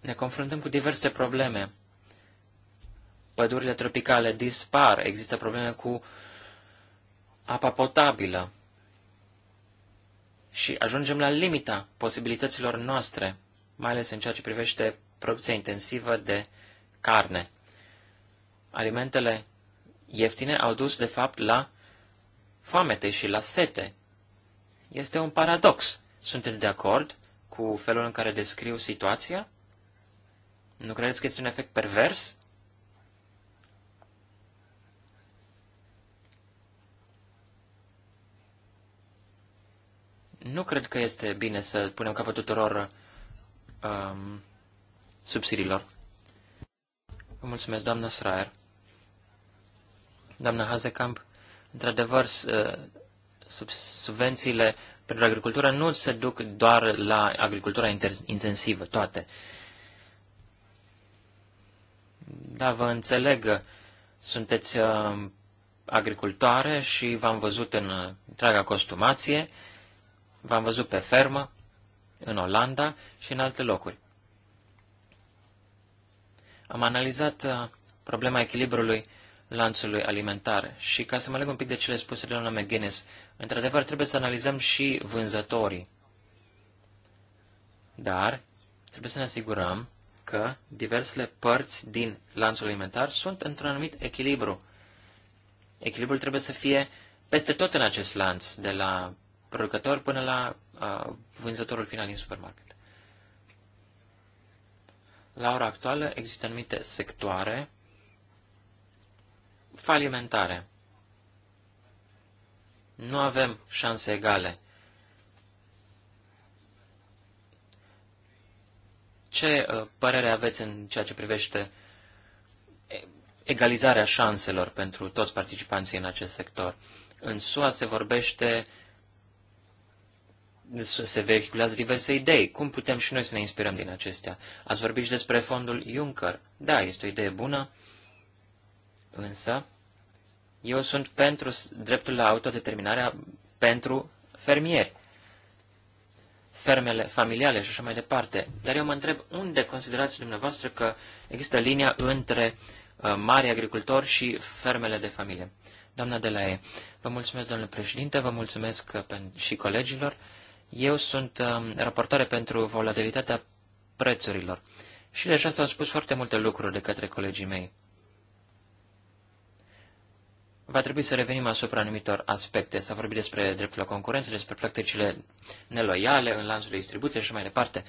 Ne confruntăm cu diverse probleme. Pădurile tropicale dispar, există probleme cu apa potabilă, și ajungem la limita posibilităților noastre, mai ales în ceea ce privește producția intensivă de carne. Alimentele ieftine au dus, de fapt, la foamete și la sete. Este un paradox. Sunteți de acord cu felul în care descriu situația? Nu credeți că este un efect pervers? Nu cred că este bine să punem capăt tuturor um, subsidiilor. Vă mulțumesc, doamnă Sraer. Doamnă Hazekamp, într-adevăr, uh, subvențiile pentru agricultură nu se duc doar la agricultura intensivă, toate. Da, vă înțeleg, sunteți um, agricultoare și v-am văzut în uh, întreaga costumație. V-am văzut pe fermă, în Olanda și în alte locuri. Am analizat uh, problema echilibrului lanțului alimentar și ca să mă leg un pic de cele spuse de doamna McGuinness, într-adevăr trebuie să analizăm și vânzătorii. Dar trebuie să ne asigurăm că diversele părți din lanțul alimentar sunt într-un anumit echilibru. Echilibrul trebuie să fie peste tot în acest lanț, de la producător până la uh, vânzătorul final din supermarket. La ora actuală există anumite sectoare falimentare. Nu avem șanse egale. Ce uh, părere aveți în ceea ce privește egalizarea șanselor pentru toți participanții în acest sector? În SUA se vorbește uh, se vehiculează diverse idei. Cum putem și noi să ne inspirăm din acestea? Ați vorbit și despre fondul Juncker. Da, este o idee bună, însă eu sunt pentru dreptul la autodeterminare pentru fermieri, fermele familiale și așa mai departe. Dar eu mă întreb unde considerați dumneavoastră că există linia între uh, mari agricultori și fermele de familie. Doamna Delae, vă mulțumesc, domnule președinte, vă mulțumesc uh, și colegilor. Eu sunt um, raportare pentru volatilitatea prețurilor și deja s-au spus foarte multe lucruri de către colegii mei. Va trebui să revenim asupra anumitor aspecte. S-a vorbit despre dreptul la concurență, despre practicile neloiale în lanțul de distribuție și mai departe.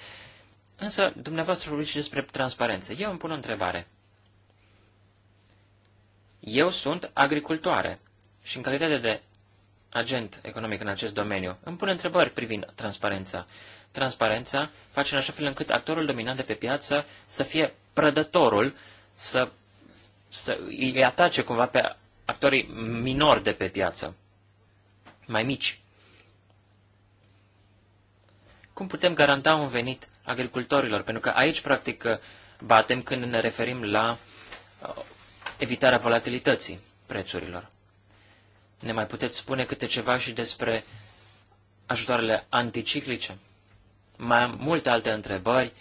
Însă, dumneavoastră vorbiți și despre transparență. Eu îmi pun o întrebare. Eu sunt agricultoare și în calitate de agent economic în acest domeniu. Îmi pun întrebări privind transparența. Transparența face în așa fel încât actorul dominant de pe piață să fie prădătorul, să, să îi atace cumva pe actorii minori de pe piață, mai mici. Cum putem garanta un venit agricultorilor? Pentru că aici, practic, batem când ne referim la uh, evitarea volatilității prețurilor. Ne mai puteți spune câte ceva și despre ajutoarele anticiclice? Mai am multe alte întrebări,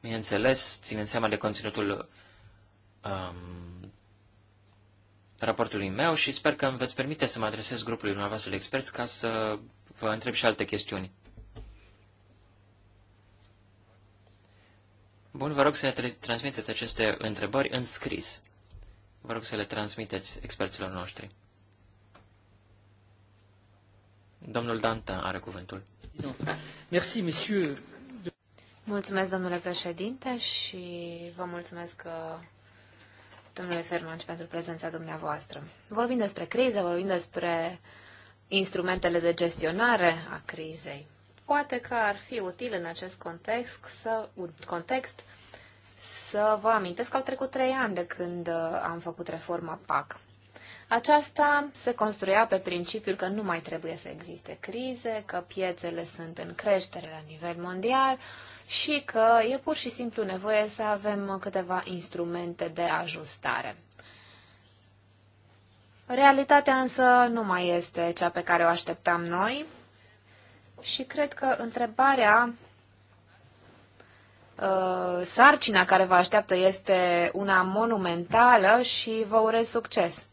bineînțeles, ținând seama de conținutul um, raportului meu și sper că îmi veți permite să mă adresez grupului dumneavoastră de experți ca să vă întreb și alte chestiuni. Bun, vă rog să ne transmiteți aceste întrebări în scris. Vă rog să le transmiteți experților noștri. Domnul Dantin are cuvântul. Merci, monsieur. Mulțumesc, domnule președinte, și vă mulțumesc, uh, domnule Fermanci, pentru prezența dumneavoastră. Vorbim despre criză, vorbim despre instrumentele de gestionare a crizei. Poate că ar fi util în acest context să, context să vă amintesc că au trecut trei ani de când uh, am făcut reforma PAC. Aceasta se construia pe principiul că nu mai trebuie să existe crize, că piețele sunt în creștere la nivel mondial și că e pur și simplu nevoie să avem câteva instrumente de ajustare. Realitatea însă nu mai este cea pe care o așteptam noi și cred că întrebarea uh, sarcina care vă așteaptă este una monumentală și vă urez succes.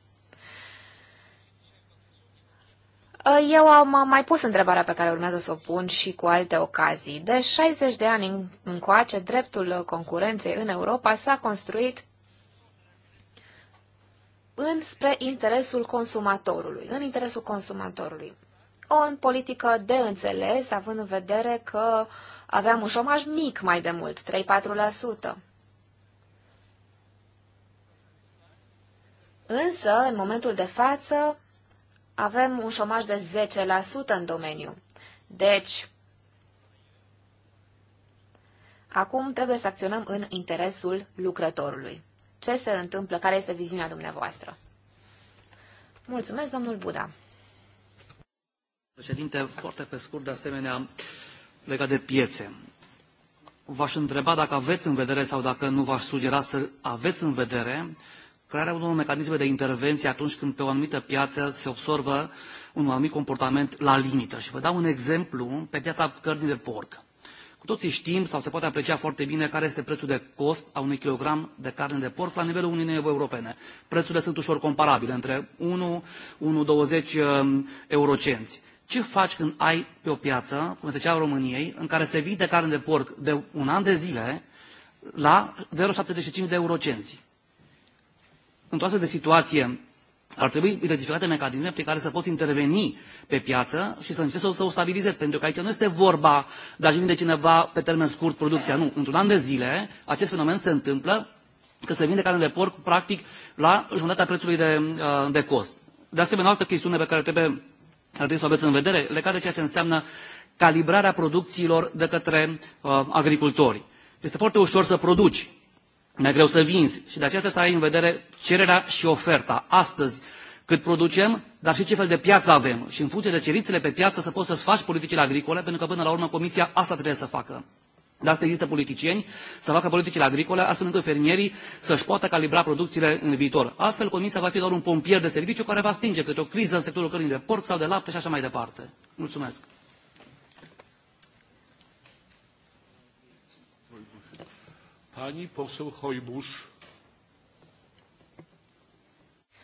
Ă, eu am mai pus întrebarea pe care urmează să o pun și cu alte ocazii. De 60 de ani încoace, dreptul concurenței în Europa s-a construit înspre interesul consumatorului, în interesul consumatorului. O politică de înțeles, având în vedere că aveam un șomaj mic mai de mult, 3-4%. Însă, în momentul de față, avem un șomaj de 10% în domeniu. Deci, acum trebuie să acționăm în interesul lucrătorului. Ce se întâmplă? Care este viziunea dumneavoastră? Mulțumesc, domnul Buda. Președinte, foarte pe scurt, de asemenea, legat de piețe. V-aș întreba dacă aveți în vedere sau dacă nu v-aș sugera să aveți în vedere crearea unor mecanisme de intervenție atunci când pe o anumită piață se observă un anumit comportament la limită. Și vă dau un exemplu pe piața cărnii de porc. Cu toții știm sau se poate aprecia foarte bine care este prețul de cost a unui kilogram de carne de porc la nivelul Uniunii Europene. Prețurile sunt ușor comparabile, între 1, 1, 20 eurocenți. Ce faci când ai pe o piață, cum este cea a României, în care se vinde carne de porc de un an de zile la 0,75 de eurocenți? într-o astfel de situație ar trebui identificate mecanisme prin care să poți interveni pe piață și să încerci să o stabilizezi. Pentru că aici nu este vorba de a vinde cineva pe termen scurt producția. Nu. Într-un an de zile, acest fenomen se întâmplă că se vinde carne de porc, practic, la jumătatea prețului de, uh, de cost. De asemenea, altă chestiune pe care trebuie, ar trebui să o aveți în vedere, legată de ceea ce înseamnă calibrarea producțiilor de către uh, agricultori. Este foarte ușor să produci, mai greu să vinzi. Și de aceea trebuie să ai în vedere cererea și oferta. Astăzi, cât producem, dar și ce fel de piață avem. Și în funcție de cerințele pe piață să poți să-ți faci politicile agricole, pentru că până la urmă Comisia asta trebuie să facă. De asta există politicieni să facă politicile agricole, astfel încât fermierii să-și poată calibra producțiile în viitor. Altfel, Comisia va fi doar un pompier de serviciu care va stinge câte o criză în sectorul cărnii de porc sau de lapte și așa mai departe. Mulțumesc! Pani poseł Hojbusz.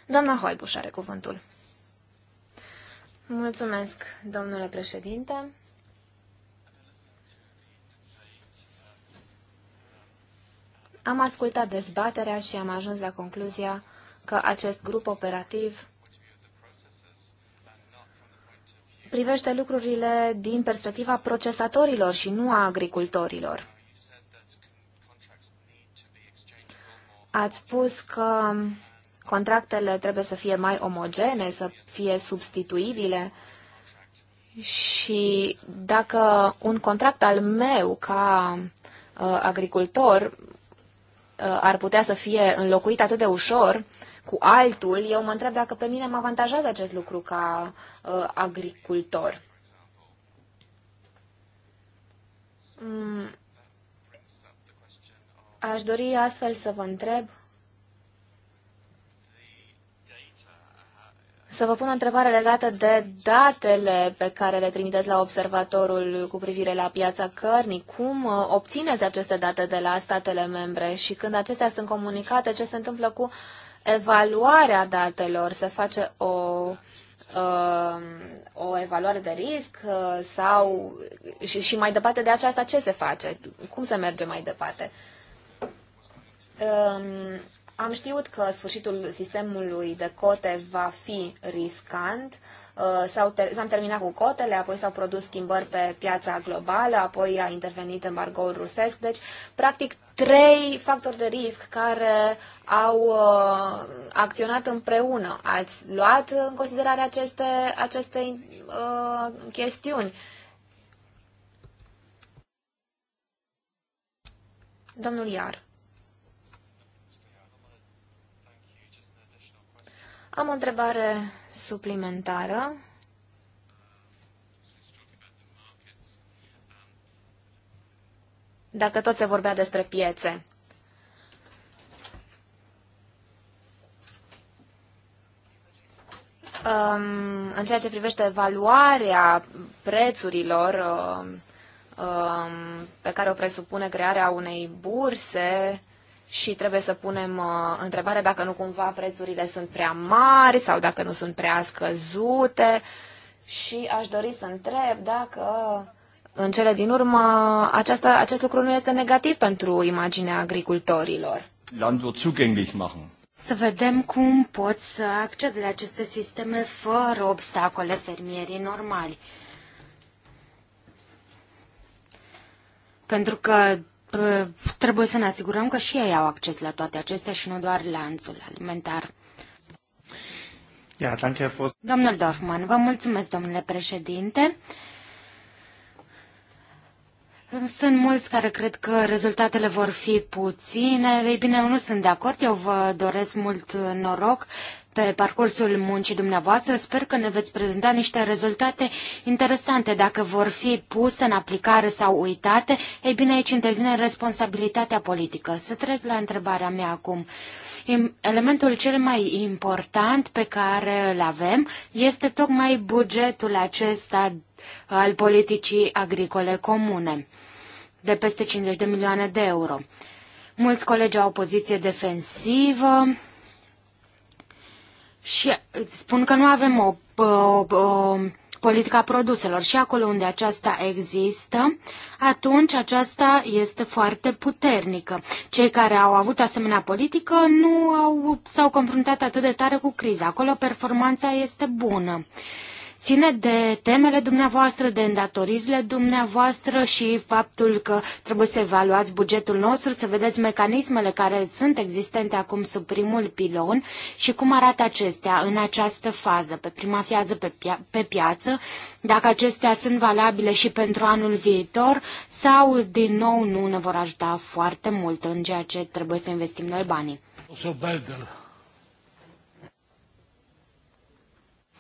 Doamna Hoibuș are cuvântul. Mulțumesc, domnule președinte. Am ascultat dezbaterea și am ajuns la concluzia că acest grup operativ privește lucrurile din perspectiva procesatorilor și nu a agricultorilor. Ați spus că contractele trebuie să fie mai omogene, să fie substituibile și dacă un contract al meu ca uh, agricultor uh, ar putea să fie înlocuit atât de ușor cu altul, eu mă întreb dacă pe mine mă avantajează acest lucru ca uh, agricultor. Mm Aș dori astfel să vă întreb, să vă pun o întrebare legată de datele pe care le trimiteți la observatorul cu privire la piața cărnii. Cum uh, obțineți aceste date de la statele membre și când acestea sunt comunicate, ce se întâmplă cu evaluarea datelor? Se face o uh, o evaluare de risc uh, sau și, și mai departe de aceasta ce se face? Cum se merge mai departe? Um, am știut că sfârșitul sistemului de cote va fi riscant. Uh, s-au ter- s-am terminat cu cotele, apoi s-au produs schimbări pe piața globală, apoi a intervenit embargoul rusesc. Deci, practic, trei factori de risc care au uh, acționat împreună. Ați luat în considerare aceste, aceste uh, chestiuni. Domnul Iar. Am o întrebare suplimentară. Dacă tot se vorbea despre piețe. Um, în ceea ce privește evaluarea prețurilor um, um pe care o presupune crearea unei burse, și trebuie să punem uh, întrebarea dacă nu cumva prețurile sunt prea mari sau dacă nu sunt prea scăzute și aș dori să întreb dacă în cele din urmă aceasta, acest lucru nu este negativ pentru imaginea agricultorilor. Să vedem cum pot să accede la aceste sisteme fără obstacole fermierii normali. Pentru că Ă, trebuie să ne asigurăm că și ei au acces la toate acestea și nu doar lanțul alimentar. Ja, danke, fost. Domnul Dorfman, vă mulțumesc, domnule președinte. Sunt mulți care cred că rezultatele vor fi puține. Ei bine, eu nu sunt de acord. Eu vă doresc mult noroc pe parcursul muncii dumneavoastră. Sper că ne veți prezenta niște rezultate interesante. Dacă vor fi puse în aplicare sau uitate, ei bine, aici intervine responsabilitatea politică. Să trec la întrebarea mea acum. Elementul cel mai important pe care îl avem este tocmai bugetul acesta al politicii agricole comune de peste 50 de milioane de euro. Mulți colegi au o poziție defensivă, și uh, spun că nu avem o, o, o a produselor și acolo unde aceasta există, atunci aceasta este foarte puternică. Cei care au avut asemenea politică nu au, s-au confruntat atât de tare cu criza. Acolo performanța este bună. Uh, ține de temele dumneavoastră, de îndatoririle dumneavoastră și faptul că trebuie să evaluați bugetul nostru, să vedeți mecanismele care sunt existente acum sub primul pilon și cum arată acestea în această fază, pe prima fază pe, pia- pe piață, dacă acestea sunt valabile și pentru anul viitor sau din nou nu ne vor ajuta foarte mult în ceea ce trebuie să investim noi banii. O să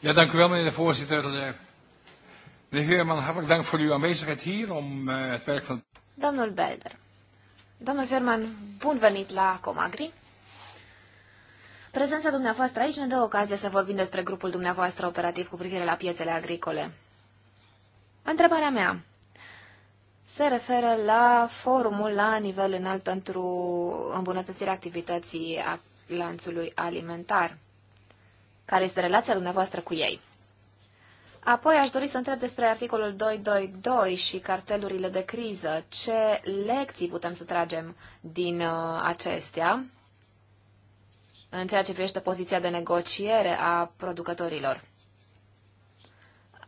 Ja, dank u wel, meneer de voorzitter. Eh, meneer Heerman, hartelijk dank voor uw aanwezigheid hier om uh, het werk van... Domnul Belder. Domnul Heerman, bun venit la Comagri. Prezența dumneavoastră aici ne dă ocazia să vorbim despre grupul dumneavoastră operativ cu privire la piețele agricole. Întrebarea mea se referă la forumul la nivel înalt pentru îmbunătățirea activității a lanțului alimentar care este relația dumneavoastră cu ei. Apoi aș dori să întreb despre articolul 222 și cartelurile de criză. Ce lecții putem să tragem din uh, acestea în ceea ce privește poziția de negociere a producătorilor?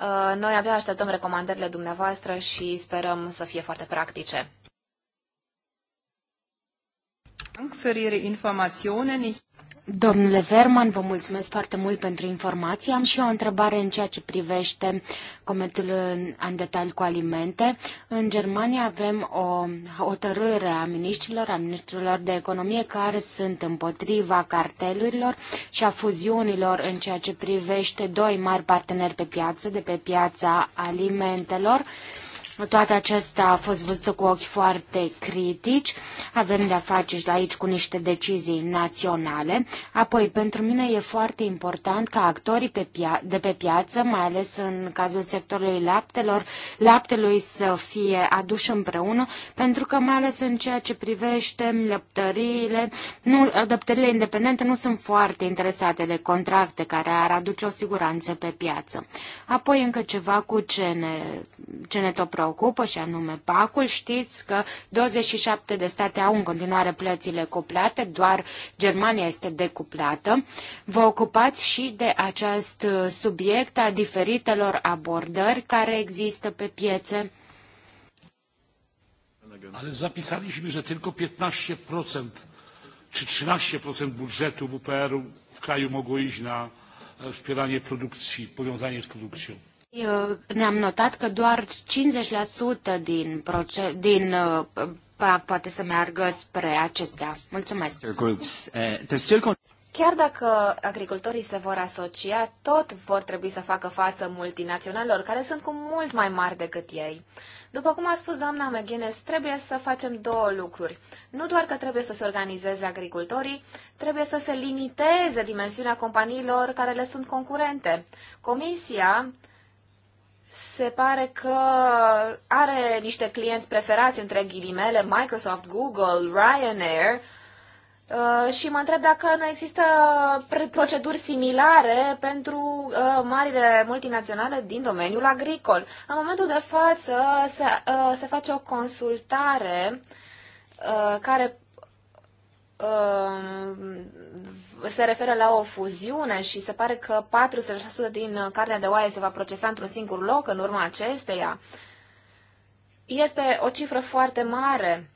Uh, noi abia așteptăm recomandările dumneavoastră și sperăm să fie foarte practice. Domnule Verman, vă mulțumesc foarte mult pentru informații. Am și o întrebare în ceea ce privește comerțul în, în detaliu cu alimente. În Germania avem o hotărâre a miniștrilor, a ministrilor de economie care sunt împotriva cartelurilor și a fuziunilor în ceea ce privește doi mari parteneri pe piață, de pe piața alimentelor. Uh, deci, toate acestea a fost văzută cu ochi foarte critici. Avem de-a face și aici cu niște decizii naționale. Apoi, pentru mine e foarte important ca actorii pe de pe piață, mai ales în cazul sectorului laptelor, laptelui să fie aduși împreună, pentru că mai ales în ceea ce privește lăptăriile, nu, lăptăriile independente nu sunt foarte interesate de contracte care ar aduce o siguranță pe piață. Apoi încă ceva cu ne topro preocupă, și anume pacul. Știți că 27 de state au în continuare plățile cuplate, doar Germania este decuplată. Vă ocupați și de acest subiect a diferitelor abordări care există pe piețe. Ale zapisaliśmy, że tylko 15% czy 13% budżetu WPR-u w kraju mogło iść na wspieranie produkcji, powiązanie z produkcją. Uh, ne-am notat că doar 50% din, proces, din uh, PAC poate să meargă spre acestea. Mulțumesc. Uh, Chiar dacă agricultorii se vor asocia, tot vor trebui să facă față multinaționalilor, care sunt cu mult mai mari decât ei. După cum a spus doamna McGuinness, trebuie să facem două lucruri. Nu doar că trebuie să se organizeze agricultorii, trebuie să se limiteze dimensiunea companiilor care le sunt concurente. Comisia se pare că are niște clienți preferați, între ghilimele, Microsoft, Google, Ryanair, uh, și mă întreb dacă nu există proceduri similare pentru uh, marile multinaționale din domeniul agricol. În momentul de față se, uh, se face o consultare care se referă la o fuziune și se pare că 40% din carnea de oaie se va procesa într-un singur loc în urma acesteia. Este o cifră foarte mare.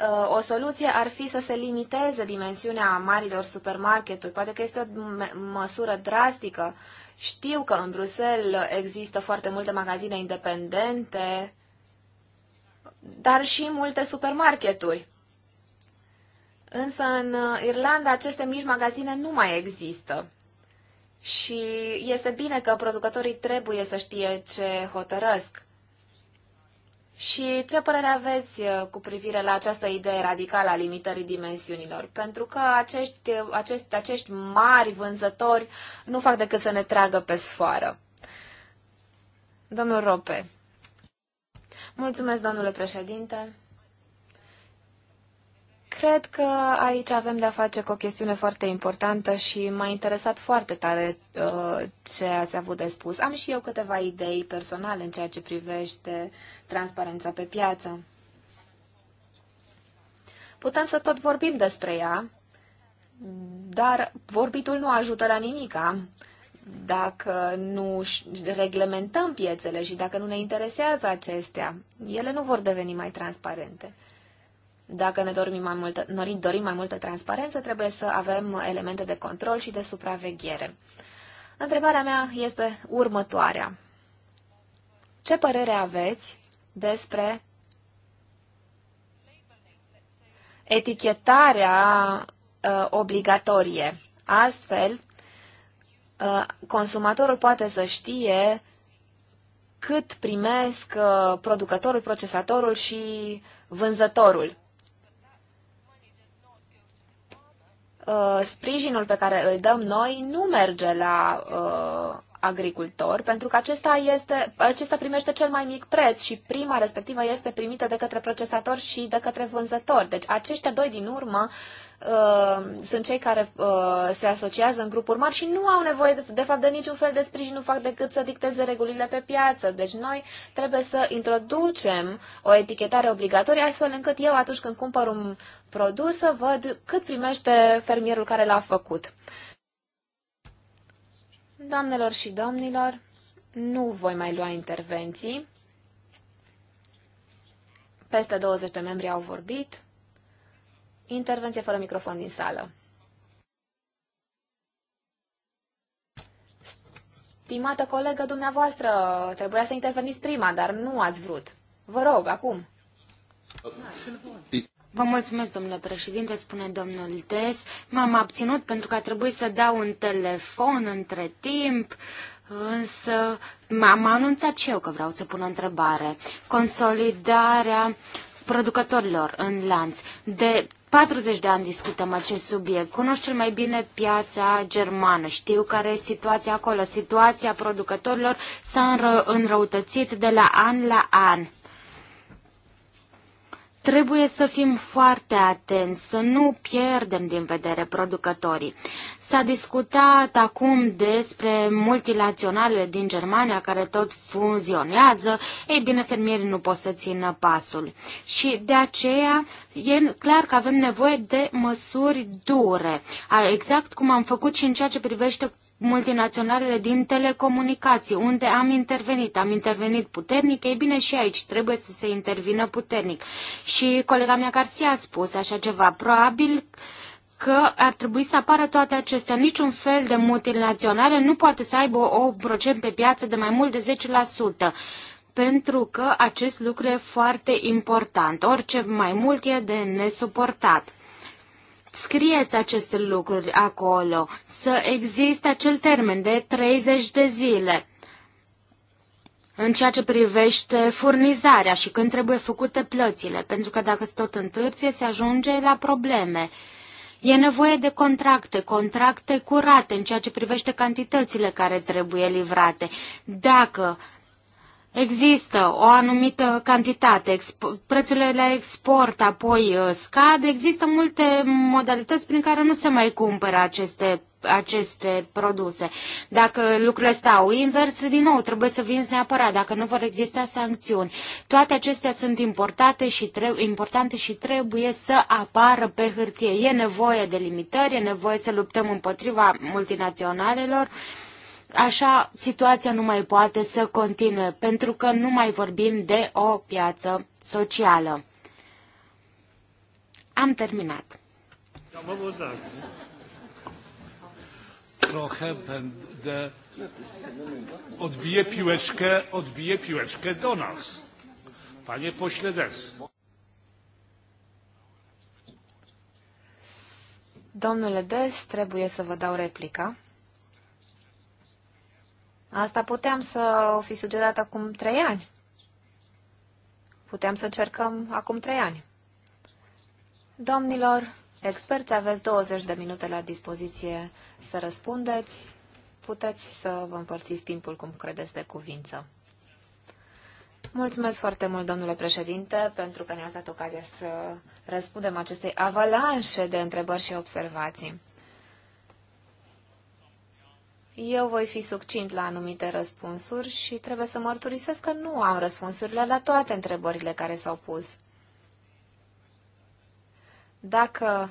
Uh, o soluție ar fi să se limiteze dimensiunea marilor supermarketuri. Poate că este o măsură drastică. Știu că în Bruxelles există foarte multe magazine independente, dar și multe supermarketuri. Însă în uh, Irlanda aceste mici magazine nu mai există. Și este bine că producătorii trebuie să știe ce hotărăsc. Și ce părere aveți uh, cu privire la această idee radicală a limitării dimensiunilor? Pentru că acești, uh, acești, acești mari vânzători nu fac decât să ne tragă pe sfoară. Domnul Rope. Mulțumesc, domnule președinte. Cred că aici avem de-a face cu o chestiune foarte importantă și m-a interesat foarte tare uh, ce ați avut de spus. Am și eu câteva idei personale în ceea ce privește transparența pe piață. Putem să tot vorbim despre ea, dar vorbitul nu ajută la nimica dacă nu reglementăm piețele și dacă nu ne interesează acestea. Ele nu vor deveni mai transparente. Dacă ne dorim mai multă, dorim mai multă transparență, trebuie să avem elemente de control și de supraveghere. Întrebarea mea este următoarea. Ce părere aveți despre etichetarea uh, obligatorie? Astfel, uh, consumatorul poate să știe cât primesc uh, producătorul, procesatorul și vânzătorul Uh, sprijinul pe care îl dăm noi nu merge la uh, agricultor, pentru că acesta, este, acesta primește cel mai mic preț și prima respectivă este primită de către procesator și de către vânzător. Deci aceștia doi din urmă uh, sunt cei care uh, se asociază în grupuri mari și nu au nevoie de, de fapt de niciun fel de sprijin, nu fac decât să dicteze regulile pe piață. Deci noi trebuie să introducem o etichetare obligatorie astfel încât eu atunci când cumpăr un produsă, văd cât primește fermierul care l-a făcut. Doamnelor și domnilor, nu voi mai lua intervenții. Peste 20 de membri au vorbit. Intervenție fără microfon din sală. Stimată colegă dumneavoastră, trebuia să interveniți prima, dar nu ați vrut. Vă rog, acum. Vă mulțumesc, domnule președinte, spune domnul Des. M-am abținut pentru că a trebuit să dau un telefon între timp, însă m-am anunțat și eu că vreau să pun o întrebare. Consolidarea producătorilor în lanț. De 40 de ani discutăm acest subiect. Cunoști cel mai bine piața germană. Știu care e situația acolo. Situația producătorilor s-a înră- înrăutățit de la an la an. Trebuie să fim foarte atenți, să nu pierdem din vedere producătorii. S-a discutat acum despre multinaționalele din Germania care tot funcționează. Ei bine, fermierii nu pot să țină pasul. Și de aceea e clar că avem nevoie de măsuri dure, exact cum am făcut și în ceea ce privește multinaționalele din telecomunicații, unde am intervenit. Am intervenit puternic, ei bine și aici trebuie să se intervină puternic. Și colega mea Garcia a spus așa ceva. Probabil că ar trebui să apară toate acestea. Niciun fel de multinaționale nu poate să aibă o procent pe piață de mai mult de 10% pentru că acest lucru e foarte important. Orice mai mult e de nesuportat. Scrieți aceste lucruri acolo, să existe acel termen de 30 de zile în ceea ce privește furnizarea și când trebuie făcute plățile, pentru că dacă tot întârzie, se ajunge la probleme. E nevoie de contracte, contracte curate în ceea ce privește cantitățile care trebuie livrate. Dacă există o anumită cantitate, prețurile la export apoi uh, scad, există multe modalități prin care nu se mai cumpără aceste aceste produse. Dacă lucrurile stau invers, din nou, trebuie să vinzi neapărat, dacă nu vor exista sancțiuni. Toate acestea sunt importate și trebuie, importante și trebuie să apară pe hârtie. E nevoie de limitări, e nevoie să luptăm împotriva multinaționalelor. Așa situația nu mai poate să continue, pentru că nu mai vorbim de o piață socială. Am terminat. Trochę będę odbije piłeczkę, odbije piłeczkę do nas. Panie pośle Des. Domnule Des, trebuie să vă dau replica. Asta puteam să o fi sugerat acum trei ani. Puteam să încercăm acum trei ani. Domnilor, experți, aveți 20 de minute la dispoziție să răspundeți. Puteți să vă împărțiți timpul cum credeți de cuvință. Mulțumesc foarte mult, domnule președinte, pentru că ne-ați dat ocazia să răspundem acestei avalanșe de întrebări și observații. Eu voi fi succint la anumite răspunsuri și trebuie să mărturisesc că nu am răspunsurile la toate întrebările care s-au pus. Dacă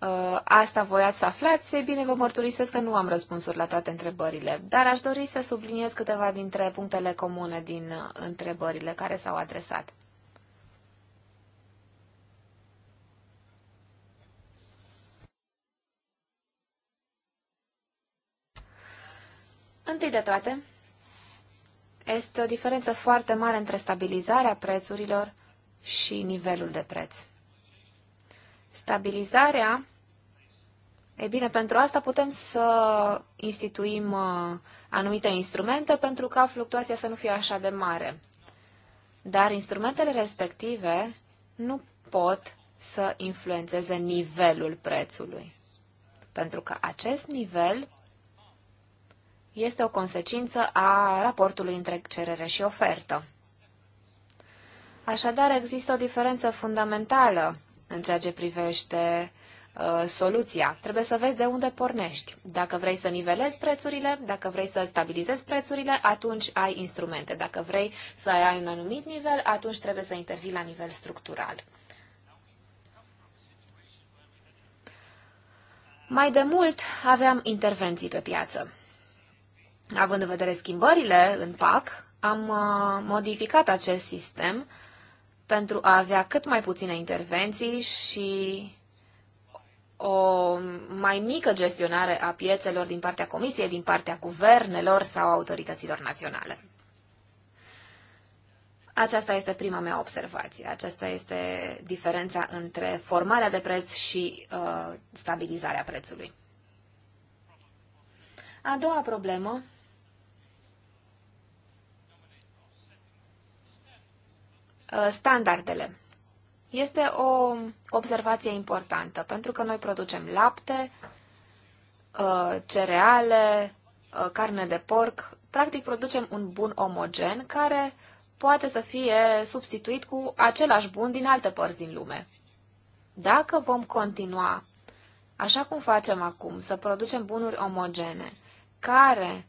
uh, asta voiați să aflați, e bine, vă mărturisesc că nu am răspunsuri la toate întrebările, dar aș dori să subliniez câteva dintre punctele comune din uh, întrebările care s-au adresat. Întâi de toate, este o diferență foarte mare între stabilizarea prețurilor și nivelul de preț. Stabilizarea, e bine, pentru asta putem să instituim uh, anumite instrumente pentru ca fluctuația să nu fie așa de mare. Dar instrumentele respective nu pot să influențeze nivelul prețului, pentru că acest nivel este o consecință a raportului între cerere și ofertă. Așadar, există o diferență fundamentală în ceea ce privește uh, soluția. Trebuie să vezi de unde pornești. Dacă vrei să nivelezi prețurile, dacă vrei să stabilizezi prețurile, atunci ai instrumente. Dacă vrei să ai un anumit nivel, atunci trebuie să intervii la nivel structural. Mai de mult aveam intervenții pe piață. Având în vedere schimbările în PAC, am uh, modificat acest sistem pentru a avea cât mai puține intervenții și o mai mică gestionare a piețelor din partea Comisiei, din partea guvernelor sau autorităților naționale. Aceasta este prima mea observație. Aceasta este diferența între formarea de preț și uh, stabilizarea prețului. A doua problemă Uh, standardele. Este o observație importantă, pentru că noi producem lapte, uh, cereale, uh, carne de porc, practic producem un bun omogen care poate să fie substituit cu același bun din alte părți din lume. Dacă vom continua, așa cum facem acum, să producem bunuri omogene, care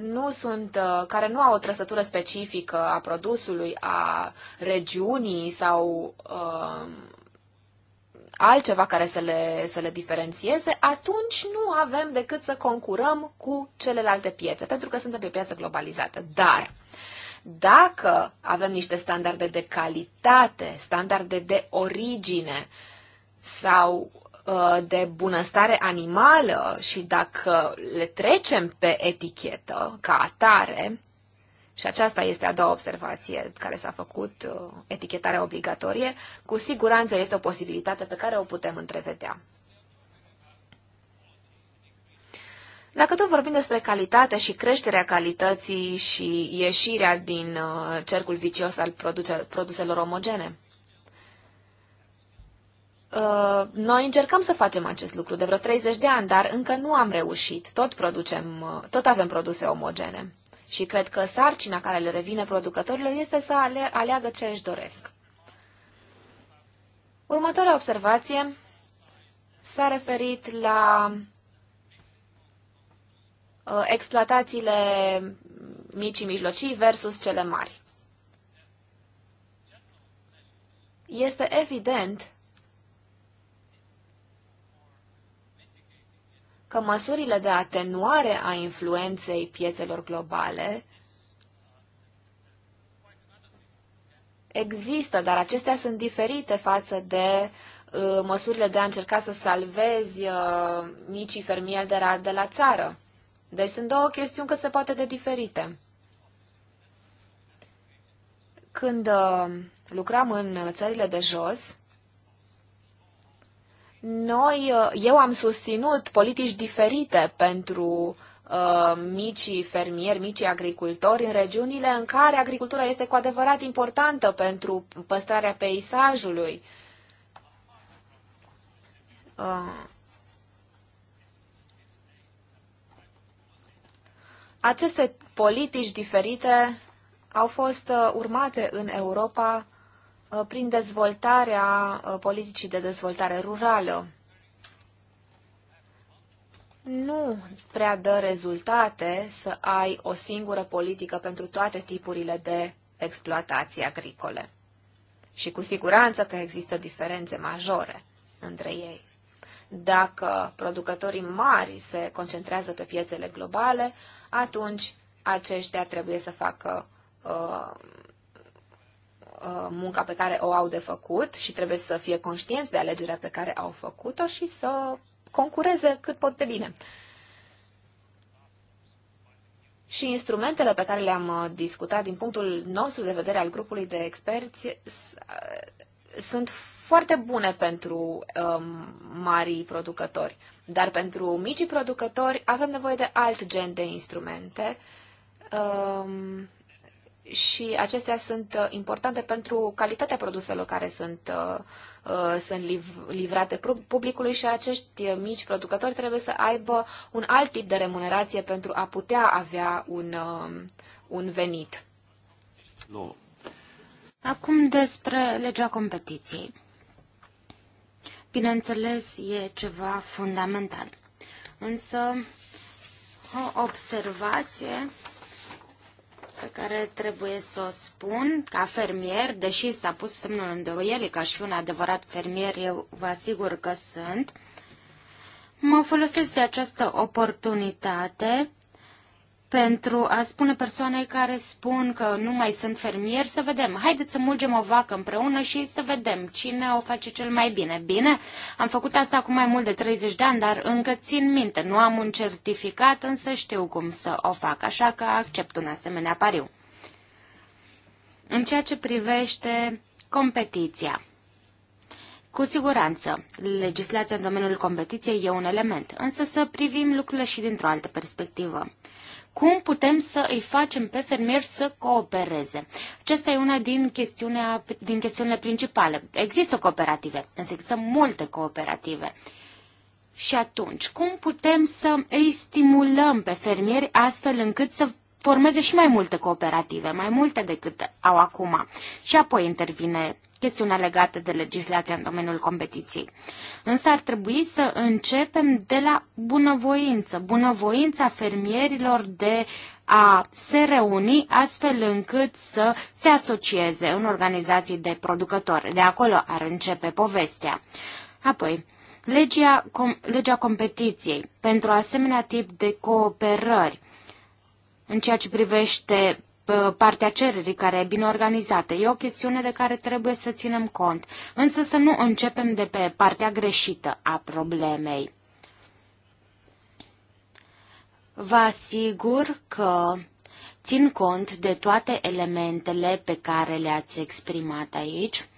nu sunt, uh, care nu au o trăsătură specifică a produsului, a regiunii sau uh, altceva care să le, să le diferențieze, atunci nu avem decât să concurăm cu celelalte piețe, pentru că suntem pe piață globalizată. Dar dacă avem niște standarde de calitate, standarde de origine sau Uh, de bunăstare animală și dacă le trecem pe etichetă ca atare, și aceasta este a doua observație care s-a făcut, uh, etichetarea obligatorie, cu siguranță este o posibilitate pe care o putem întrevedea. Dacă tot vorbim despre calitate și creșterea calității și ieșirea din uh, cercul vicios al produselor omogene, Uh, noi încercăm să facem acest lucru de vreo 30 de ani, dar încă nu am reușit. Tot producem, uh, tot avem produse omogene. Și cred că sarcina care le revine producătorilor este să ale- aleagă ce își doresc. Următoarea observație s-a referit la uh, exploatațiile mici și mijlocii versus cele mari. Este evident că măsurile de atenuare a influenței piețelor globale există, dar acestea sunt diferite față de uh, măsurile de a încerca să salvezi uh, micii fermieri de la, de la țară. Deci sunt două chestiuni cât se poate de diferite. Când uh, lucram în țările de jos, noi, uh, eu am susținut politici diferite pentru uh, micii fermieri, micii agricultori în regiunile în care agricultura este cu adevărat importantă pentru păstrarea peisajului. Uh. Aceste politici diferite au fost uh, urmate în Europa Uh, prin dezvoltarea uh, politicii de dezvoltare rurală. Nu prea dă rezultate să ai o singură politică pentru toate tipurile de exploatații agricole. Și cu siguranță că există diferențe majore între ei. Dacă producătorii mari se concentrează pe piețele globale, atunci aceștia trebuie să facă uh, Uh, munca pe care o au de făcut și trebuie să fie conștienți de alegerea pe care au făcut-o și să concureze cât pot de bine. Și instrumentele pe care le-am uh, discutat din punctul nostru de vedere al grupului de experți uh, sunt foarte bune pentru um, marii producători, dar pentru micii producători avem nevoie de alt gen de instrumente um, și acestea sunt uh, importante pentru calitatea produselor care sunt, uh, uh, sunt livrate publicului și acești mici producători trebuie să aibă un alt tip de remunerație pentru a putea avea un, un venit. No. Acum despre legea competiției. Bineînțeles, e ceva fundamental. Însă, o observație pe care trebuie să o spun ca fermier, deși s-a pus semnul îndoielii ca și un adevărat fermier, eu vă asigur că sunt. Mă folosesc de această oportunitate pentru a spune persoanei care spun că nu mai sunt fermieri, să vedem, haideți să mulgem o vacă împreună și să vedem cine o face cel mai bine. Bine, am făcut asta cu mai mult de 30 de ani, dar încă țin minte, nu am un certificat, însă știu cum să o fac, așa că accept un asemenea pariu. În ceea ce privește competiția, cu siguranță, legislația în domeniul competiției e un element, însă să privim lucrurile și dintr-o altă perspectivă cum putem să îi facem pe fermieri să coopereze. Aceasta e una din, chestiunea, din chestiunile principale. Există cooperative, însă există multe cooperative. Și atunci, cum putem să îi stimulăm pe fermieri astfel încât să formeze și mai multe cooperative, mai multe decât au acum. Și apoi intervine chestiunea legată de legislația în domeniul competiției. Însă ar trebui să începem de la bunăvoință, bunăvoința fermierilor de a se reuni astfel încât să se asocieze în organizații de producători. De acolo ar începe povestea. Apoi, legea, com, legea competiției pentru asemenea tip de cooperări în ceea ce privește partea cererii care e bine organizată. E o chestiune de care trebuie să ținem cont, însă să nu începem de pe partea greșită a problemei. Vă asigur că țin cont de toate elementele pe care le-ați exprimat aici.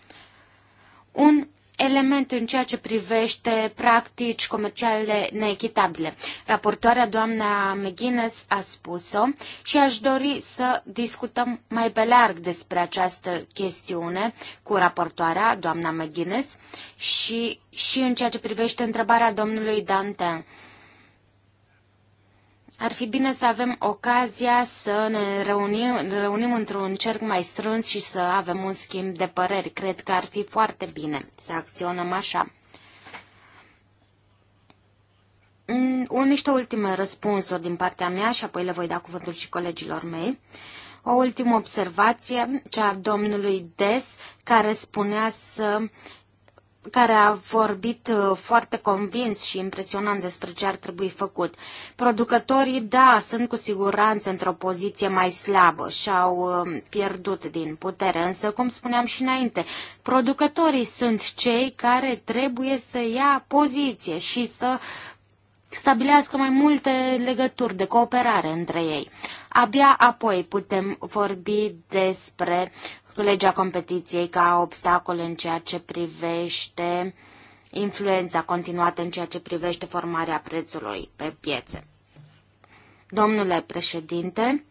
Un element în ceea ce privește practici comerciale neechitabile. Raportoarea doamna McGuinness a spus-o și aș dori să discutăm mai pe larg despre această chestiune cu raportoarea doamna McGuinness și, și în ceea ce privește întrebarea domnului Dantin ar fi bine să avem ocazia să ne reunim, reunim într-un cerc mai strâns și să avem un schimb de păreri. Cred că ar fi foarte bine să acționăm așa. Mm, un, niște ultime răspunsuri din partea mea și apoi le voi da cuvântul și colegilor mei. O ultimă observație, cea a domnului Des, care spunea să care a vorbit uh, foarte convins și impresionant despre ce ar trebui făcut. Producătorii, da, sunt cu siguranță într-o poziție mai slabă și au uh, pierdut din putere, însă, cum spuneam și înainte, producătorii sunt cei care trebuie să ia poziție și să stabilească mai multe legături de cooperare între ei. Abia apoi putem vorbi despre legea competiției ca obstacol în ceea ce privește influența continuată în ceea ce privește formarea prețului pe piețe. Domnule președinte,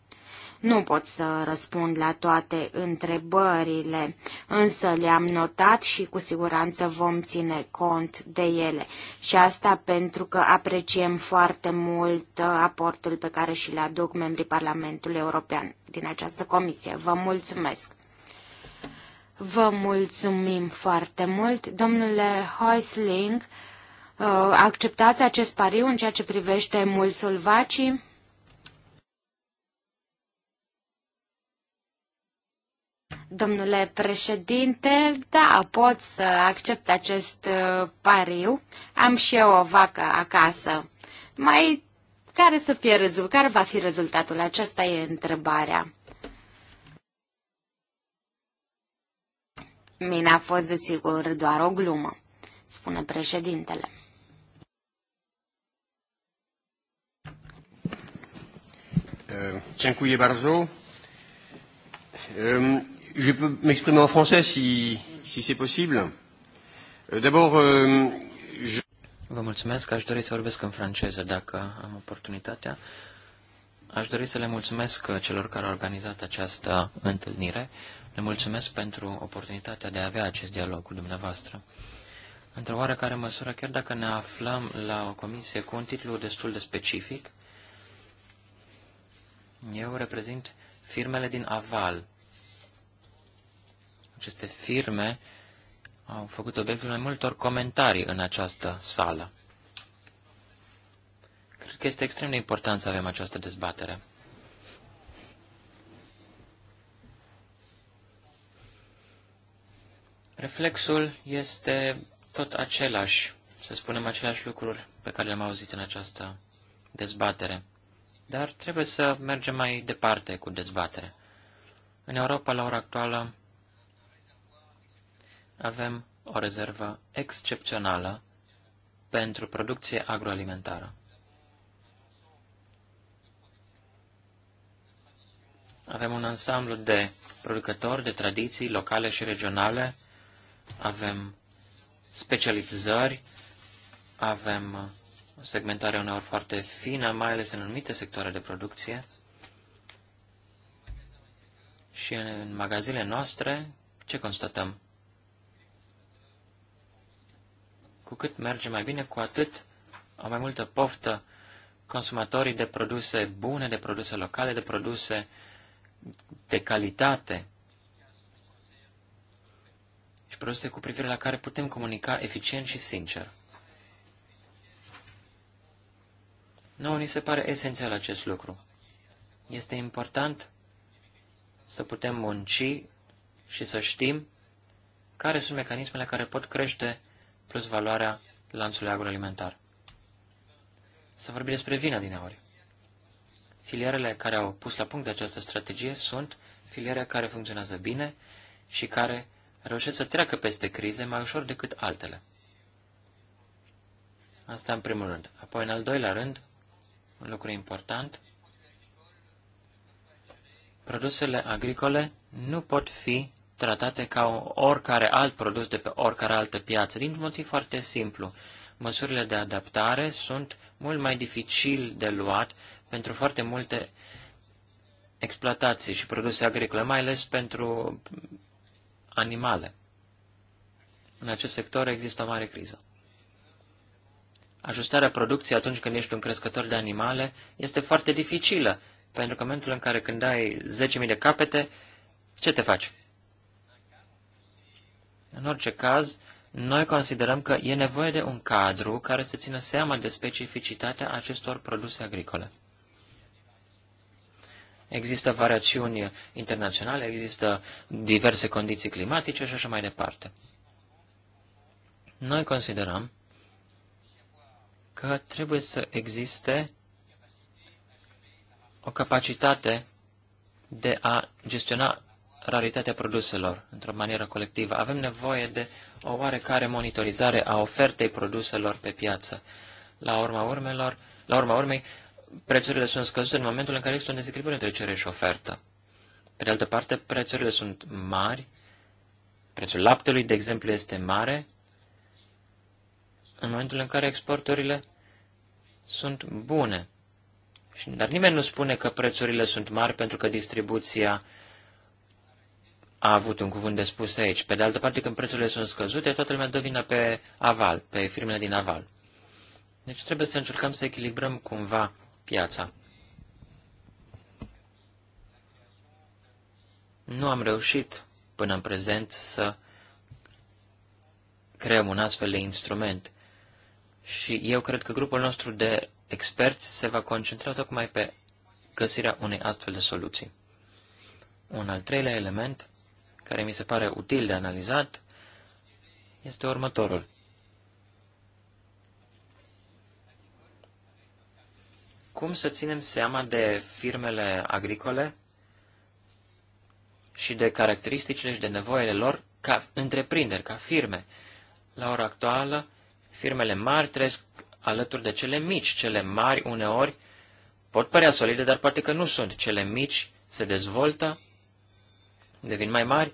nu pot să răspund la toate întrebările, însă le-am notat și cu siguranță vom ține cont de ele. Și asta pentru că apreciem foarte mult uh, aportul pe care și le aduc membrii Parlamentului European din această comisie. Vă mulțumesc! Vă mulțumim foarte mult. Domnule Heusling, uh, acceptați acest pariu în ceea ce privește mulsul vacii? Domnule președinte, da, pot să accept acest uh, pariu. Am și eu o vacă acasă. Mai care să fie rezultatul? Care va fi rezultatul? Aceasta e întrebarea. Mine a fost desigur doar o glumă, spune președintele. Eh, dziękuję bardzo. Je peux m'exprimer en français si, si c'est possible. Eh, d'abord, je... Vă mulțumesc, aș dori să vorbesc în franceză dacă am oportunitatea. Aș dori să le mulțumesc celor care au organizat această întâlnire. Le mulțumesc pentru oportunitatea de a avea acest dialog cu dumneavoastră. Într-o oarecare măsură, chiar dacă ne aflăm la o comisie cu un titlu destul de specific, eu reprezint firmele din aval. Aceste firme au făcut obiectul mai multor comentarii în această sală. Cred că este extrem de important să avem această dezbatere. Reflexul este tot același, să spunem aceleași lucruri pe care le-am auzit în această dezbatere. Dar trebuie să mergem mai departe cu dezbatere. În Europa, la ora actuală, avem o rezervă excepțională pentru producție agroalimentară. Avem un ansamblu de producători de tradiții locale și regionale avem specializări, avem o segmentare uneori foarte fină, mai ales în anumite sectoare de producție. Și în magazinele noastre, ce constatăm? Cu cât merge mai bine, cu atât au mai multă poftă consumatorii de produse bune, de produse locale, de produse de calitate și produse cu privire la care putem comunica eficient și sincer. Nouă ni se pare esențial acest lucru. Este important să putem munci și să știm care sunt mecanismele care pot crește plus valoarea lanțului agroalimentar. Să vorbim despre vina din aur. Filierele care au pus la punct această strategie sunt filiere care funcționează bine și care reușesc să treacă peste crize mai ușor decât altele. Asta în primul rând. Apoi, în al doilea rând, un lucru important, produsele agricole nu pot fi tratate ca oricare alt produs de pe oricare altă piață, din motiv foarte simplu. Măsurile de adaptare sunt mult mai dificil de luat pentru foarte multe exploatații și produse agricole, mai ales pentru animale. În acest sector există o mare criză. Ajustarea producției atunci când ești un crescător de animale este foarte dificilă, pentru că în momentul în care când ai 10.000 de capete, ce te faci? În orice caz, noi considerăm că e nevoie de un cadru care să țină seama de specificitatea acestor produse agricole. Există variațiuni internaționale, există diverse condiții climatice și așa mai departe. Noi considerăm că trebuie să existe o capacitate de a gestiona raritatea produselor într-o manieră colectivă. Avem nevoie de o oarecare monitorizare a ofertei produselor pe piață. La urma urmelor, la urma urmei, prețurile sunt scăzute în momentul în care există un dezechilibru între cerere și ofertă. Pe de altă parte, prețurile sunt mari, prețul laptelui, de exemplu, este mare, în momentul în care exporturile sunt bune. Dar nimeni nu spune că prețurile sunt mari pentru că distribuția a avut un cuvânt de spus aici. Pe de altă parte, când prețurile sunt scăzute, toată lumea dă vina pe aval, pe firmele din aval. Deci trebuie să încercăm să echilibrăm cumva piața. Nu am reușit până în prezent să creăm un astfel de instrument. Și eu cred că grupul nostru de experți se va concentra tocmai pe găsirea unei astfel de soluții. Un al treilea element care mi se pare util de analizat este următorul. cum să ținem seama de firmele agricole și de caracteristicile și de nevoile lor ca întreprinderi, ca firme. La ora actuală, firmele mari trăiesc alături de cele mici. Cele mari, uneori, pot părea solide, dar poate că nu sunt. Cele mici se dezvoltă, devin mai mari,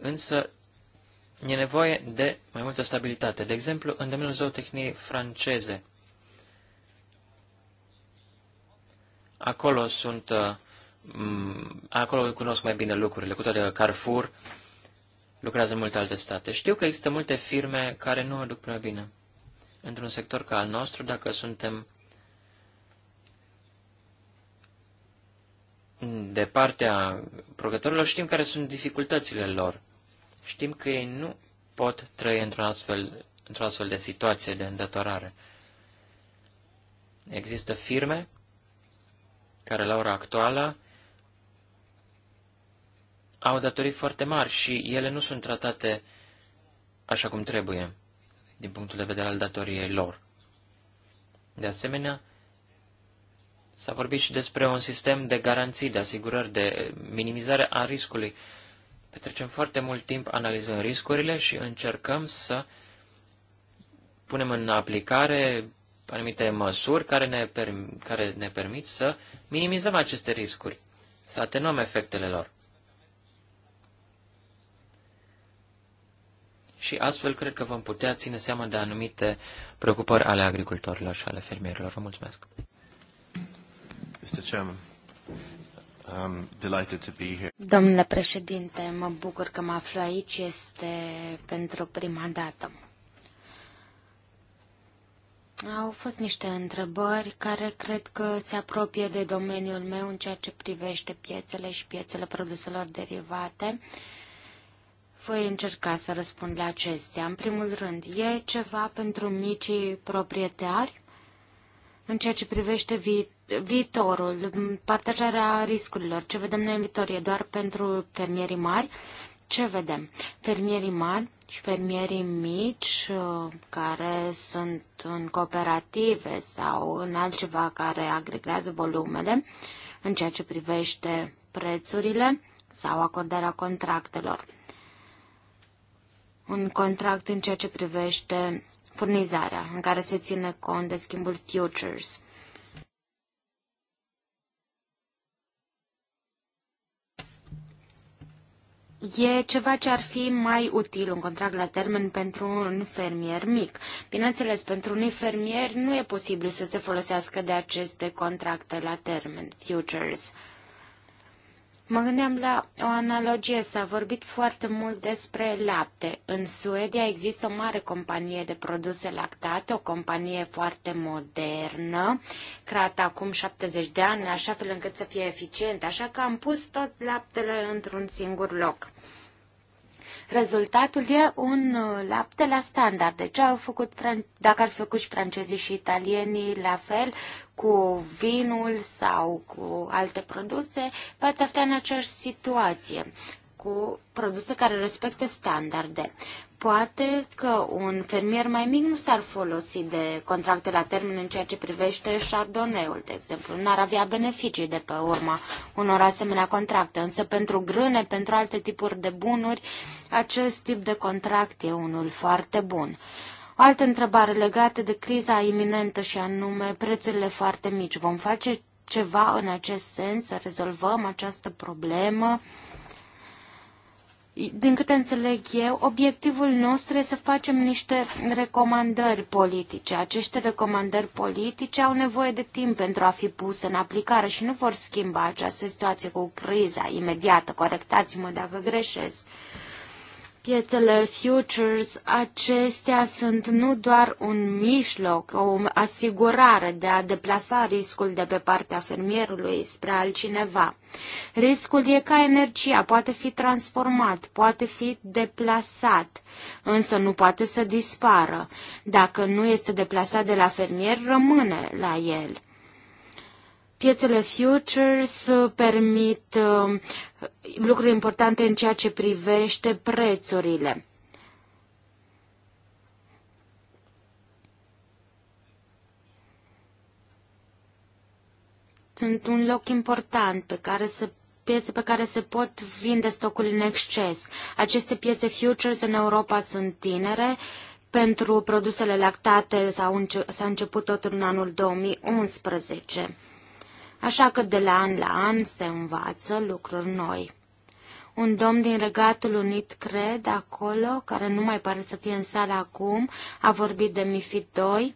însă e nevoie de mai multă stabilitate. De exemplu, în domeniul zootehniei franceze, Acolo sunt, uh, acolo cunosc mai bine lucrurile, cu toate că Carrefour lucrează în multe alte state. Știu că există multe firme care nu o duc prea bine. Într-un sector ca al nostru, dacă suntem de partea producătorilor, știm care sunt dificultățile lor. Știm că ei nu pot trăi într-o astfel, într astfel de situație de îndatorare. Există firme care la ora actuală au datorii foarte mari și ele nu sunt tratate așa cum trebuie, din punctul de vedere al datoriei lor. De asemenea, s-a vorbit și despre un sistem de garanții, de asigurări, de minimizare a riscului. Petrecem foarte mult timp analizând riscurile și încercăm să punem în aplicare anumite măsuri care ne, perm- care ne permit să minimizăm aceste riscuri, să atenuăm efectele lor. Și astfel cred că vom putea ține seama de anumite preocupări ale agricultorilor și ale fermierilor. Vă mulțumesc. Mr. Chairman. delighted to be here. Domnule președinte, mă bucur că mă aflu aici, este pentru prima dată. Au fost niște întrebări care cred că se apropie de domeniul meu în ceea ce privește piețele și piețele produselor derivate. Voi încerca să răspund la acestea. În primul rând, e ceva pentru micii proprietari? În ceea ce privește vi- viitorul, partajarea riscurilor, ce vedem noi în viitor, e doar pentru fermierii mari? ce vedem? Fermierii mari și fermierii mici uh, care sunt în cooperative sau în altceva care agregează volumele în ceea ce privește prețurile sau acordarea contractelor. Un contract în ceea ce privește furnizarea, în care se ține cont de schimbul futures e ceva ce ar fi mai util, un contract la termen pentru un fermier mic. Bineînțeles, pentru unii fermieri nu e posibil să se folosească de aceste contracte la termen, futures. Mă gândeam la o analogie, s-a vorbit foarte mult despre lapte. În Suedia există o mare companie de produse lactate, o companie foarte modernă, creată acum 70 de ani, așa fel încât să fie eficient, așa că am pus tot laptele într-un singur loc. Rezultatul e un uh, lapte la standard. Deci au făcut, dacă ar fi făcut și francezii și italienii la fel, cu vinul sau cu alte produse, v-ați afla în aceeași situație cu produse care respectă standarde. Poate că un fermier mai mic nu s-ar folosi de contracte la termen în ceea ce privește șardoneul, de exemplu. N-ar avea beneficii de pe urma unor asemenea contracte, însă pentru grâne, pentru alte tipuri de bunuri, acest tip de contract e unul foarte bun. O altă întrebare legată de criza iminentă și anume prețurile foarte mici. Vom face ceva în acest sens să rezolvăm această problemă? din câte înțeleg eu, obiectivul nostru este să facem niște recomandări politice. Aceste recomandări politice au nevoie de timp pentru a fi puse în aplicare și nu vor schimba această situație cu criza imediată. Corectați-mă dacă greșesc. Piețele futures, acestea sunt nu doar un mijloc, o asigurare de a deplasa riscul de pe partea fermierului spre altcineva. Riscul e ca energia, poate fi transformat, poate fi deplasat, însă nu poate să dispară. Dacă nu este deplasat de la fermier, rămâne la el. Piețele futures uh, permit uh, lucruri importante în ceea ce privește prețurile. sunt un loc important pe care se piețe pe care se pot vinde stocul în exces. Aceste piețe futures în Europa sunt tinere. Pentru produsele lactate s-a început totul în anul 2011 așa că de la an la an se învață lucruri noi. Un domn din Regatul Unit, cred, acolo, care nu mai pare să fie în sală acum, a vorbit de MIFID 2,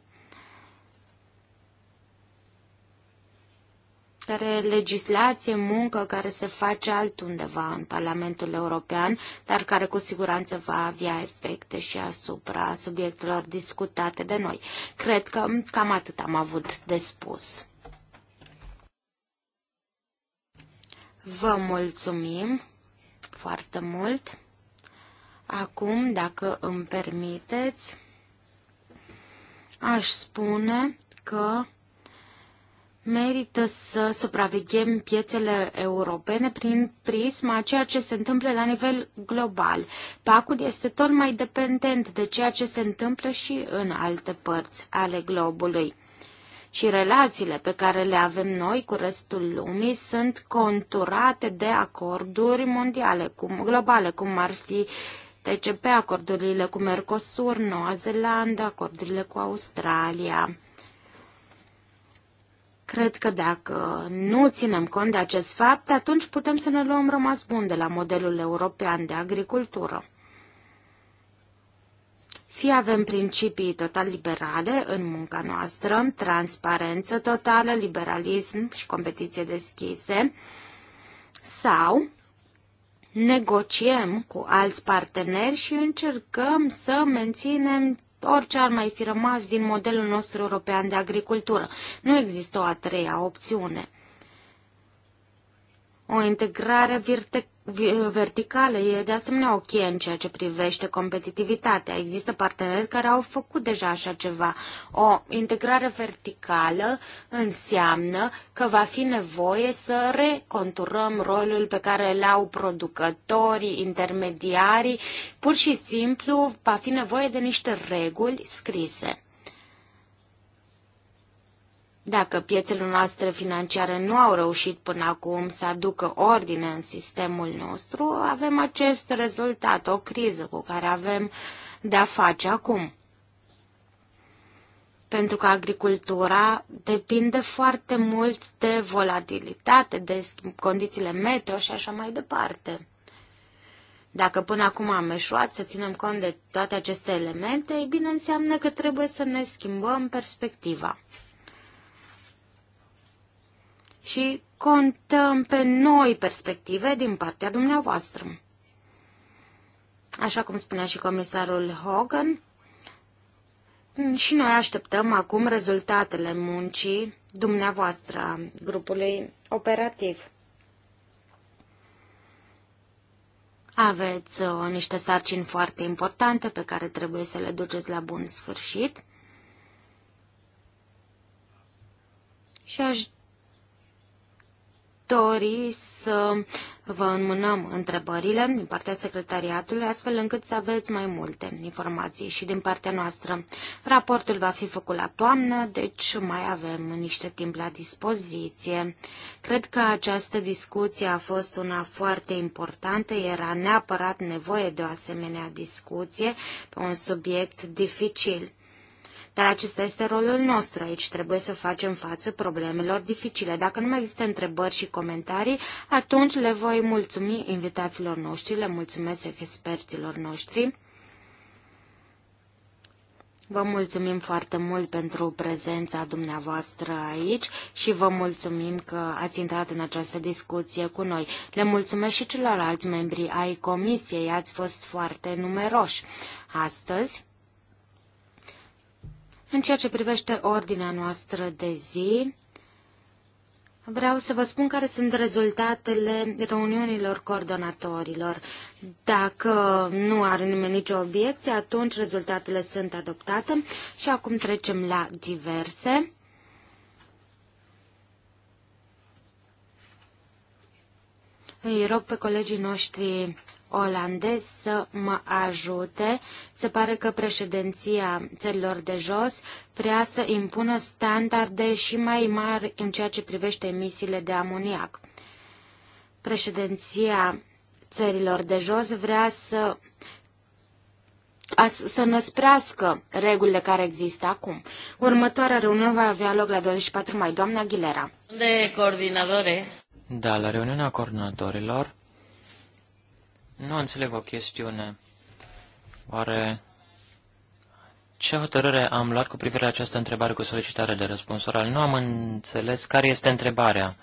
care legislație, muncă care se face altundeva în Parlamentul European, dar care cu siguranță va avea efecte și asupra subiectelor discutate de noi. Cred că cam atât am avut de spus. Vă mulțumim foarte mult. Acum, dacă îmi permiteți, aș spune că merită să supraveghem piețele europene prin prisma ceea ce se întâmplă la nivel global. Pacul este tot mai dependent de ceea ce se întâmplă și în alte părți ale globului și relațiile pe care le avem noi cu restul lumii sunt conturate de acorduri mondiale, cum, globale, cum ar fi TCP, acordurile cu Mercosur, Noua Zeelandă, acordurile cu Australia. Cred că dacă nu ținem cont de acest fapt, atunci putem să ne luăm rămas bun de la modelul european de agricultură. Fie avem principii total liberale în munca noastră, transparență totală, liberalism și competiție deschise, sau negociem cu alți parteneri și încercăm să menținem orice ar mai fi rămas din modelul nostru european de agricultură. Nu există o a treia opțiune. O integrare verticală e de asemenea o în ceea ce privește competitivitatea. Există parteneri care au făcut deja așa ceva. O integrare verticală înseamnă că va fi nevoie să reconturăm rolul pe care îl au producătorii, intermediarii. Pur și simplu va fi nevoie de niște reguli scrise. Dacă piețele noastre financiare nu au reușit până acum să aducă ordine în sistemul nostru, avem acest rezultat, o criză cu care avem de-a face acum. Pentru că agricultura depinde foarte mult de volatilitate, de condițiile meteo și așa mai departe. Dacă până acum am eșuat să ținem cont de toate aceste elemente, ei bine înseamnă că trebuie să ne schimbăm perspectiva și contăm pe noi perspective din partea dumneavoastră. Așa cum spunea și comisarul Hogan, și noi așteptăm acum rezultatele muncii dumneavoastră a grupului operativ. Aveți o, uh, niște sarcini foarte importante pe care trebuie să le duceți la bun sfârșit. Și aș dori să vă înmânăm întrebările din partea secretariatului, astfel încât să aveți mai multe informații și din partea noastră. Raportul va fi făcut la toamnă, deci mai avem niște timp la dispoziție. Cred că această discuție a fost una foarte importantă, era neapărat nevoie de o asemenea discuție pe un subiect dificil. Dar acesta este rolul nostru aici. Trebuie să facem față problemelor dificile. Dacă nu mai există întrebări și comentarii, atunci le voi mulțumi invitaților noștri, le mulțumesc experților noștri. Vă mulțumim foarte mult pentru prezența dumneavoastră aici și vă mulțumim că ați intrat în această discuție cu noi. Le mulțumesc și celorlalți membri ai comisiei, ați fost foarte numeroși astăzi. În ceea ce privește ordinea noastră de zi, vreau să vă spun care sunt rezultatele reuniunilor coordonatorilor. Dacă nu are nimeni nicio obiecție, atunci rezultatele sunt adoptate și acum trecem la diverse. Îi rog pe colegii noștri olandez să mă ajute. Se pare că președinția țărilor de jos vrea să impună standarde și mai mari în ceea ce privește emisiile de amoniac. Președinția țărilor de jos vrea să să năsprească regulile care există acum. Următoarea reuniune va avea loc la 24 mai. Doamna Aguilera. De coordinatore. Da, la reuniunea coordonatorilor nu înțeleg o chestiune. Oare ce hotărâre am luat cu privire la această întrebare cu solicitare de răspuns oral? Nu am înțeles care este întrebarea.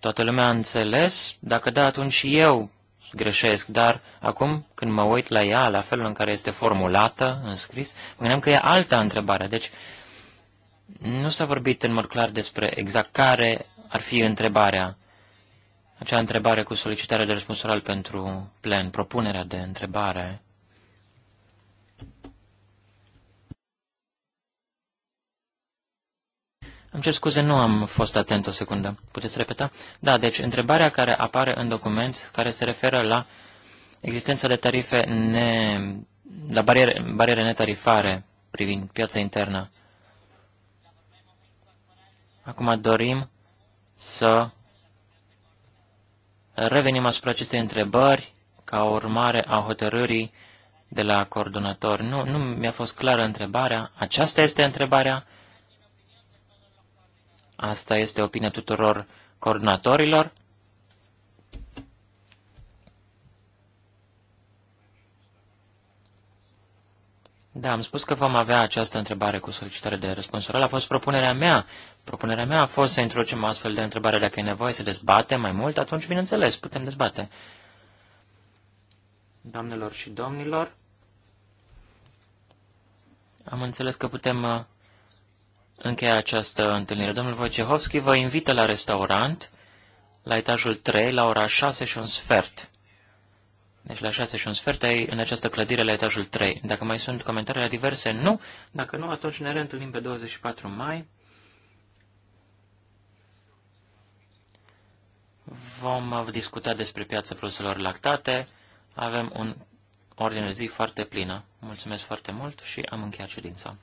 Toată lumea a înțeles? Dacă da, atunci și eu greșesc, dar acum când mă uit la ea, la felul în care este formulată, înscris, mă gândeam că e alta întrebare. Deci nu s-a vorbit în mod clar despre exact care ar fi întrebarea acea întrebare cu solicitare de răspuns oral pentru plen, propunerea de întrebare. Îmi cer scuze, nu am fost atent o secundă. Puteți repeta? Da, deci întrebarea care apare în document, care se referă la existența de tarife, ne, la bariere, bariere netarifare privind piața internă. Acum dorim să revenim asupra acestei întrebări ca urmare a hotărârii de la coordonator. Nu, nu mi-a fost clară întrebarea. Aceasta este întrebarea. Asta este opinia tuturor coordonatorilor. Da, am spus că vom avea această întrebare cu solicitare de răspuns A fost propunerea mea Propunerea mea a fost să introducem astfel de întrebare dacă e nevoie să dezbatem mai mult, atunci, bineînțeles, putem dezbate. Doamnelor și domnilor, am înțeles că putem uh, încheia această întâlnire. Domnul Wojciechowski vă invită la restaurant, la etajul 3, la ora 6 și un sfert. Deci la 6 și un sfert ai în această clădire la etajul 3. Dacă mai sunt comentarii la diverse, nu. Dacă nu, atunci ne reîntâlnim pe 24 mai. Vom discuta despre piața produselor lactate. Avem un ordine de zi foarte plină. Mulțumesc foarte mult și am încheiat ședința.